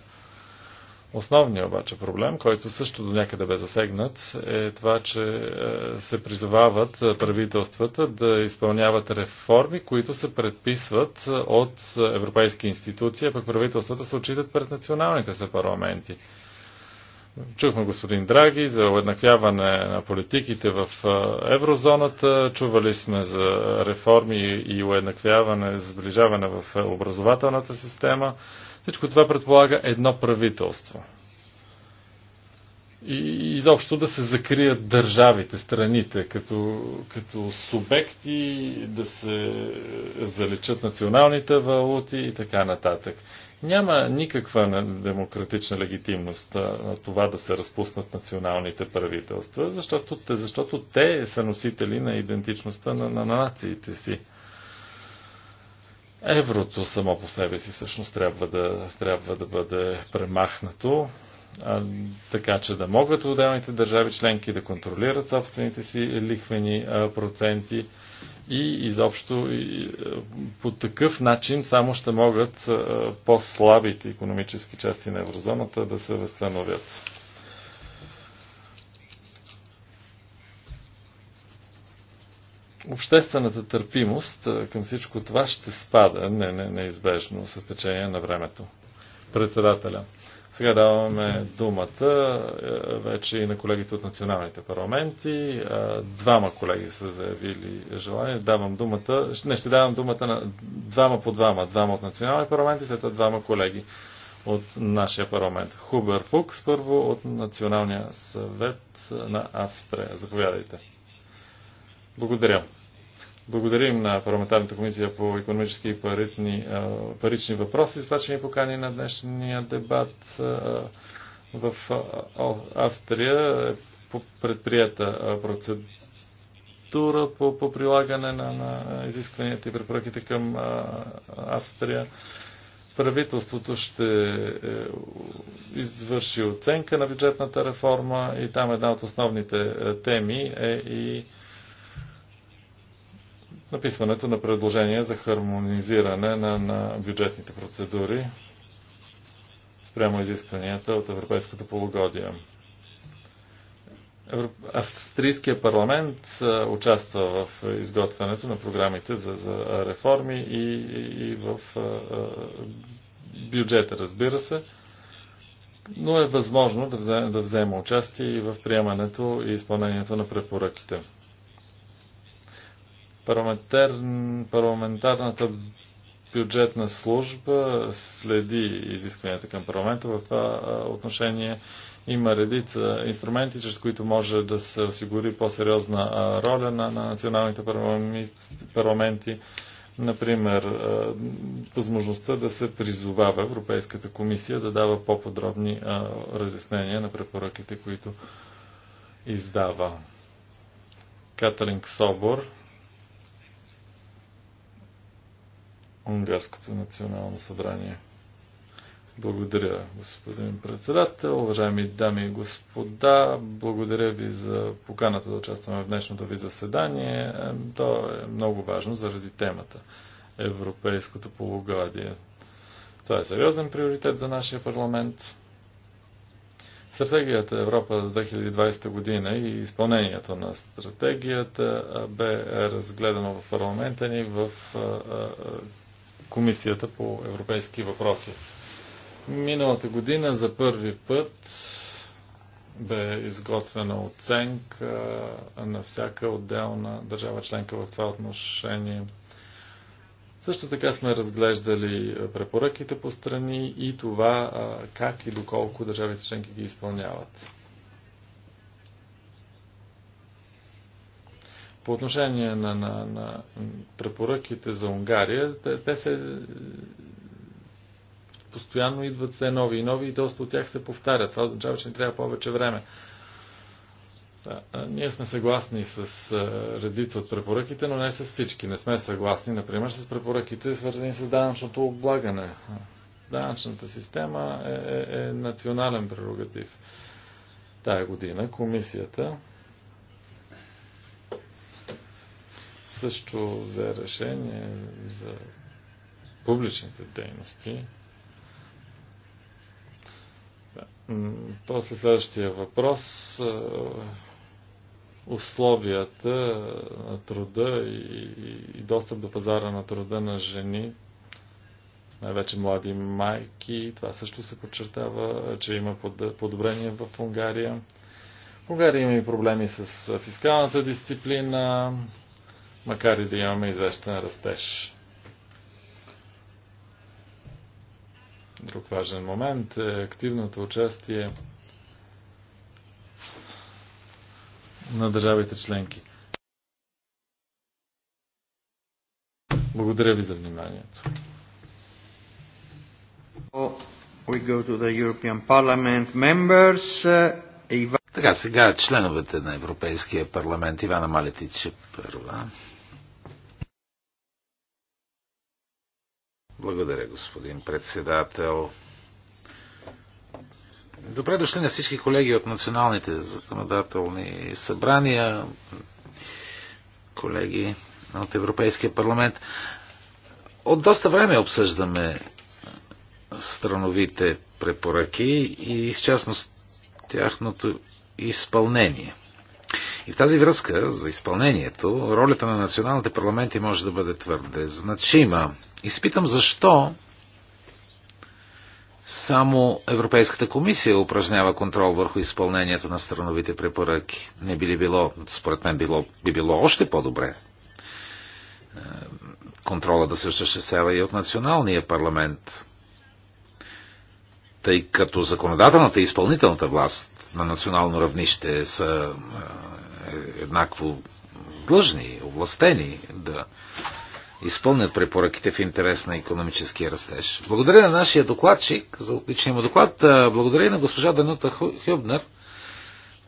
Основният обаче проблем, който също до някъде бе засегнат, е това, че е, се призовават е, правителствата да изпълняват реформи, които се предписват е, от европейски институции, а пък правителствата се отчитат пред националните се парламенти. Чухме господин Драги за уеднаквяване на политиките в еврозоната, чували сме за реформи и уеднаквяване, сближаване в образователната система. Всичко това предполага едно правителство. И изобщо да се закрият държавите, страните, като, като субекти, да се залечат националните валути и така нататък. Няма никаква демократична легитимност на това да се разпуснат националните правителства, защото те, защото те са носители на идентичността на, на нациите си. Еврото само по себе си всъщност трябва да, трябва да бъде премахнато, а, така че да могат отделните държави членки да контролират собствените си лихвени а, проценти и изобщо и, по такъв начин само ще могат по-слабите економически части на еврозоната да се възстановят. обществената търпимост към всичко това ще спада не, не, неизбежно с течение на времето. Председателя. Сега даваме думата вече и на колегите от националните парламенти. Двама колеги са заявили желание. Давам думата, не ще давам думата на двама по двама. Двама от национални парламенти, след това двама колеги от нашия парламент. Хубер Фукс, първо от Националния съвет на Австрия. Заповядайте. Благодаря. Благодарим на парламентарната комисия по економически и паритни, парични въпроси за това, че ни покани на днешния дебат в Австрия е предприята процедура по, по прилагане на, на изискванията и препоръките към Австрия правителството ще е, извърши оценка на бюджетната реформа и там една от основните е, теми е и написването на предложения за хармонизиране на, на бюджетните процедури спрямо изискванията от Европейското полугодие. Австрийския парламент участва в изготвянето на програмите за, за реформи и, и в бюджета, разбира се, но е възможно да взема, да взема участие и в приемането и изпълнението на препоръките. Парламентар... Парламентарната бюджетна служба следи изискванията към парламента в това отношение. Има редица инструменти, чрез които може да се осигури по-сериозна роля на, на националните парламенти. Например, възможността да се призовава Европейската комисия да дава по-подробни разяснения на препоръките, които издава. Катаринг Собор Унгарското национално събрание. Благодаря, господин председател. Уважаеми дами и господа, благодаря ви за поканата да участваме в днешното ви заседание. То е много важно заради темата Европейското полугодие. Това е сериозен приоритет за нашия парламент. Стратегията Европа за 2020 година и изпълнението на стратегията бе разгледано в парламента ни в Комисията по европейски въпроси. Миналата година за първи път бе изготвена оценка на всяка отделна държава членка в това отношение. Също така сме разглеждали препоръките по страни и това как и доколко държавите членки ги изпълняват. По отношение на, на, на препоръките за Унгария, те, те се постоянно идват все нови и нови и доста от тях се повтарят. Това означава, че ни трябва повече време. Да, ние сме съгласни с редица от препоръките, но не с всички. Не сме съгласни, например, с препоръките, свързани с данъчното облагане. Данъчната система е, е, е национален прерогатив. Тая година комисията също за решение за публичните дейности. После следващия въпрос. Условията на труда и, достъп до пазара на труда на жени, най-вече млади майки, това също се подчертава, че има подобрение в Унгария. В Унгария има и проблеми с фискалната дисциплина, макар и да имаме известен растеж. Друг важен момент е активното участие на държавите членки. Благодаря ви за вниманието. Uh, така, сега членовете на Европейския парламент. Ивана Малетич първа. Благодаря, господин председател. Добре дошли на всички колеги от националните законодателни събрания, колеги от Европейския парламент. От доста време обсъждаме страновите препоръки и в частност тяхното изпълнение. И в тази връзка за изпълнението, ролята на националните парламенти може да бъде твърде значима. Изпитам защо само Европейската комисия упражнява контрол върху изпълнението на страновите препоръки. Не би ли било, според мен било, би било още по-добре е, контрола да се осъществява и от националния парламент, тъй като законодателната и изпълнителната власт на национално равнище са е, еднакво длъжни, овластени да изпълнят препоръките в интерес на економическия растеж. Благодаря на нашия докладчик за отличния му доклад. Благодаря и на госпожа Данута Хюбнер,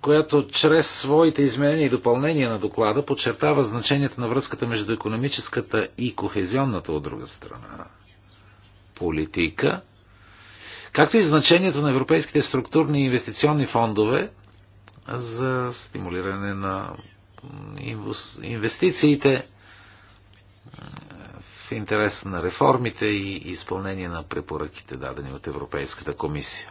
която чрез своите изменения и допълнения на доклада подчертава значението на връзката между економическата и кохезионната от друга страна политика, както и значението на европейските структурни и инвестиционни фондове за стимулиране на инвестициите в интерес на реформите и изпълнение на препоръките, дадени от Европейската комисия.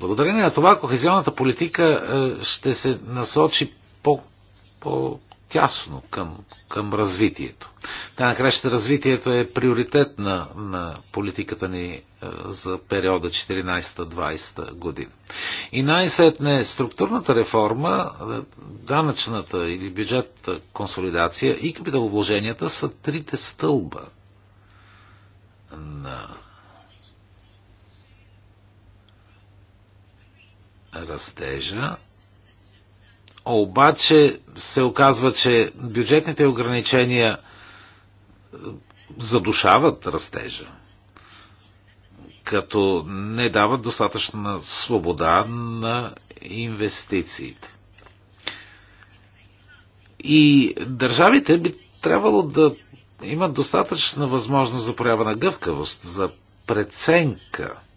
Благодарение на това кохезионната политика е, ще се насочи по, по тясно към, към развитието. Така накрая развитието е приоритет на, на политиката ни е, за периода 14-20 година. И най-сетне структурната реформа, е, данъчната или бюджет консолидация и капиталовложенията са трите стълба на растежа обаче се оказва, че бюджетните ограничения е, задушават растежа, като не дават достатъчна свобода на инвестициите. И държавите би трябвало да имат достатъчна възможност за проява на гъвкавост, за преценка –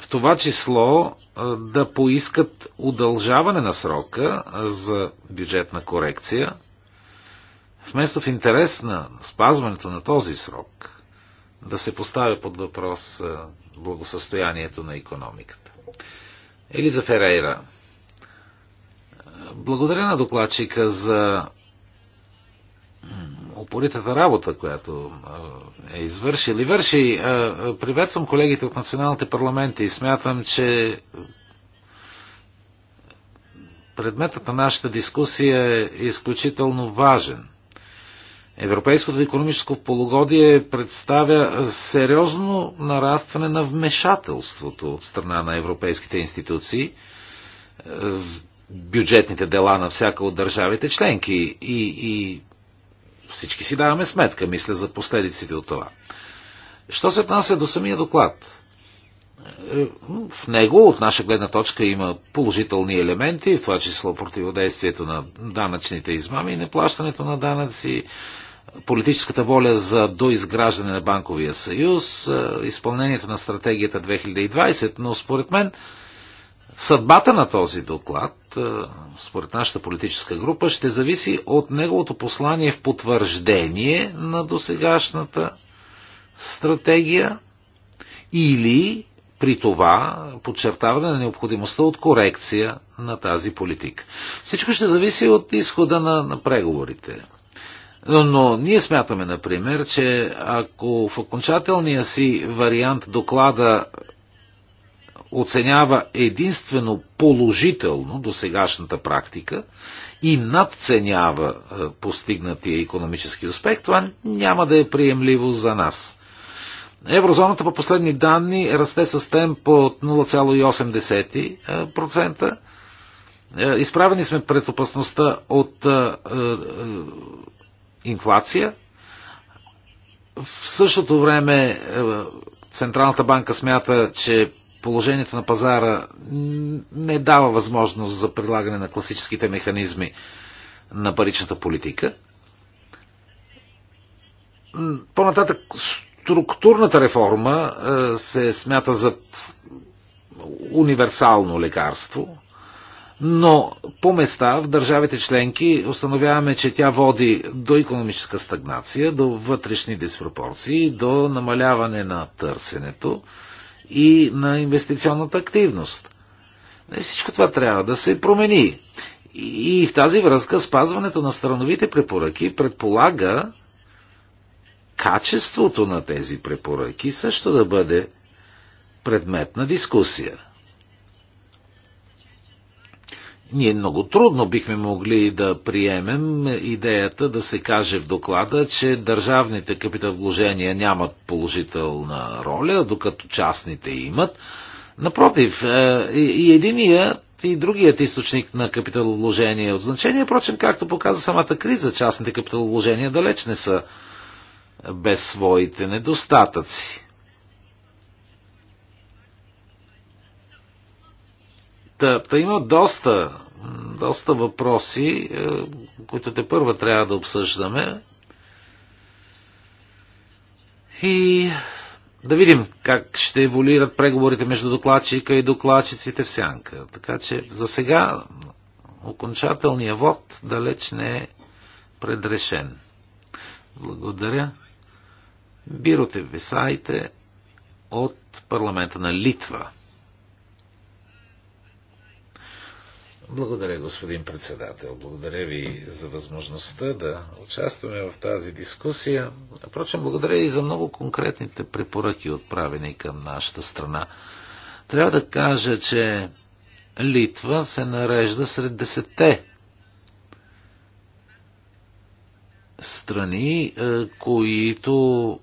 в това число да поискат удължаване на срока за бюджетна корекция, вместо в интерес на спазването на този срок да се поставя под въпрос благосъстоянието на економиката. Елиза Ферейра. Благодаря на докладчика за упоритата работа, която е извършил и върши. Приветствам колегите от националните парламенти и смятам, че предметът на нашата дискусия е изключително важен. Европейското економическо полугодие представя сериозно нарастване на вмешателството от страна на европейските институции в бюджетните дела на всяка от държавите членки. И, и всички си даваме сметка, мисля, за последиците от това. Що се отнася до самия доклад? Е, в него, от наша гледна точка, има положителни елементи, в това число противодействието на данъчните измами и неплащането на данъци, политическата воля за доизграждане на банковия съюз, е, изпълнението на стратегията 2020, но според мен Съдбата на този доклад, е, според нашата политическа група, ще зависи от неговото послание в потвърждение на досегашната стратегия или при това подчертаване на необходимостта от корекция на тази политика. Всичко ще зависи от изхода на, на преговорите. Но ние смятаме, например, че ако в окончателния си вариант доклада оценява единствено положително до сегашната практика и надценява е, постигнатия економически успех, това няма да е приемливо за нас. Еврозоната по последни данни расте с темп от 0,8%. Е, изправени сме пред опасността от е, инфлация. В същото време Централната банка смята, че положението на пазара не дава възможност за прилагане на класическите механизми на паричната политика. По-нататък структурната реформа е, се смята за универсално лекарство, но по места в държавите членки установяваме, че тя води до економическа стагнация, до вътрешни диспропорции, до намаляване на търсенето и на инвестиционната активност. всичко това трябва да се промени. И в тази връзка спазването на страновите препоръки предполага качеството на тези препоръки също да бъде предмет на дискусия. Ние много трудно бихме могли да приемем идеята да се каже в доклада, че държавните капиталовложения нямат положителна роля, докато частните имат. Напротив, е, и единият, и другият източник на капиталовложение е от значение. Впрочем, както показа самата криза, частните капиталовложения далеч не са без своите недостатъци. Та, та има доста, доста въпроси, е, които те първа трябва да обсъждаме. И да видим как ще еволюират преговорите между докладчика и докладчиците в сянка. Така че за сега окончателният вод далеч не е предрешен. Благодаря. Бироте Висайте от парламента на Литва. Благодаря, господин председател. Благодаря ви за възможността да участваме в тази дискусия. Впрочем, благодаря и за много конкретните препоръки, отправени към нашата страна. Трябва да кажа, че Литва се нарежда сред десетте страни, е, които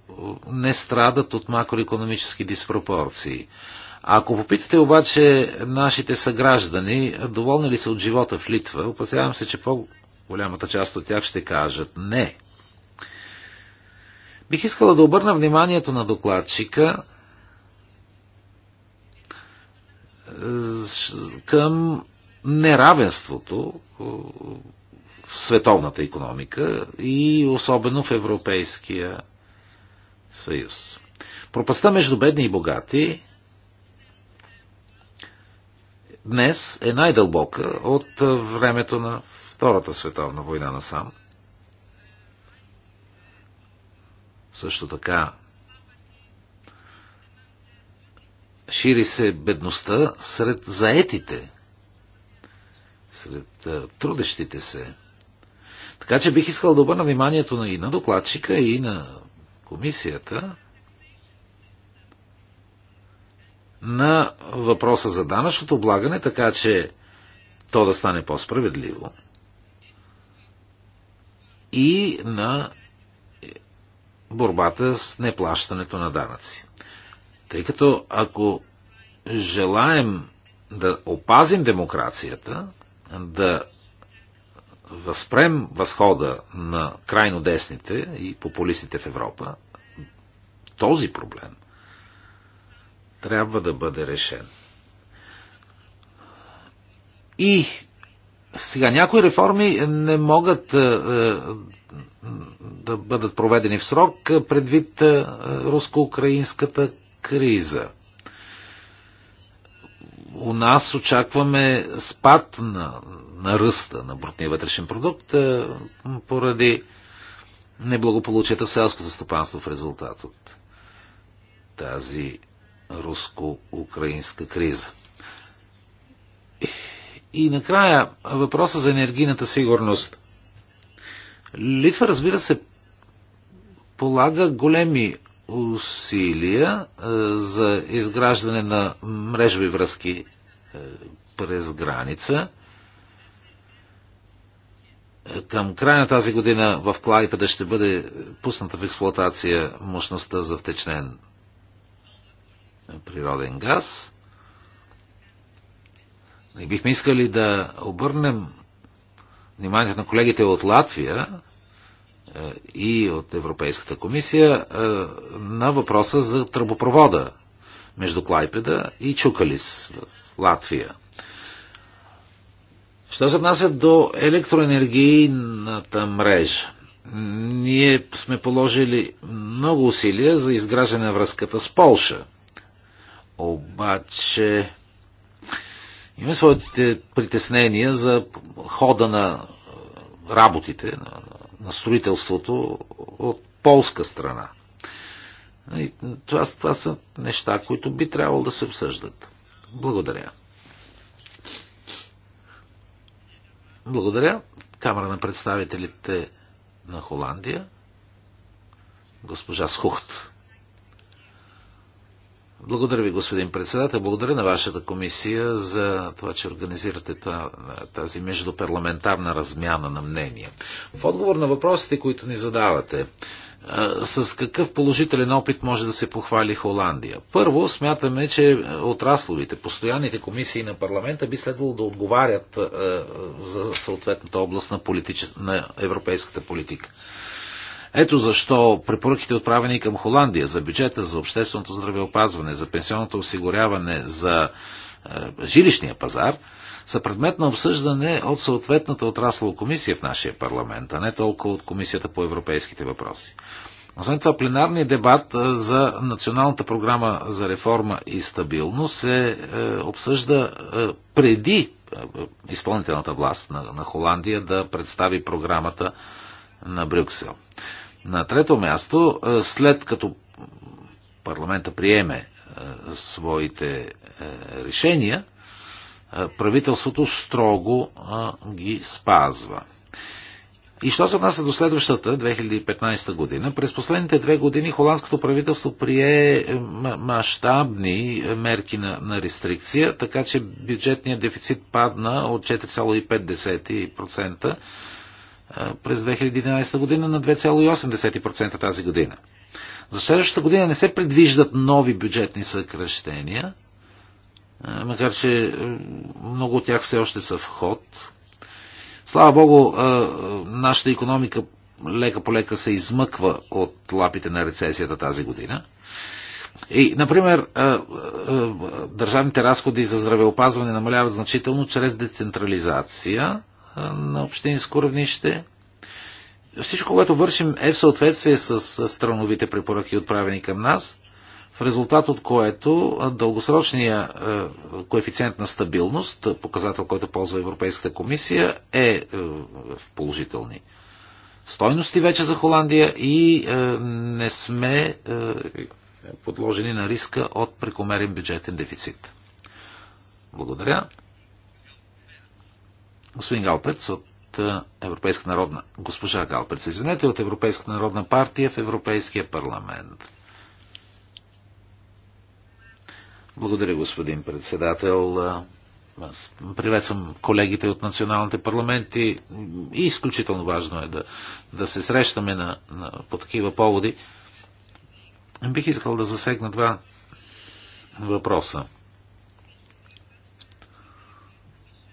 не страдат от макроекономически диспропорции. Ако попитате обаче нашите съграждани, доволни ли са от живота в Литва, опасявам се, че по-голямата част от тях ще кажат не. Бих искала да обърна вниманието на докладчика към неравенството в световната економика и особено в Европейския съюз. Пропаста между бедни и богати днес е най-дълбока от времето на Втората световна война насам. Също така шири се бедността сред заетите, сред трудещите се. Така че бих искал да обърна вниманието и на докладчика, и на комисията, на въпроса за данъчното облагане, така че то да стане по-справедливо и на борбата с неплащането на данъци. Тъй като ако желаем да опазим демокрацията, да възпрем възхода на крайно десните и популистите в Европа, този проблем – трябва да бъде решен. И сега някои реформи не могат е, е, да бъдат проведени в срок е, предвид руско-украинската криза. У нас очакваме спад на, на ръста на брутния вътрешен продукт поради неблагополучията в селското стопанство в резултат от тази руско-украинска криза. И накрая въпроса за енергийната сигурност. Литва, разбира се, полага големи усилия е, за изграждане на мрежови връзки е, през граница. Към края на тази година в Клайпеда ще бъде пусната в експлуатация мощността за втечнен природен газ. И бихме искали да обърнем вниманието на колегите от Латвия е, и от Европейската комисия е, на въпроса за тръбопровода между Клайпеда и Чукалис в Латвия. Що се отнася до електроенергийната мрежа? Ние сме положили много усилия за изграждане на връзката с Полша – обаче имаме своите притеснения за хода на е, работите, на, на строителството от полска страна. И това, това са неща, които би трябвало да се обсъждат. Благодаря. Благодаря. Камера на представителите на Холандия. Госпожа Схухт. Благодаря ви, господин председател. Благодаря на вашата комисия за това, че организирате тази междупарламентарна размяна на мнения. В отговор на въпросите, които ни задавате, с какъв положителен опит може да се похвали Холандия? Първо, смятаме, че отрасловите, постоянните комисии на парламента би следвало да отговарят за съответната област на, на европейската политика. Ето защо препоръките отправени към Холандия за бюджета, за общественото здравеопазване, за пенсионното осигуряване, за е, жилищния пазар, са предмет на обсъждане от съответната отраслова комисия в нашия парламент, а не толкова от Комисията по европейските въпроси. Освен това, пленарният дебат е, за Националната програма за реформа и стабилност се е, обсъжда е, преди изпълнителната власт на Холандия да представи програмата на Брюксел. На трето място, е, след като парламента приеме е, своите е, решения, правителството строго ги спазва. И що се отнася до следващата, 2015 година, през последните две години холандското правителство прие мащабни мерки на, на рестрикция, така че бюджетният дефицит падна от 4,5% през 2011 година на 2,8% тази година. За следващата година не се предвиждат нови бюджетни съкръщения, макар че много от тях все още са в ход. Слава Богу, нашата економика лека по лека се измъква от лапите на рецесията тази година. И, например, държавните разходи за здравеопазване намаляват значително чрез децентрализация на общинско равнище. Всичко, което вършим е в съответствие с страновите препоръки, отправени към нас, в резултат от което дългосрочния коефициент на стабилност, показател, който ползва Европейската комисия, е, е в положителни стойности вече за Холандия и е, не сме е, подложени на риска от прекомерен бюджетен дефицит. Благодаря. Господин Галперц от е, Европейска народна... Госпожа Галперц, извинете, от Европейска народна партия в Европейския парламент. Благодаря, господин председател. Аз приветствам колегите от националните парламенти и изключително важно е да, да се срещаме на, на, по такива поводи. Бих искал да засегна два въпроса.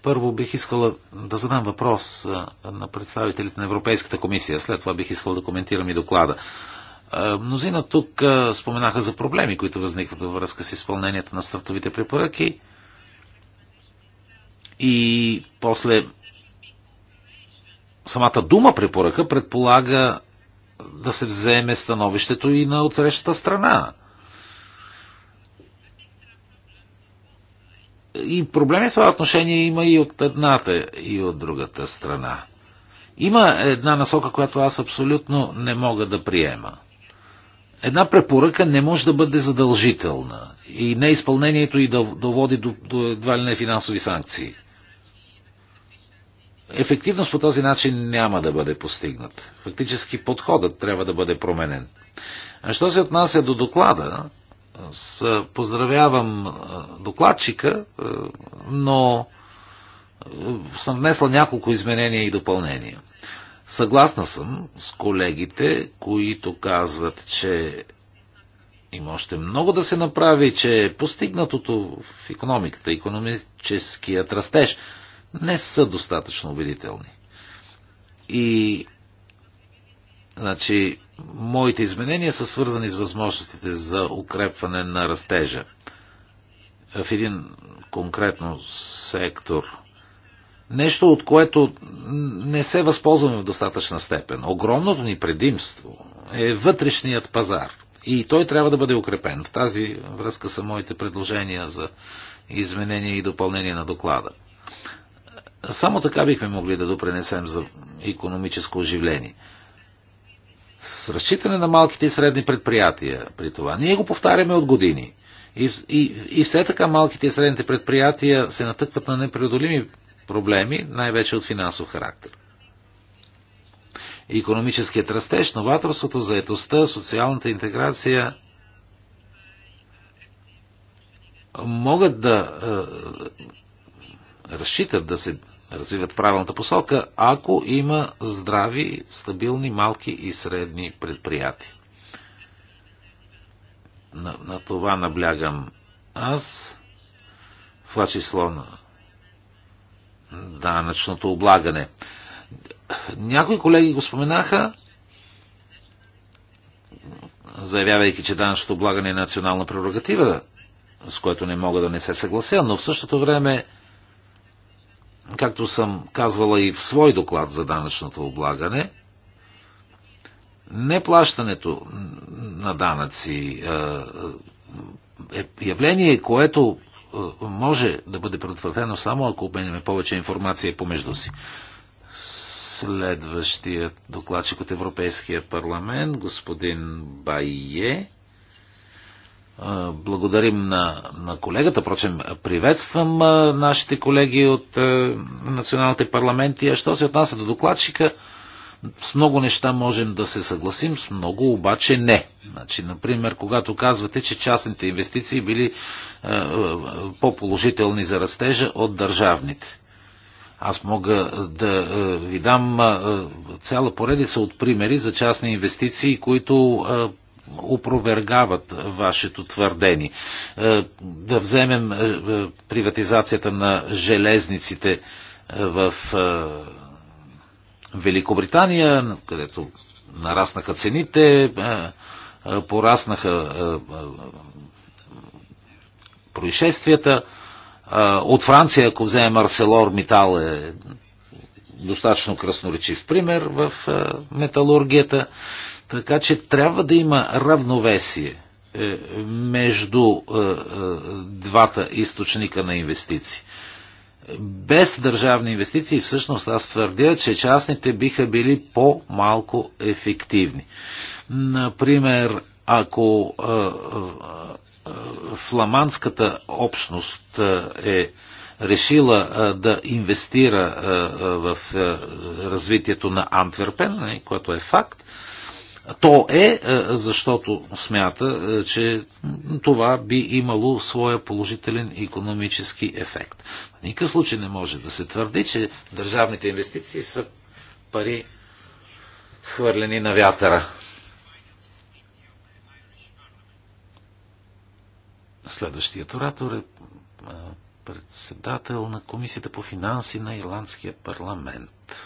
Първо бих искала да задам въпрос на представителите на Европейската комисия. След това бих искал да коментирам и доклада. Мнозина тук споменаха за проблеми, които възникват във връзка с изпълнението на стартовите препоръки. И после самата дума препоръка предполага да се вземе становището и на отсрещата страна. И проблеми е в това отношение има и от едната, и от другата страна. Има една насока, която аз абсолютно не мога да приема. Една препоръка не може да бъде задължителна и неизпълнението и да до, до едва ли не финансови санкции. Ефективност по този начин няма да бъде постигнат. Фактически подходът трябва да бъде променен. А що се отнася до доклада, аз поздравявам докладчика, но съм внесла няколко изменения и допълнения. Съгласна съм с колегите, които казват, че има още много да се направи, че е постигнатото в економиката, економическият растеж не са достатъчно убедителни. И значи, моите изменения са свързани с възможностите за укрепване на растежа в един конкретно сектор. Нещо, от което не се възползваме в достатъчна степен. Огромното ни предимство е вътрешният пазар. И той трябва да бъде укрепен. В тази връзка са моите предложения за изменение и допълнение на доклада. Само така бихме могли да допренесем за економическо оживление с разчитане на малките и средни предприятия при това. Ние го повтаряме от години. И, и, и все така малките и средните предприятия се натъкват на непреодолими проблеми, най-вече от финансов характер. Економическият растеж, новаторството, заетостта, социалната интеграция могат да е, разчитат да се развиват в правилната посока, ако има здрави, стабилни, малки и средни предприятия. На, на това наблягам аз, в това число на данъчното облагане. Някои колеги го споменаха, заявявайки, че данъчното облагане е национална прерогатива, с което не мога да не се съглася, но в същото време както съм казвала и в свой доклад за данъчното облагане, неплащането на данъци е, е, е явление, което е, може да бъде предотвратено само ако обменяме повече информация помежду си. Следващият докладчик от Европейския парламент, господин Байе, Благодарим на, на колегата. Впрочем, приветствам нашите колеги от националните парламенти. А що се отнася до докладчика, с много неща можем да се съгласим, с много обаче не. Значи, например, когато казвате, че частните инвестиции били е, е, по-положителни за растежа от държавните. Аз мога да ви дам цяла поредица от примери за частни инвестиции, които опровергават вашето твърдение. Е, да вземем е, е, приватизацията на железниците в Великобритания, където нараснаха цените, пораснаха происшествията. От Франция, ако вземем Арселор Митал е достатъчно красноречив пример в металургията. Така че трябва да има равновесие е, между е, е, двата източника на инвестиции. Без държавни инвестиции, всъщност аз твърдя, че частните биха били по-малко ефективни. Например, ако фламандската общност е решила да инвестира в развитието на Антверпен, което е факт, то е, е, защото смята, е, че това би имало своя положителен економически ефект. В никакъв случай не може да се твърди, че държавните инвестиции са пари хвърлени на вятъра. Следващият оратор е, е председател на Комисията по финанси на Ирландския парламент.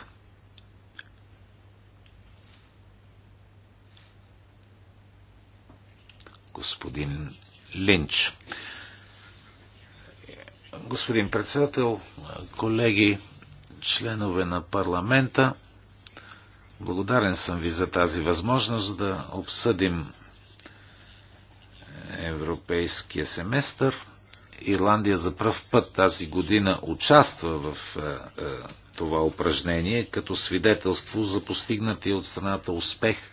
господин Линч. Господин председател, колеги, членове на парламента, благодарен съм ви за тази възможност да обсъдим европейския семестър. Ирландия за пръв път тази година участва в е, е, това упражнение като свидетелство за постигнати от страната успех –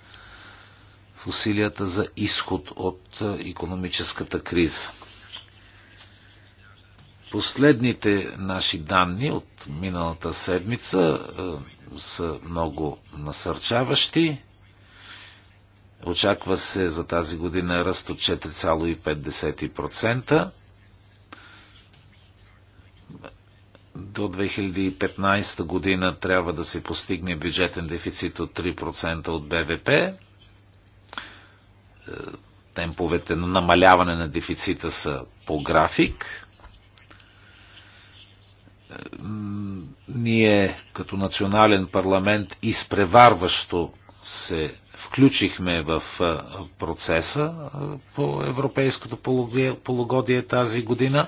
усилията за изход от економическата криза. Последните наши данни от миналата седмица е, са много насърчаващи. Очаква се за тази година ръст от 4,5% до 2015 година трябва да се постигне бюджетен дефицит от 3% от БВП темповете на намаляване на дефицита са по график. Ние като национален парламент изпреварващо се включихме в процеса по европейското полугодие тази година.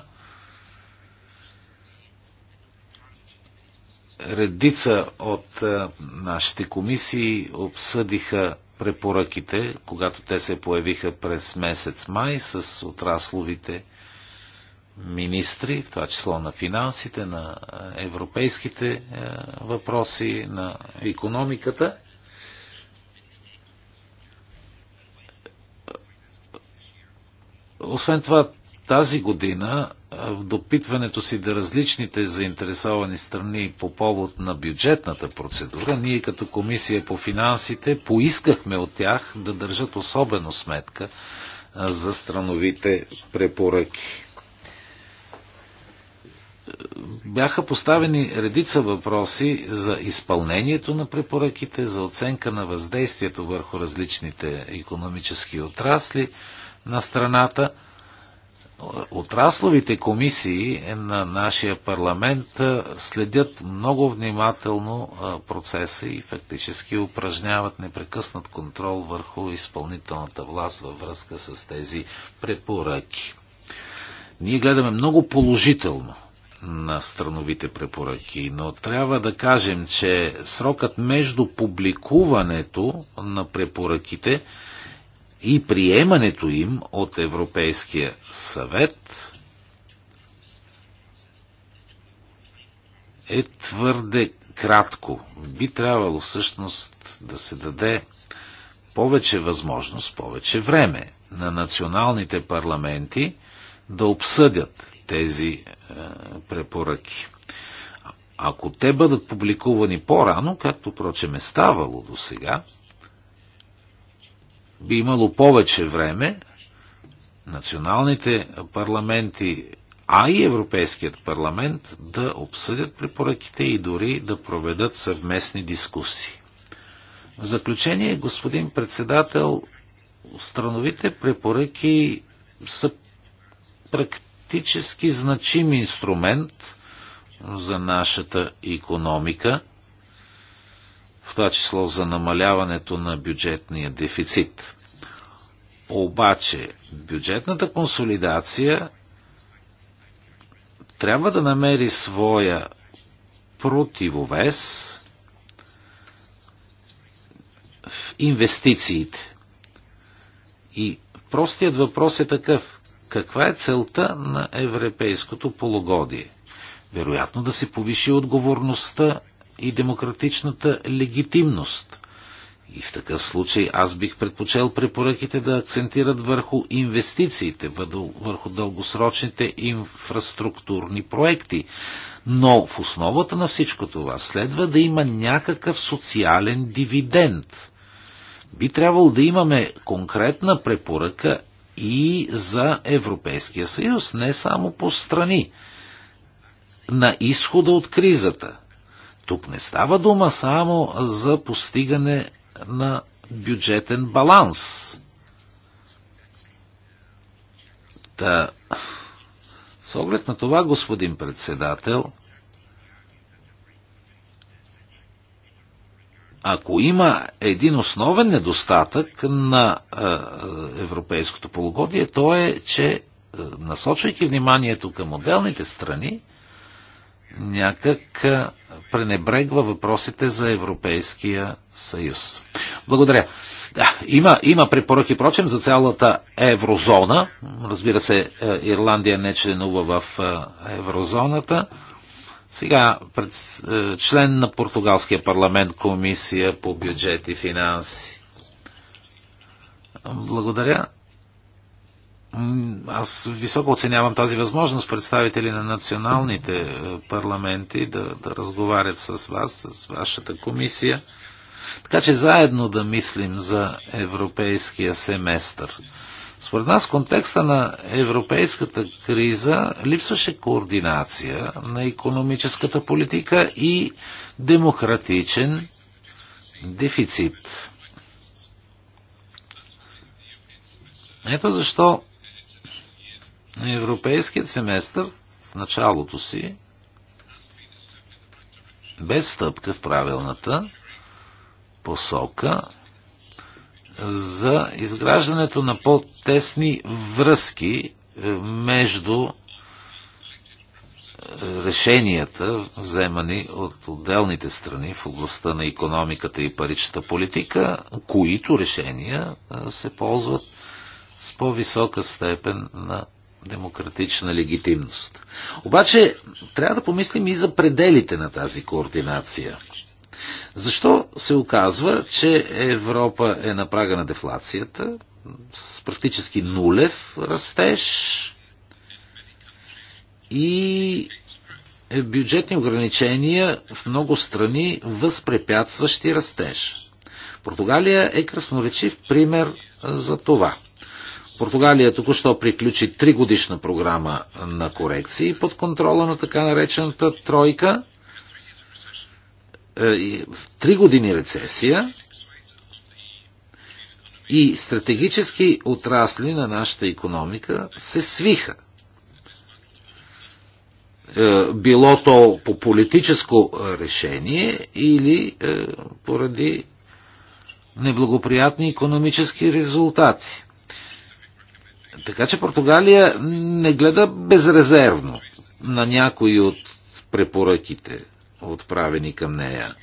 Редица от нашите комисии обсъдиха препоръките, когато те се появиха през месец май с отрасловите министри, в това число на финансите, на европейските е, въпроси, на економиката. Освен това, тази година в допитването си до различните заинтересовани страни по повод на бюджетната процедура, ние като Комисия по финансите поискахме от тях да държат особено сметка за страновите препоръки. Бяха поставени редица въпроси за изпълнението на препоръките, за оценка на въздействието върху различните економически отрасли на страната – Отрасловите комисии на нашия парламент следят много внимателно процеса и фактически упражняват непрекъснат контрол върху изпълнителната власт във връзка с тези препоръки. Ние гледаме много положително на страновите препоръки, но трябва да кажем, че срокът между публикуването на препоръките и приемането им от Европейския съвет е твърде кратко. Би трябвало всъщност да се даде повече възможност, повече време на националните парламенти да обсъдят тези е, препоръки. Ако те бъдат публикувани по-рано, както прочем е ставало до сега, би имало повече време националните парламенти, а и Европейският парламент да обсъдят препоръките и дори да проведат съвместни дискусии. В заключение, господин председател, страновите препоръки са практически значим инструмент за нашата економика – това число за намаляването на бюджетния дефицит. Обаче бюджетната консолидация трябва да намери своя противовес в инвестициите. И простият въпрос е такъв. Каква е целта на европейското полугодие? Вероятно да се повиши отговорността и демократичната легитимност. И в такъв случай аз бих предпочел препоръките да акцентират върху инвестициите, върху дългосрочните инфраструктурни проекти. Но в основата на всичко това следва да има някакъв социален дивиденд. Би трябвало да имаме конкретна препоръка и за Европейския съюз, не само по страни. На изхода от кризата – тук не става дума само за постигане на бюджетен баланс. Та, с оглед на това, господин председател, ако има един основен недостатък на европейското полугодие, то е, че насочвайки вниманието към отделните страни, някак пренебрегва въпросите за Европейския съюз. Благодаря. Да, има, има препоръки, прочим, за цялата еврозона. Разбира се, е, Ирландия не членува в е, еврозоната. Сега, пред, е, член на португалския парламент, комисия по бюджет и финанси. Благодаря. Аз високо оценявам тази възможност представители на националните е, парламенти да, да разговарят с вас, с вашата комисия. Така че заедно да мислим за европейския семестър. Според нас в контекста на европейската криза липсваше координация на економическата политика и демократичен дефицит. Ето защо Европейският семестър в началото си без стъпка в правилната посока за изграждането на по-тесни връзки е, между е, решенията, вземани от отделните страни в областта на економиката и паричната политика, които решения е, се ползват с по-висока степен на демократична легитимност. Обаче трябва да помислим и за пределите на тази координация. Защо се оказва, че Европа е на прага на дефлацията, с практически нулев растеж и е бюджетни ограничения в много страни, възпрепятстващи растеж? Португалия е красноречив пример за това – Португалия току-що приключи три годишна програма на корекции под контрола на така наречената тройка. Е, три години рецесия и стратегически отрасли на нашата економика се свиха. Е, било то по политическо е, решение или поради неблагоприятни економически резултати. Така че Португалия не гледа безрезервно на някои от препоръките, отправени към нея.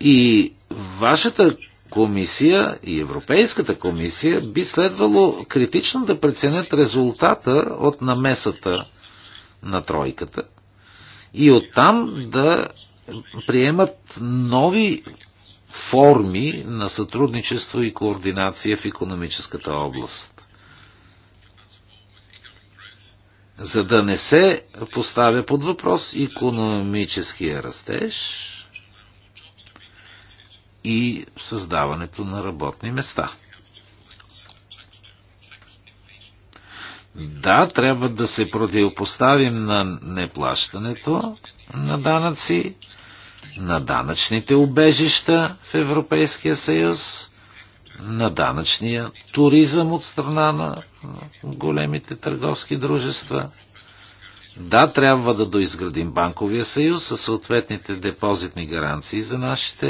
И вашата комисия и Европейската комисия би следвало критично да преценят резултата от намесата на тройката и оттам да приемат нови форми на сътрудничество и координация в економическата област. За да не се поставя под въпрос економическия растеж и създаването на работни места. Да, трябва да се противопоставим на неплащането на данъци, на данъчните убежища в Европейския съюз, на данъчния туризъм от страна на големите търговски дружества. Да, трябва да доизградим банковия съюз със съответните депозитни гаранции за нашите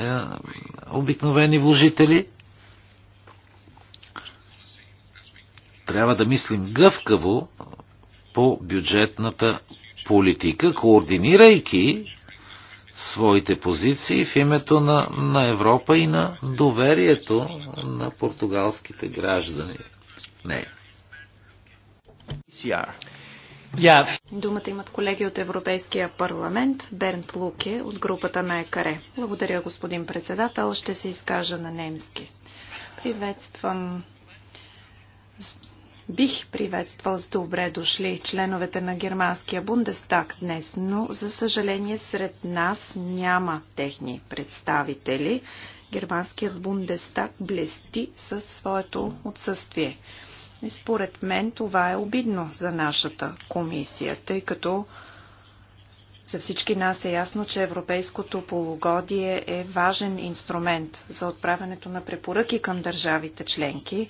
е, обикновени вложители. Трябва да мислим гъвкаво по бюджетната политика, координирайки своите позиции в името на, на Европа и на доверието на португалските граждани. Не. Думата имат колеги от Европейския парламент Бернт Луке от групата на ЕКАРЕ. Благодаря, господин председател. Ще се изкажа на немски. Приветствам Бих приветствал с добре дошли членовете на германския Бундестаг днес, но за съжаление сред нас няма техни представители. Германският Бундестаг блести със своето отсъствие. И според мен това е обидно за нашата комисия, тъй като за всички нас е ясно, че европейското полугодие е важен инструмент за отправянето на препоръки към държавите членки,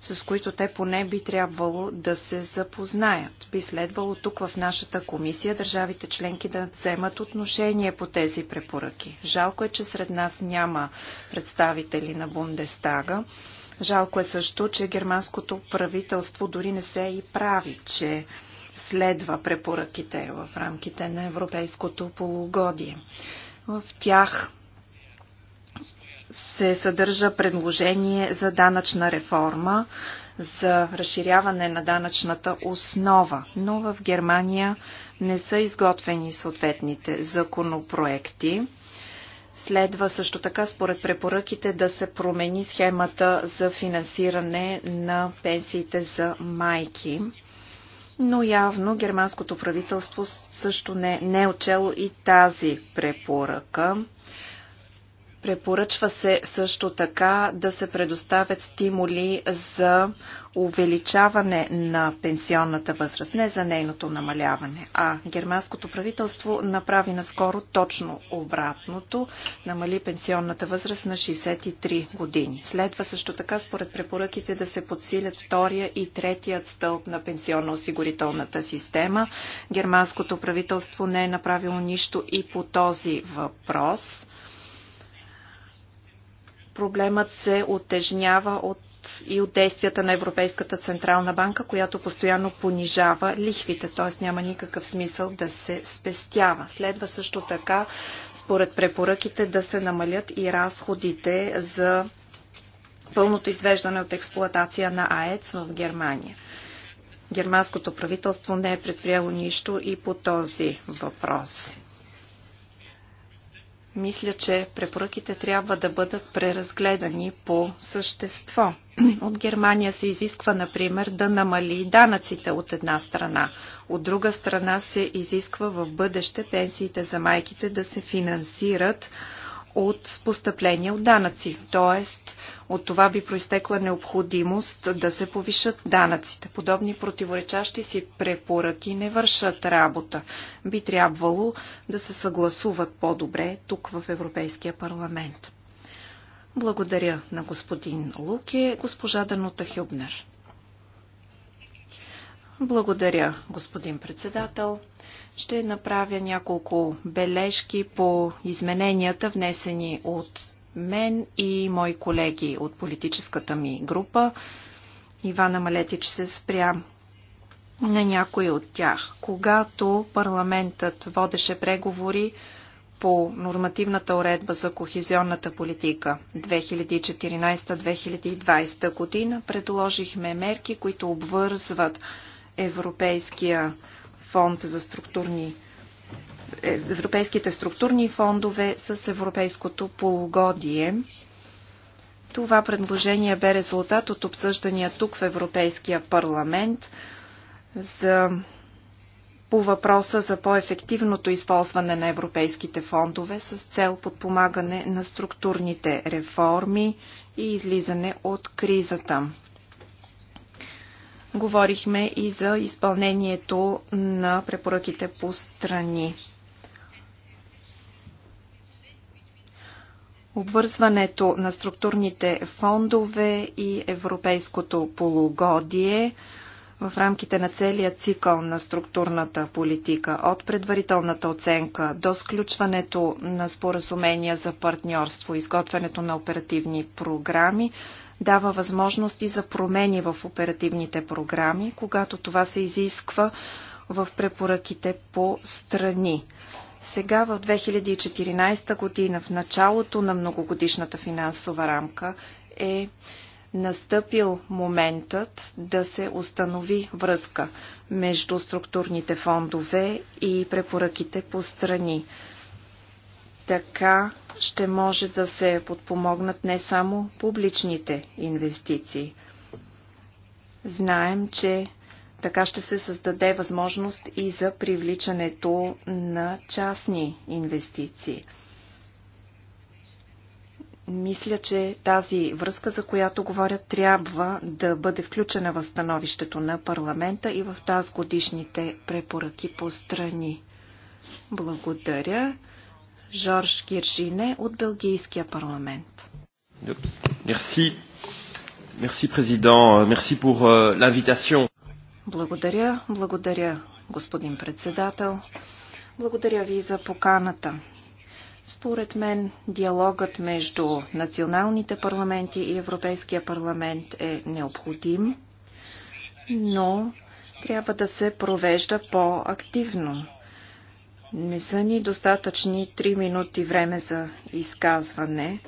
с които те поне би трябвало да се запознаят. Би следвало тук в нашата комисия държавите членки да вземат отношение по тези препоръки. Жалко е, че сред нас няма представители на Бундестага. Жалко е също, че германското правителство дори не се и прави, че следва препоръките в рамките на европейското полугодие. В тях се съдържа предложение за данъчна реформа, за разширяване на данъчната основа, но в Германия не са изготвени съответните законопроекти. Следва също така според препоръките да се промени схемата за финансиране на пенсиите за майки. Но явно германското правителство също не, не е отчело и тази препоръка. Препоръчва се също така да се предоставят стимули за увеличаване на пенсионната възраст, не за нейното намаляване. А германското правителство направи наскоро точно обратното, намали пенсионната възраст на 63 години. Следва също така според препоръките да се подсилят втория и третият стълб на пенсионно-осигурителната система. Германското правителство не е направило нищо и по този въпрос проблемът се отежнява от и от действията на Европейската Централна банка, която постоянно понижава лихвите, т.е. няма никакъв смисъл да се спестява. Следва също така, според препоръките, да се намалят и разходите за пълното извеждане от експлоатация на АЕЦ в Германия. Германското правителство не е предприело нищо и по този въпрос. Мисля, че препоръките трябва да бъдат преразгледани по същество. От Германия се изисква, например, да намали данъците от една страна. От друга страна се изисква в бъдеще пенсиите за майките да се финансират от постъпления от данъци. Тоест, от това би проистекла необходимост да се повишат данъците. Подобни противоречащи си препоръки не вършат работа. Би трябвало да се съгласуват по-добре тук в Европейския парламент. Благодаря на господин Луке, госпожа Данута Хюбнер. Благодаря, господин председател. Ще направя няколко бележки по измененията, внесени от мен и мои колеги от политическата ми група. Ивана Малетич се спря на някои от тях. Когато парламентът водеше преговори по нормативната уредба за кохезионната политика 2014-2020 година, предложихме мерки, които обвързват Европейския фонд за структурни е, европейските структурни фондове с европейското полугодие. Това предложение бе резултат от обсъждания тук в Европейския парламент за по въпроса за по-ефективното използване на европейските фондове с цел подпомагане на структурните реформи и излизане от кризата. Говорихме и за изпълнението на препоръките по страни. Обвързването на структурните фондове и европейското полугодие в рамките на целия цикъл на структурната политика, от предварителната оценка до сключването на споразумения за партньорство, изготвянето на оперативни програми, дава възможности за промени в оперативните програми, когато това се изисква в препоръките по страни. Сега в 2014 година, в началото на многогодишната финансова рамка, е настъпил моментът да се установи връзка между структурните фондове и препоръките по страни. Така ще може да се подпомогнат не само публичните инвестиции. Знаем, че така ще се създаде възможност и за привличането на частни инвестиции. Мисля, че тази връзка, за която говоря, трябва да бъде включена в становището на парламента и в тази годишните препоръки по страни. Благодаря. Жорж Киржине от Белгийския парламент. Мерси. Мерси, президент. Мерси е, l'invitation. Благодаря, благодаря, господин председател. Благодаря ви за поканата. Според мен диалогът между националните парламенти и Европейския парламент е необходим, но трябва да се провежда по-активно. Не са ни достатъчни 3 минути време за изказване,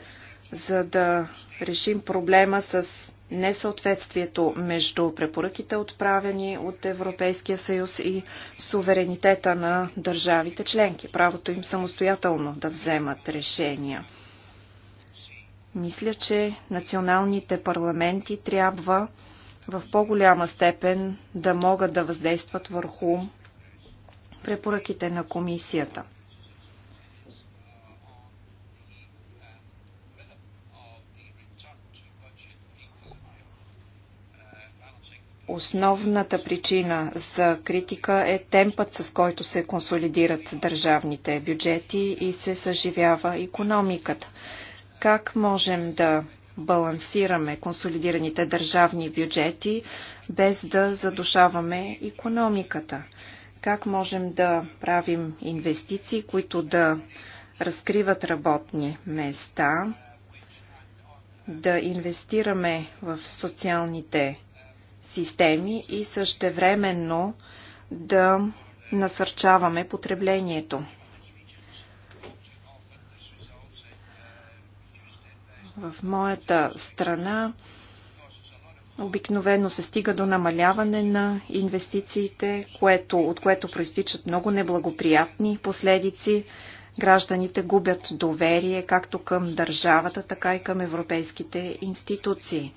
за да решим проблема с несъответствието между препоръките, отправени от Европейския съюз и суверенитета на държавите членки, правото им самостоятелно да вземат решения. Мисля, че националните парламенти трябва в по-голяма степен да могат да въздействат върху препоръките на комисията. Основната причина за критика е темпът, с който се консолидират държавните бюджети и се съживява економиката. Как можем да балансираме консолидираните държавни бюджети, без да задушаваме економиката? Как можем да правим инвестиции, които да разкриват работни места, да инвестираме в социалните системи и същевременно да насърчаваме потреблението. В моята страна Обикновено се стига до намаляване на инвестициите, което, от което проистичат много неблагоприятни последици. Гражданите губят доверие както към държавата, така и към европейските институции.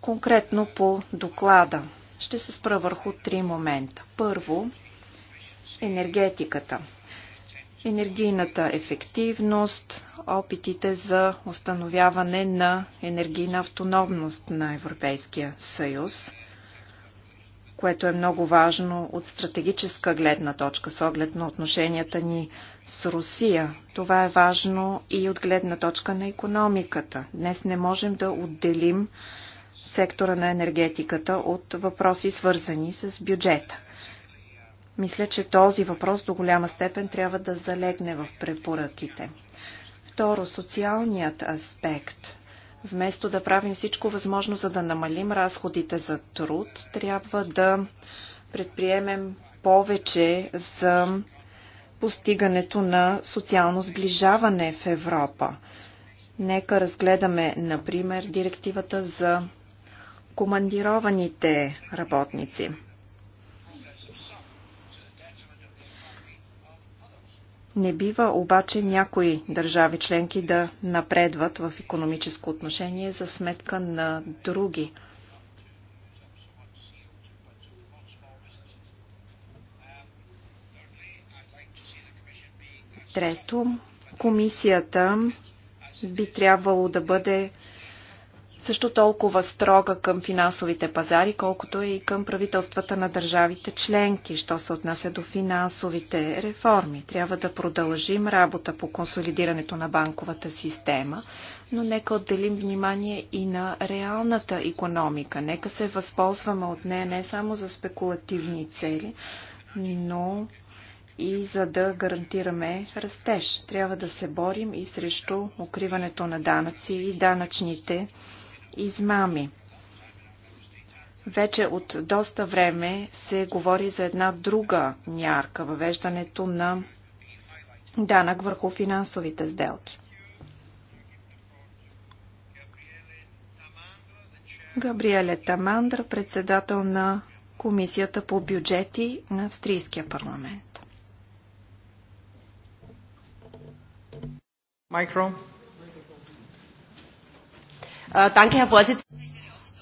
Конкретно по доклада ще се спра върху три момента. Първо, енергетиката енергийната ефективност, опитите за установяване на енергийна автономност на Европейския съюз, което е много важно от стратегическа гледна точка с оглед на отношенията ни с Русия. Това е важно и от гледна точка на економиката. Днес не можем да отделим сектора на енергетиката от въпроси свързани с бюджета. Мисля, че този въпрос до голяма степен трябва да залегне в препоръките. Второ, социалният аспект. Вместо да правим всичко възможно, за да намалим разходите за труд, трябва да предприемем повече за постигането на социално сближаване в Европа. Нека разгледаме, например, директивата за командированите работници. Не бива обаче някои държави членки да напредват в економическо отношение за сметка на други. Трето, комисията би трябвало да бъде също толкова строга към финансовите пазари, колкото и към правителствата на държавите членки, що се отнася до финансовите реформи. Трябва да продължим работа по консолидирането на банковата система, но нека отделим внимание и на реалната економика. Нека се възползваме от нея не само за спекулативни цели, но и за да гарантираме растеж. Трябва да се борим и срещу укриването на данъци и данъчните измами. Вече от доста време се говори за една друга мярка въвеждането на данък върху финансовите сделки. Габриеле Тамандра, председател на Комисията по бюджети на Австрийския парламент. Майкро. Herr Vorsitzender.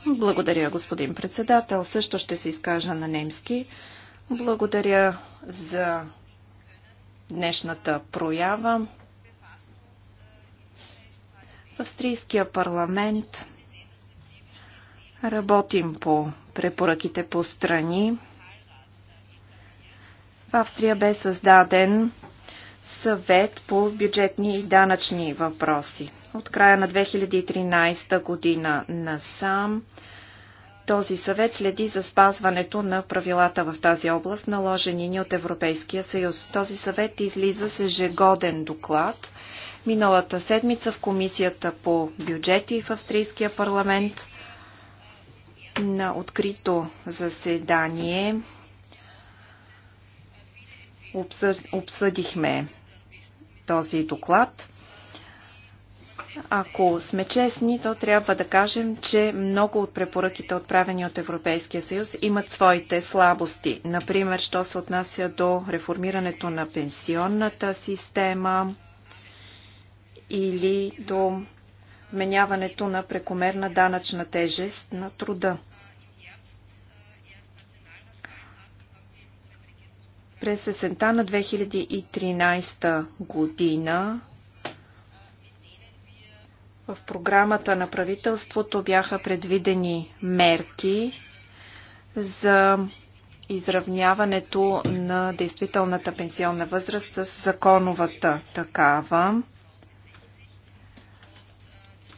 Благодаря, господин председател. Също ще се изкажа на немски. Благодаря за днешната проява. В Австрийския парламент работим по препоръките по страни. В Австрия бе създаден съвет по бюджетни и данъчни въпроси от края на 2013 година насам. Този съвет следи за спазването на правилата в тази област, наложени ни от Европейския съюз. Този съвет излиза с ежегоден доклад. Миналата седмица в Комисията по бюджети в Австрийския парламент на открито заседание обсъдихме този доклад. Ако сме честни, то трябва да кажем, че много от препоръките, отправени от Европейския съюз, имат своите слабости. Например, що се отнася до реформирането на пенсионната система или до вменяването на прекомерна данъчна тежест на труда. През есента на 2013 година в програмата на правителството бяха предвидени мерки за изравняването на действителната пенсионна възраст с законовата такава.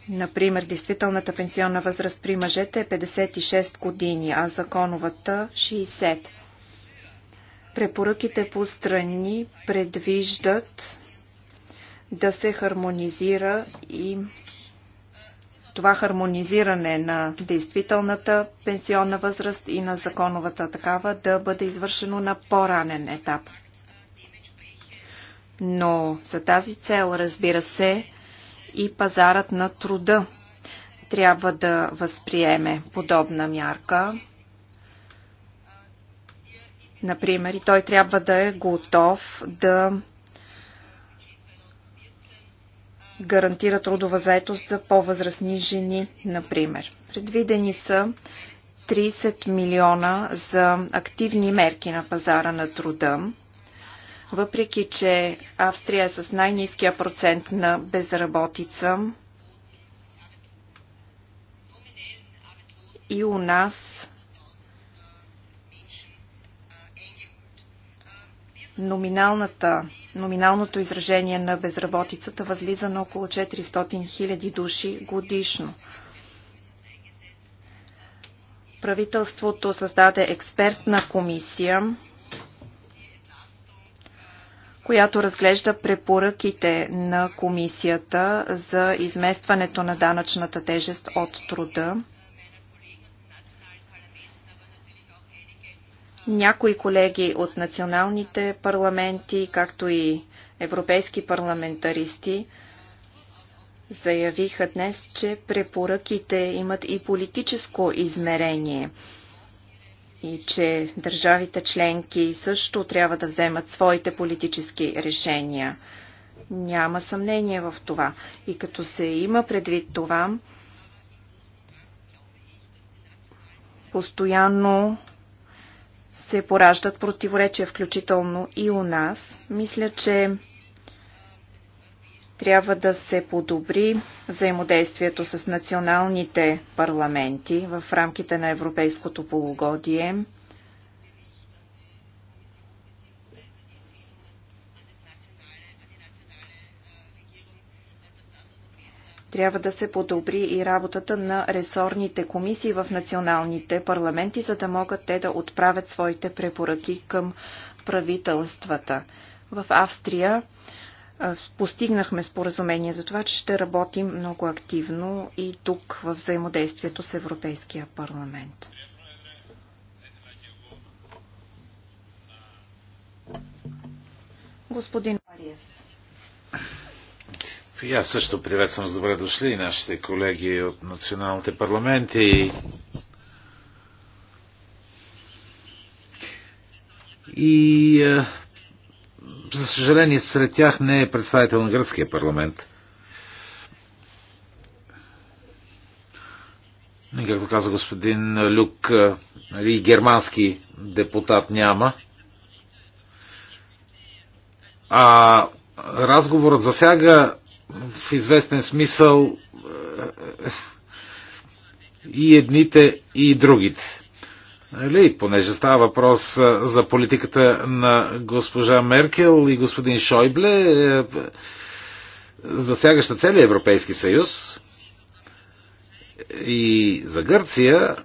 Например, действителната пенсионна възраст при мъжете е 56 години, а законовата 60. Препоръките по страни предвиждат да се хармонизира и това хармонизиране на действителната пенсионна възраст и на законовата такава да бъде извършено на по-ранен етап. Но за тази цел, разбира се, и пазарът на труда трябва да възприеме подобна мярка. Например, и той трябва да е готов да гарантира трудова заетост за по-възрастни жени, например. Предвидени са 30 милиона за активни мерки на пазара на труда, въпреки че Австрия е с най-низкия процент на безработица и у нас номиналната номиналното изражение на безработицата възлиза на около 400 000 души годишно. Правителството създаде експертна комисия, която разглежда препоръките на комисията за изместването на данъчната тежест от труда. Някои колеги от националните парламенти, както и европейски парламентаристи, заявиха днес, че препоръките имат и политическо измерение и че държавите членки също трябва да вземат своите политически решения. Няма съмнение в това. И като се има предвид това, постоянно се пораждат противоречия, включително и у нас. Мисля, че трябва да се подобри взаимодействието с националните парламенти в рамките на европейското полугодие. трябва да се подобри и работата на ресорните комисии в националните парламенти, за да могат те да отправят своите препоръки към правителствата. В Австрия постигнахме споразумение за това, че ще работим много активно и тук в взаимодействието с Европейския парламент. Господин Мариес. И аз също приветствам с добре дошли нашите колеги от националните парламенти. И е, за съжаление сред тях не е представител на гръцкия парламент. И както каза господин Люк, е, нали, и германски депутат няма. А разговорът засяга в известен смисъл е, и едните, и другите. нали, понеже става въпрос е, за политиката на госпожа Меркел и господин Шойбле, е, засягаща целият Европейски съюз и за Гърция,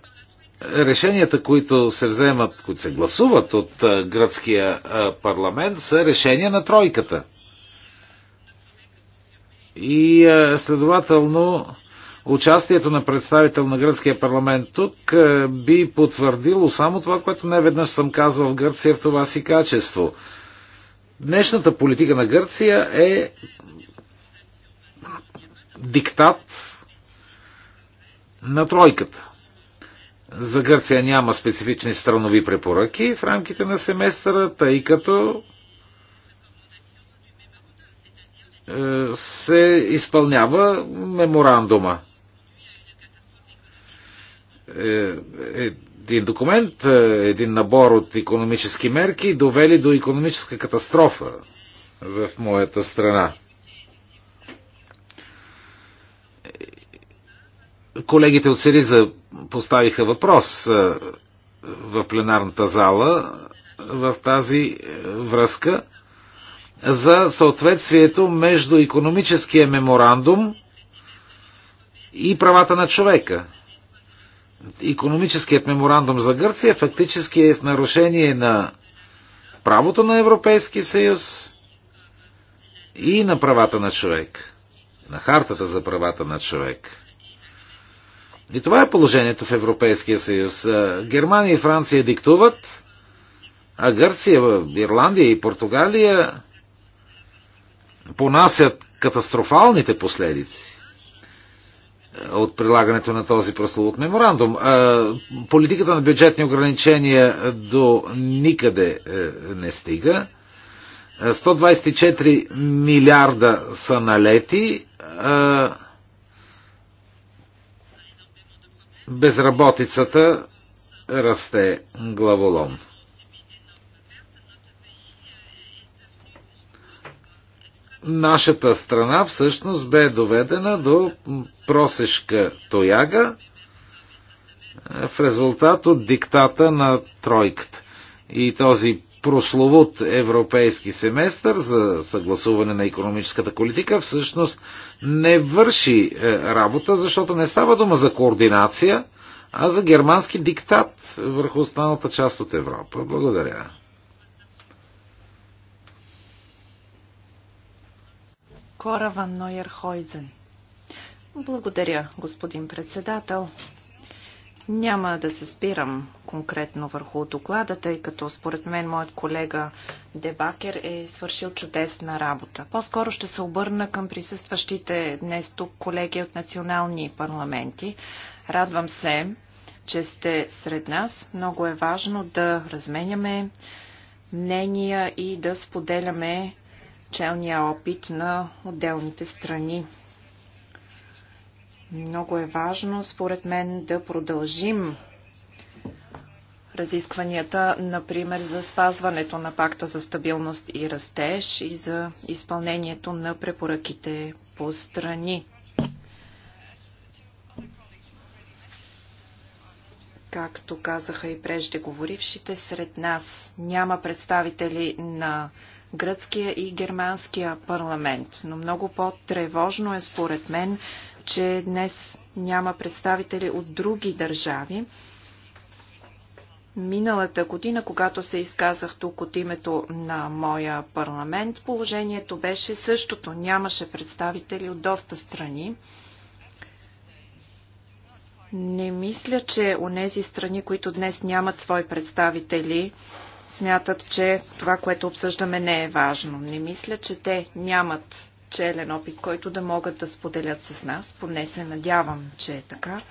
решенията, които се вземат, които се гласуват от гръцкия парламент, са решения на тройката – и е, следователно участието на представител на гръцкия парламент тук е, би потвърдило само това, което не веднъж съм казвал в Гърция в това си качество. Днешната политика на Гърция е диктат на тройката. За Гърция няма специфични странови препоръки в рамките на семестъра, тъй като Е, се изпълнява меморандума. Е, един документ, е, един набор от економически мерки довели до економическа катастрофа в моята страна. Колегите от Сириза поставиха въпрос в пленарната зала в тази връзка – за съответствието между економическия меморандум и правата на човека. Економическият меморандум за Гърция фактически е в нарушение на правото на Европейски съюз и на правата на човек, на хартата за правата на човек. И това е положението в Европейския съюз. Германия и Франция диктуват, а Гърция, Ирландия и Португалия понасят катастрофалните последици е, от прилагането на този прословут меморандум. Е, политиката на бюджетни ограничения до никъде е, не стига. 124 милиарда са налети. Безработицата расте главоломно. нашата страна всъщност бе доведена до просешка тояга е, в резултат от диктата на тройката. И този прословут европейски семестър за съгласуване на економическата политика всъщност не върши е, работа, защото не става дума за координация, а за германски диктат върху останалата част от Европа. Благодаря. Кора Ван Нойер Благодаря, господин председател. Няма да се спирам конкретно върху доклада, тъй като според мен моят колега Дебакер е свършил чудесна работа. По-скоро ще се обърна към присъстващите днес тук колеги от национални парламенти. Радвам се, че сте сред нас. Много е важно да разменяме мнения и да споделяме челния опит на отделните страни. Много е важно, според мен, да продължим разискванията, например, за спазването на пакта за стабилност и растеж и за изпълнението на препоръките по страни. Както казаха и преждеговорившите, сред нас няма представители на гръцкия и германския парламент. Но много по-тревожно е според мен, че днес няма представители от други държави. Миналата година, когато се изказах тук от името на моя парламент, положението беше същото. Нямаше представители от доста страни. Не мисля, че нези страни, които днес нямат свои представители, смятат, че това, което обсъждаме, не е важно. Не мисля, че те нямат челен опит, който да могат да споделят с нас. Поне се надявам, че е така.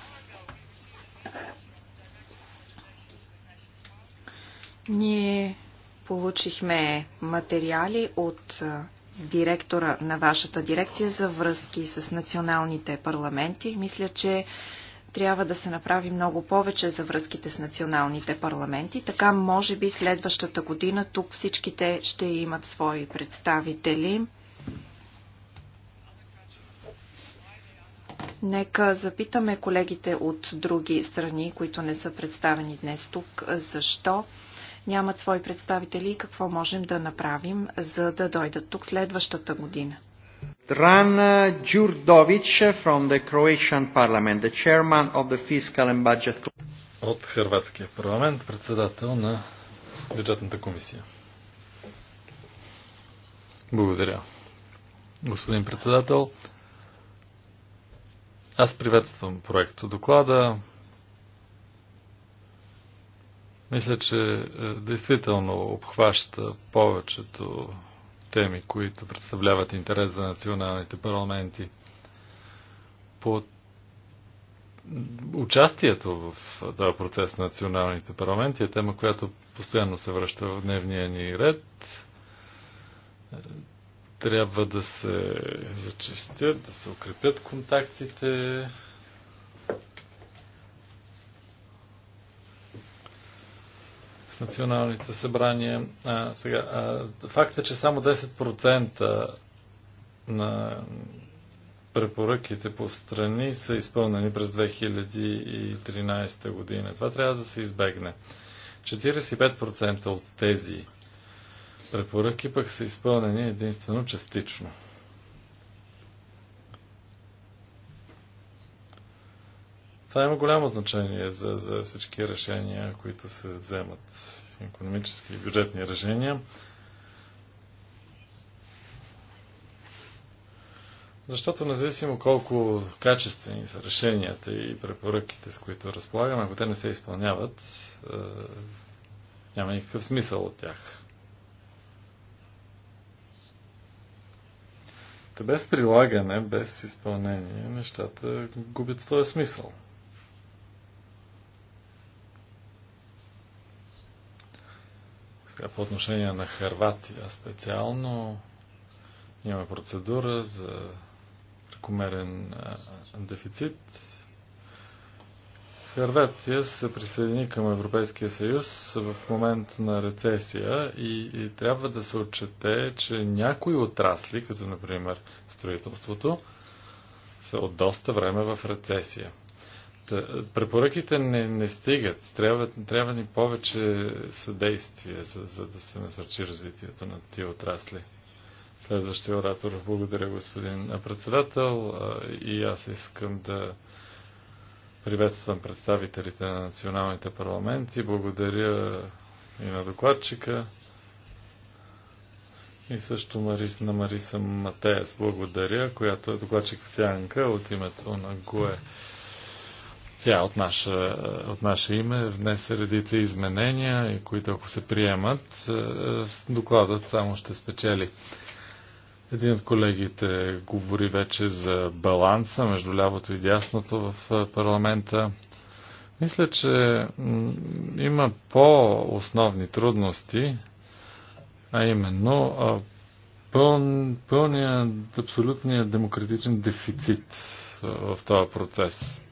Ние получихме материали от директора на вашата дирекция за връзки с националните парламенти. Мисля, че трябва да се направи много повече за връзките с националните парламенти. Така, може би следващата година тук всичките ще имат свои представители. Нека запитаме колегите от други страни, които не са представени днес тук, защо нямат свои представители и какво можем да направим, за да дойдат тук следващата година. Dran Đurdovic from the Croatian Parliament, the chairman of the Fiscal and Budget От Хрватския парламент, председател на бюджетната комисия. Благодаря. Господин председател, аз приветствам проекта доклада. Мисля, че е, действително обхваща повечето теми, които представляват интерес за националните парламенти. По участието в този процес на националните парламенти е тема, която постоянно се връща в дневния ни ред. Трябва да се зачистят, да се укрепят контактите с националните събрания. А, сега, а, факт е, че само 10% на препоръките по страни са изпълнени през 2013 година. Това трябва да се избегне. 45% от тези препоръки пък са изпълнени единствено частично. Това има голямо значение за, за всички решения, които се вземат, економически и бюджетни решения. Защото независимо колко качествени са решенията и препоръките, с които разполагаме, ако те не се изпълняват, е, няма никакъв смисъл от тях. без прилагане, без изпълнение, нещата губят своя смисъл. Сега по отношение на Харватия специално няма процедура за прекомерен дефицит. Харватия се присъедини към Европейския съюз в момент на рецесия и, и трябва да се отчете, че някои отрасли, като например строителството, са от доста време в рецесия. Препоръките не, не стигат. Трябва, трябва ни повече съдействие, за, за да се насърчи развитието на тия отрасли. Следващия оратор. Благодаря, господин председател. И аз искам да приветствам представителите на националните парламенти. Благодаря и на докладчика. И също Марис, на Мариса Матеяс благодаря, която е докладчик в Сянка от името на ГУЕ. Тя от наше, е, от наше име внесе редица изменения, които ако се приемат, е, докладът само ще спечели. Един от колегите говори вече за баланса между лявото и дясното в е, парламента. Мисля, че има по-основни трудности, а именно пълн, пълният абсолютният демократичен дефицит в този процес.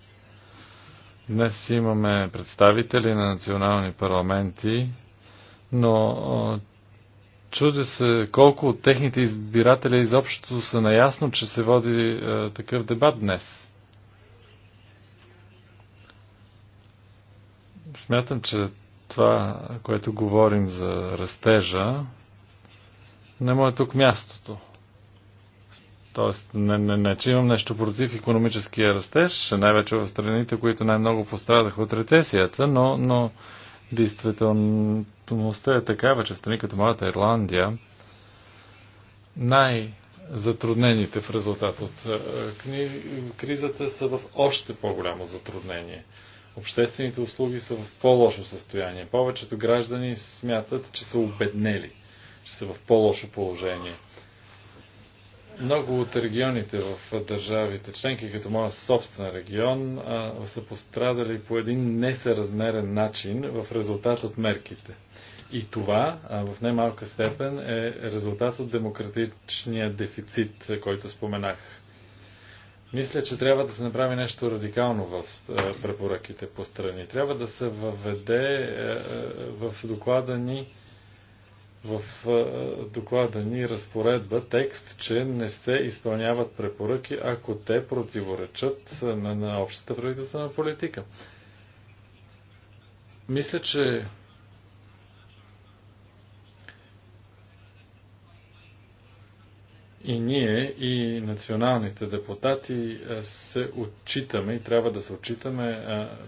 Днес имаме представители на национални парламенти, но чуде се колко от техните избиратели изобщо са наясно, че се води а, такъв дебат днес. Смятам, че това, което говорим за растежа, не му е тук мястото. Тоест, не, не, не, че имам нещо против економическия растеж, най-вече в страните, които най-много пострадаха от рецесията, но, но действителността е такава, че в страни като моята Ирландия най- затруднените в резултат от е, кризата са в още по-голямо затруднение. Обществените услуги са в по-лошо състояние. Повечето граждани смятат, че са обеднели, че са в по-лошо положение. Много от регионите в държавите членки, като моя собствен регион, са пострадали по един несъразмерен начин в резултат от мерките. И това в немалка степен е резултат от демократичния дефицит, който споменах. Мисля, че трябва да се направи нещо радикално в препоръките по страни. Трябва да се въведе в доклада ни в доклада ни разпоредба текст, че не се изпълняват препоръки, ако те противоречат на, на общата правителствена политика. Мисля, че и ние, и националните депутати се отчитаме и трябва да се отчитаме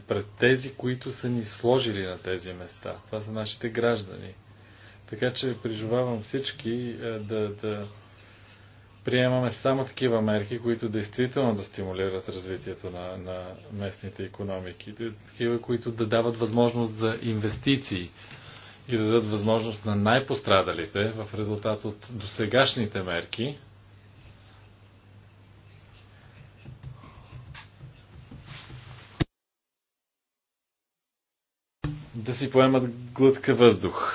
пред тези, които са ни сложили на тези места. Това са нашите граждани. Така че призовавам всички е, да, да приемаме само такива мерки, които действително да стимулират развитието на, на местните економики. Такива, които да дават възможност за инвестиции и да дадат възможност на най-пострадалите в резултат от досегашните мерки да си поемат глътка въздух.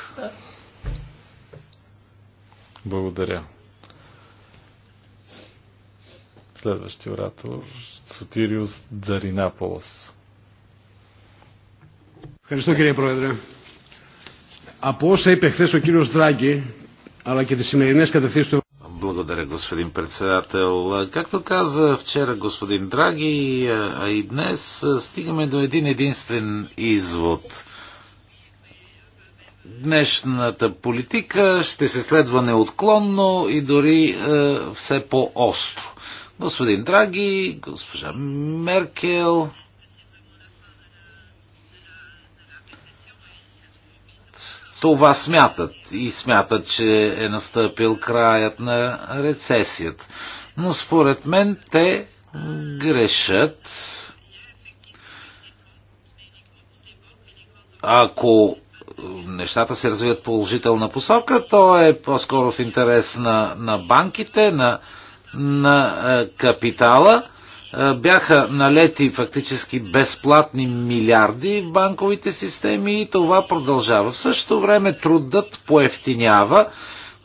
Благодаря. Следващия оратор Сотириус Дзаринаполос. Ευχαριστώ κύριε Πρόεδρε. Από όσα είπε χθε ο κύριος Δράγκη, αλλά και τις σημερινές κατευθύνσεις του благодаря, господин председател. Както каза вчера господин Драги, а и днес стигаме до един единствен извод днешната политика ще се следва неотклонно и дори е, все по-остро. Господин Драги, госпожа Меркел. Това смятат и смятат, че е настъпил краят на рецесията. Но според мен те грешат. Ако нещата се развият положителна посока, то е по-скоро в интерес на, на банките, на, на е, капитала. Е, бяха налети фактически безплатни милиарди в банковите системи и това продължава. В същото време трудът поевтинява,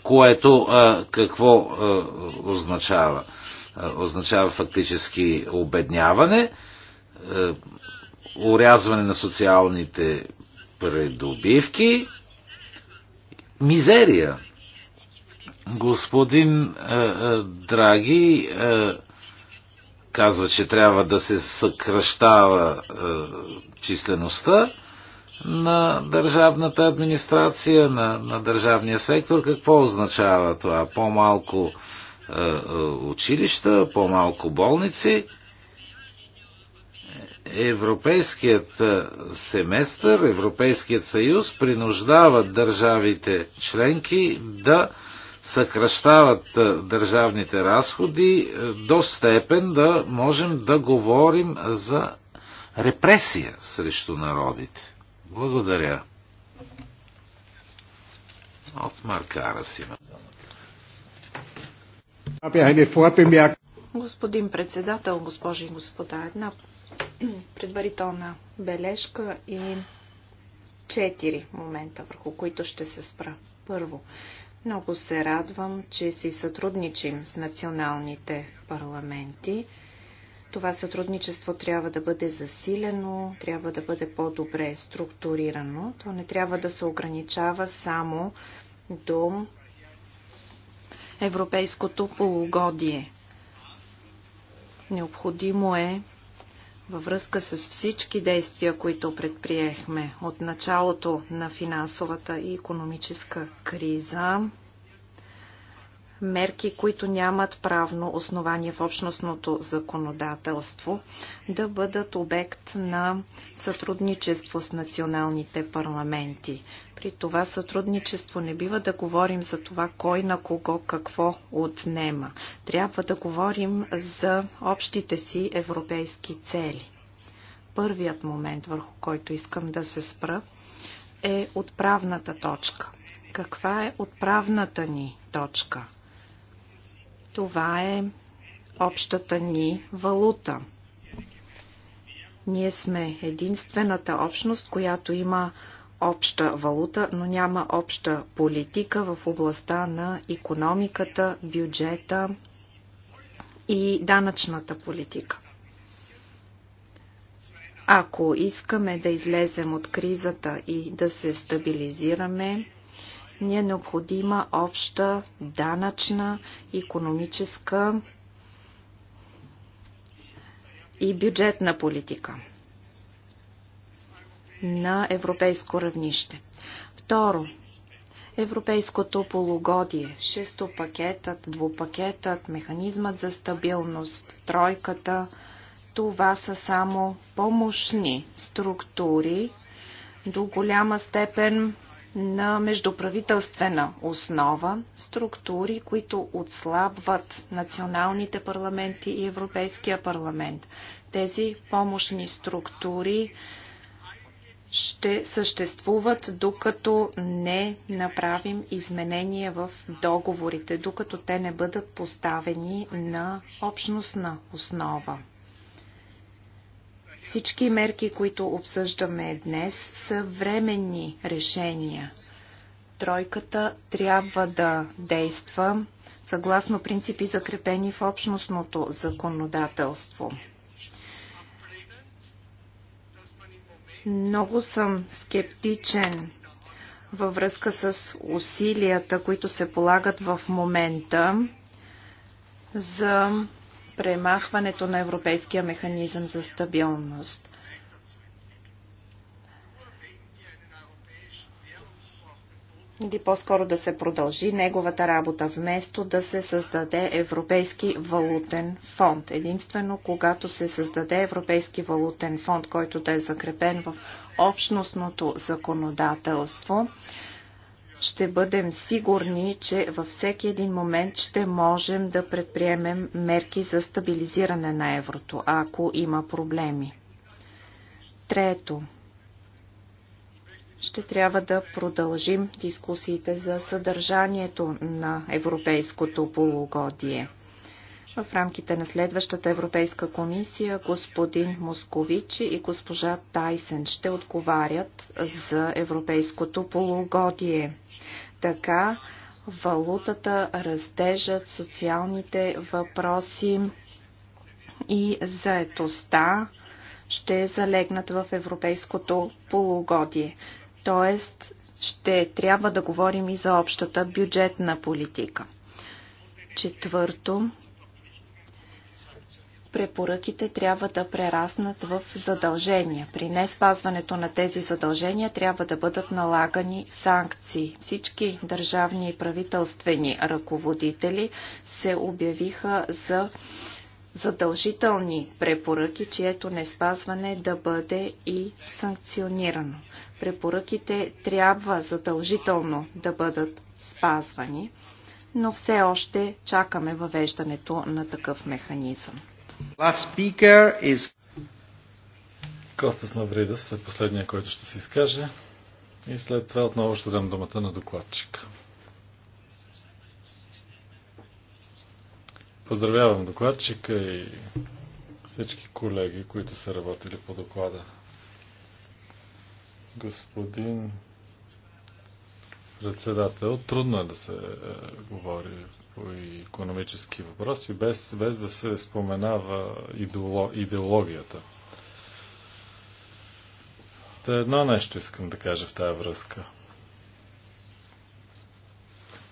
което е, какво означава? Означава фактически обедняване, урязване на социалните придобивки, мизерия. Господин е, е, Драги е, казва, че трябва да се съкръщава е, числеността на държавната администрация, на, на държавния сектор. Какво означава това? По-малко е, е училища, по-малко болници. Европейският семестър, Европейският съюз принуждават държавите членки да съкръщават държавните разходи до степен да можем да говорим за репресия срещу народите. Благодаря. От Маркара си Господин председател, госпожи и господа, една предварителна бележка и четири момента, върху които ще се спра. Първо, много се радвам, че си сътрудничим с националните парламенти. Това сътрудничество трябва да бъде засилено, трябва да бъде по-добре структурирано. То не трябва да се ограничава само до европейското полугодие. Необходимо е във връзка с всички действия, които предприехме от началото на финансовата и економическа криза мерки, които нямат правно основание в общностното законодателство, да бъдат обект на сътрудничество с националните парламенти. При това сътрудничество не бива да говорим за това кой на кого какво отнема. Трябва да говорим за общите си европейски цели. Първият момент, върху който искам да се спра, е отправната точка. Каква е отправната ни точка? Това е общата ни валута. Ние сме единствената общност, която има обща валута, но няма обща политика в областта на економиката, бюджета и данъчната политика. Ако искаме да излезем от кризата и да се стабилизираме, ни е необходима обща данъчна, економическа и бюджетна политика на европейско равнище. Второ, европейското полугодие, шесто пакетът, двупакетът, механизмът за стабилност, тройката, това са само помощни структури, до голяма степен на междуправителствена основа структури, които отслабват националните парламенти и Европейския парламент. Тези помощни структури ще съществуват, докато не направим изменения в договорите, докато те не бъдат поставени на общностна основа. Всички мерки, които обсъждаме днес, са временни решения. Тройката трябва да действа съгласно принципи закрепени в общностното законодателство. Много съм скептичен във връзка с усилията, които се полагат в момента за премахването на Европейския механизъм за стабилност. или по-скоро да се продължи неговата работа, вместо да се създаде Европейски валутен фонд. Единствено, когато се създаде Европейски валутен фонд, който да е закрепен в общностното законодателство, ще бъдем сигурни, че във всеки един момент ще можем да предприемем мерки за стабилизиране на еврото, ако има проблеми. Трето, ще трябва да продължим дискусиите за съдържанието на европейското полугодие. В рамките на следващата Европейска комисия господин Московичи и госпожа Тайсен ще отговарят за европейското полугодие. Така валутата, растежът, социалните въпроси и заетостта ще залегнат в европейското полугодие. Тоест, ще трябва да говорим и за общата бюджетна политика. Четвърто, препоръките трябва да прераснат в задължения. При не спазването на тези задължения трябва да бъдат налагани санкции. Всички държавни и правителствени ръководители се обявиха за задължителни препоръки, чието не спазване да бъде и санкционирано. Препоръките трябва задължително да бъдат спазвани но все още чакаме въвеждането на такъв механизъм. Last speaker is... Костас Мавридас е последния, който ще се изкаже. И след това отново ще дам думата на докладчика. Поздравявам докладчика и всички колеги, които са работили по доклада. Господин председател, трудно е да се е, говори някои економически въпроси, без, без да се споменава идеологията. Та едно нещо искам да кажа в тази връзка.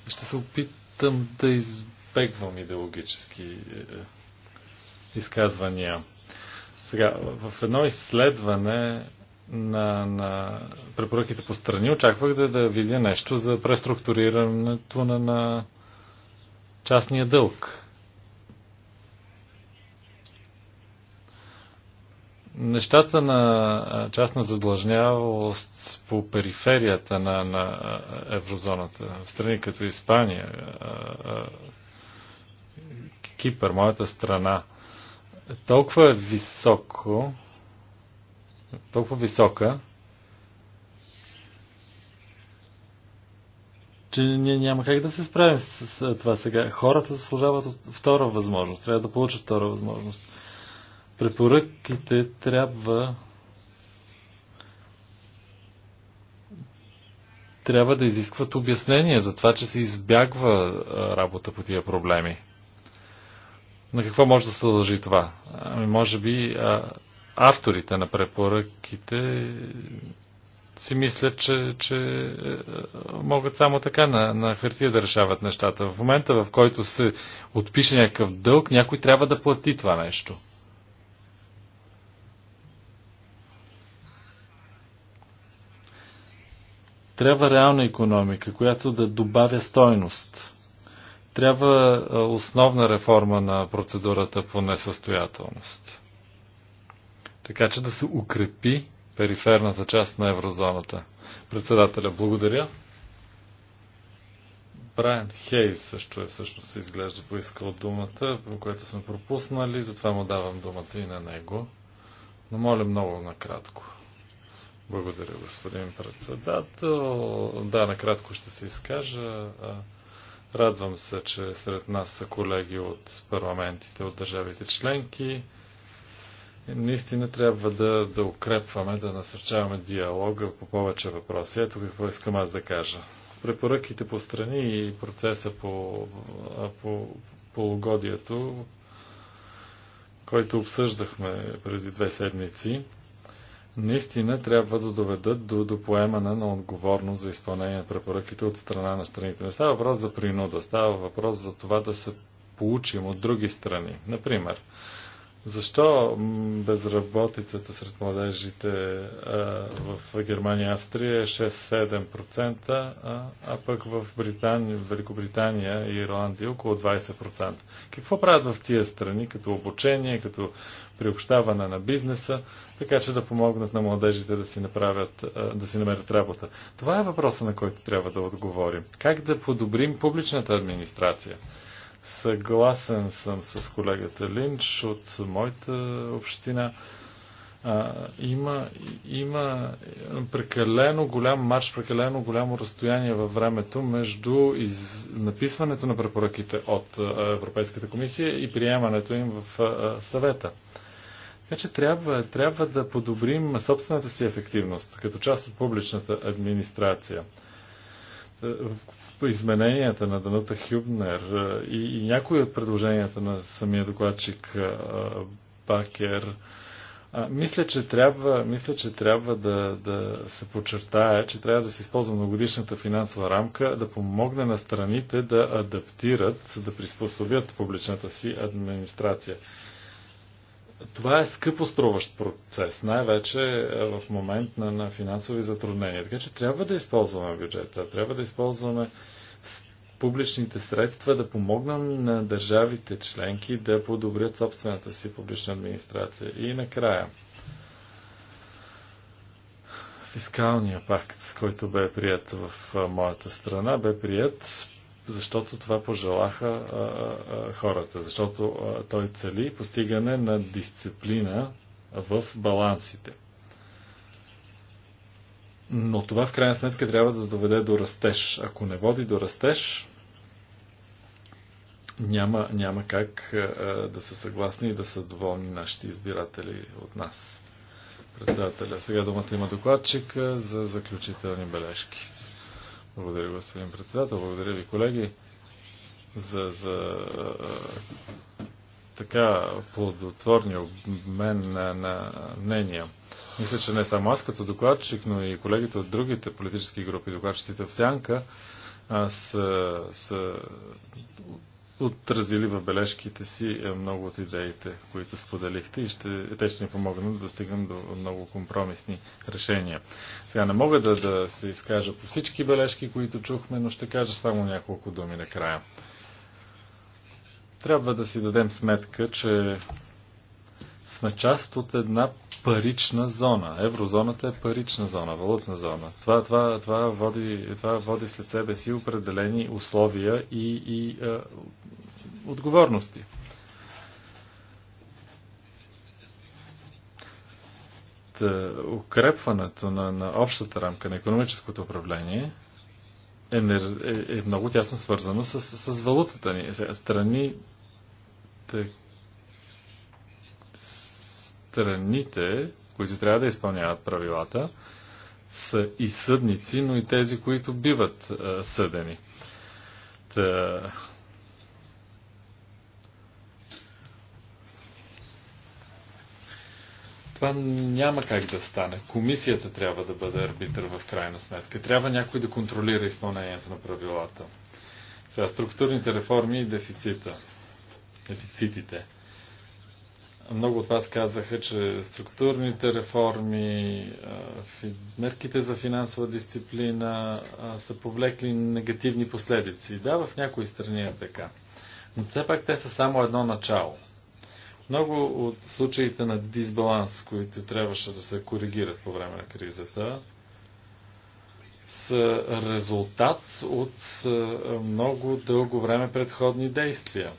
Ще се опитам да избегвам идеологически е, изказвания. Сега, в едно изследване на, на препоръките по страни очаквах да, да видя нещо за преструктурирането на, на частния дълг. Нещата на частна задлъжнявост по периферията на, на еврозоната, в страни като Испания, Кипър, моята страна, толкова е високо, толкова висока, че ние няма как да се справим с, с това сега. Хората заслужават втора възможност. Трябва да получат втора възможност. Препоръките трябва трябва да изискват обяснение за това, че се избягва работа по тия проблеми. На какво може да се дължи това? Ами, може би а, авторите на препоръките си мислят, че, че е, могат само така на, на хартия да решават нещата. В момента, в който се отпише някакъв дълг, някой трябва да плати това нещо. Трябва реална економика, която да добавя стойност. Трябва е, основна реформа на процедурата по несъстоятелност. Така че да се укрепи периферната част на еврозоната. Председателя, благодаря. Брайан Хейс също е всъщност изглежда поискал думата, по което сме пропуснали, затова му давам думата и на него. Но моля много накратко. Благодаря, господин председател. Да, накратко ще се изкажа. Радвам се, че сред нас са колеги от парламентите, от държавите членки. Наистина трябва да, да укрепваме, да насърчаваме диалога по повече въпроси. Ето какво искам аз да кажа. Препоръките по страни и процеса по, по полугодието, който обсъждахме преди две седмици, наистина трябва да доведат до, до поемане на отговорност за изпълнение на препоръките от страна на страните. Не става въпрос за принуда, става въпрос за това да се получим от други страни. Например, защо безработицата сред младежите в Германия и Австрия е 6-7%, а, пък в Британия, Великобритания и Ирландия около 20%? Какво правят в тия страни като обучение, като приобщаване на бизнеса, така че да помогнат на младежите да си, направят, да си намерят работа? Това е въпросът, на който трябва да отговорим. Как да подобрим публичната администрация? Съгласен съм с колегата Линч от моята община. А, има, има прекалено голям марш, прекалено голямо разстояние във времето между из... написването на препоръките от Европейската комисия и приемането им в а, съвета. Така че трябва, трябва да подобрим собствената си ефективност като част от публичната администрация. Е, измененията на Данута Хюбнер е, и, и някои от предложенията на самия докладчик е, Бакер, мисля, че трябва, мисля, че трябва да, да се подчертая, че трябва да се използва многодишната финансова рамка, да помогне на страните да адаптират, да приспособят публичната си администрация това е скъпо струващ процес, най-вече е, в момент на, на финансови затруднения. Така че трябва да използваме бюджета, трябва да използваме публичните средства, да помогнем на държавите членки да подобрят собствената си публична администрация. И накрая, фискалния пакт, който бе прият в моята страна, бе прият защото това пожелаха а, а, хората, защото а, той цели постигане на дисциплина в балансите. Но това в крайна сметка трябва да доведе до растеж. Ако не води до растеж, няма, няма как а, да са съгласни и да са доволни нашите избиратели от нас. Председателя. Сега думата има докладчик за заключителни бележки. Благодаря, господин председател. Благодаря ви, колеги, за, за така плодотворния обмен на, на мнения. Мисля, че не само аз като докладчик, но и колегите от другите политически групи, докладчиците в Сянка, са, са отразили в бележките си е, много от идеите, които споделихте и ще, те ще ни помогнат да достигнем до много компромисни решения. Сега не мога да, да се изкажа по всички бележки, които чухме, но ще кажа само няколко думи накрая. Трябва да си дадем сметка, че сме част от една парична зона. Еврозоната е парична зона, валутна зона. Това, това, това, води, това води след себе си определени условия и, и е, отговорности. Та, укрепването на, на общата рамка на економическото управление е, е, е много тясно свързано с, с валутата ни. Страни, страните, които трябва да изпълняват правилата, са и съдници, но и тези, които биват съдени. Та... Това няма как да стане. Комисията трябва да бъде арбитър в крайна сметка. Трябва някой да контролира изпълнението на правилата. Сега структурните реформи и дефицита. Дефицитите. Много от вас казаха, че структурните реформи, мерките за финансова дисциплина са повлекли негативни последици. Да, в някои страни е така. Но все пак те са само едно начало. Много от случаите на дисбаланс, които трябваше да се коригират по време на кризата, са резултат от много дълго време предходни действия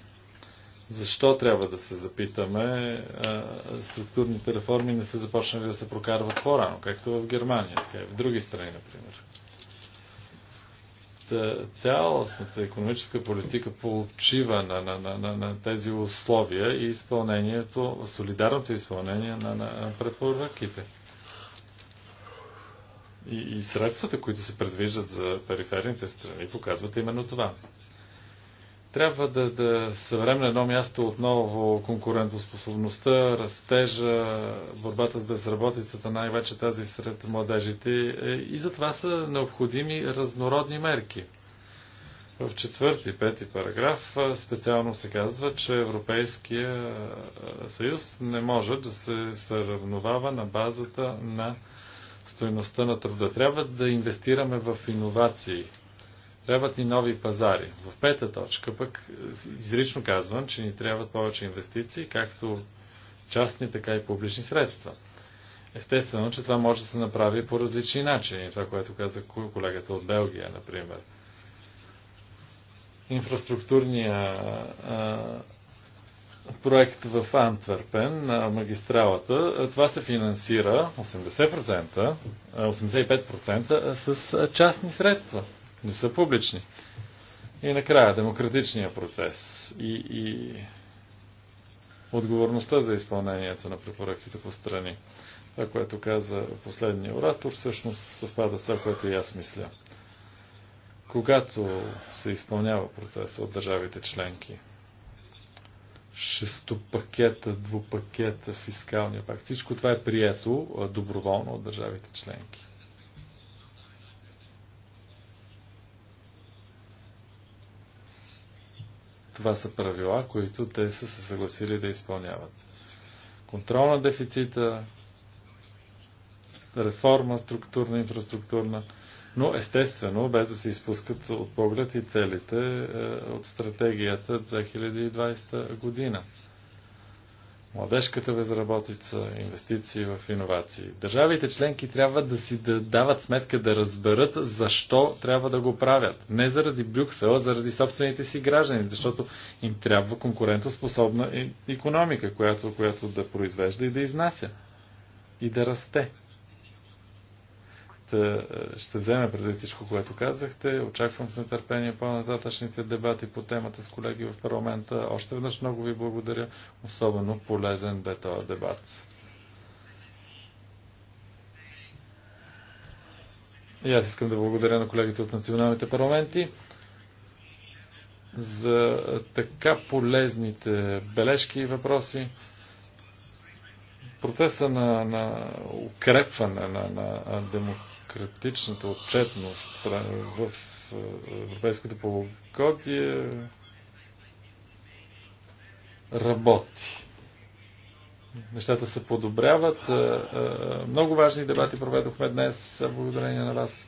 защо трябва да се запитаме, структурните реформи не са започнали да се прокарват по-рано, както в Германия, така и в други страни, например. Цялостната економическа политика получива на, на, на, на, на тези условия и изпълнението, солидарното изпълнение на, на препоръките. И, и средствата, които се предвиждат за периферните страни, показват именно това. Трябва да, да съберем на едно място отново конкурентоспособността, растежа, борбата с безработицата, най-вече тази сред младежите. Е, и за това са необходими разнородни мерки. В четвърти, пети параграф специално се казва, че Европейския съюз не може да се съравновава на базата на стоеността на труда. Трябва да инвестираме в иновации – Трябват ни нови пазари. В пета точка пък изрично казвам, че ни трябват повече инвестиции, както частни, така и публични средства. Естествено, че това може да се направи по различни начини. Това, което каза колегата от Белгия, например. Инфраструктурния а, проект в Антверпен на магистралата, това се финансира 80%, 85% с частни средства не са публични. И накрая, демократичния процес и, и отговорността за изпълнението на препоръките по страни. Това, което каза последния оратор, всъщност съвпада с това, което и аз мисля. Когато се изпълнява процеса от държавите членки, шестопакета, двупакета, фискалния пакт, всичко това е прието доброволно от държавите членки. Това са правила, които те са се съгласили да изпълняват. Контрол на дефицита, реформа, структурна, инфраструктурна, но естествено, без да се изпускат от поглед и целите е, от стратегията 2020 година младежката безработица, инвестиции в иновации. Държавите членки трябва да си да дават сметка да разберат защо трябва да го правят. Не заради Брюксел, а заради собствените си граждани, защото им трябва конкурентоспособна економика, която, която да произвежда и да изнася и да расте. Та, е, ще вземе преди всичко, което казахте. Очаквам с нетърпение по-нататъчните дебати по темата с колеги в парламента. Още веднъж много ви благодаря. Особено полезен бе този дебат. И аз искам да благодаря на колегите от националните парламенти за така полезните бележки и въпроси. Процеса на, на укрепване на, на, на демократичната отчетност в европейското полугодие работи. Нещата се подобряват. Е, е, много важни дебати проведохме днес, е, благодарение на вас.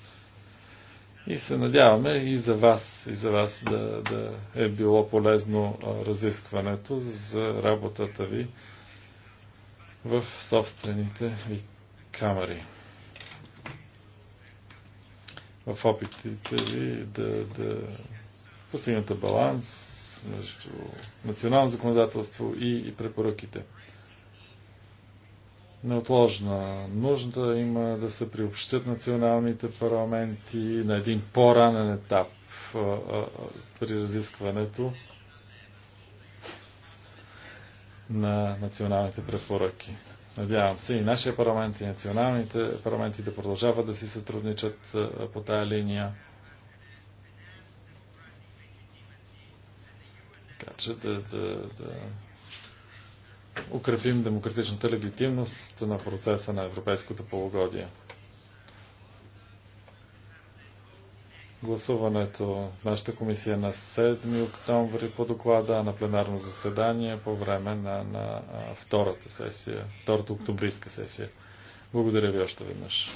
И се надяваме и за вас, и за вас да, да е било полезно разискването за работата ви в собствените ви камери в опитите ви да, да постигнете баланс между национално законодателство и, и препоръките. Неотложна нужда има да се приобщат националните парламенти на един по-ранен етап при разискването на националните препоръки. Надявам се и нашия парламент, и националните парламенти да продължават да си сътрудничат по тая линия. Така че да, да, да укрепим демократичната легитимност на процеса на европейското полугодие. гласуването в нашата комисия е на 7 октомври по доклада на пленарно заседание по време на, на втората сесия, втората октомбрийска сесия. Благодаря ви още веднъж.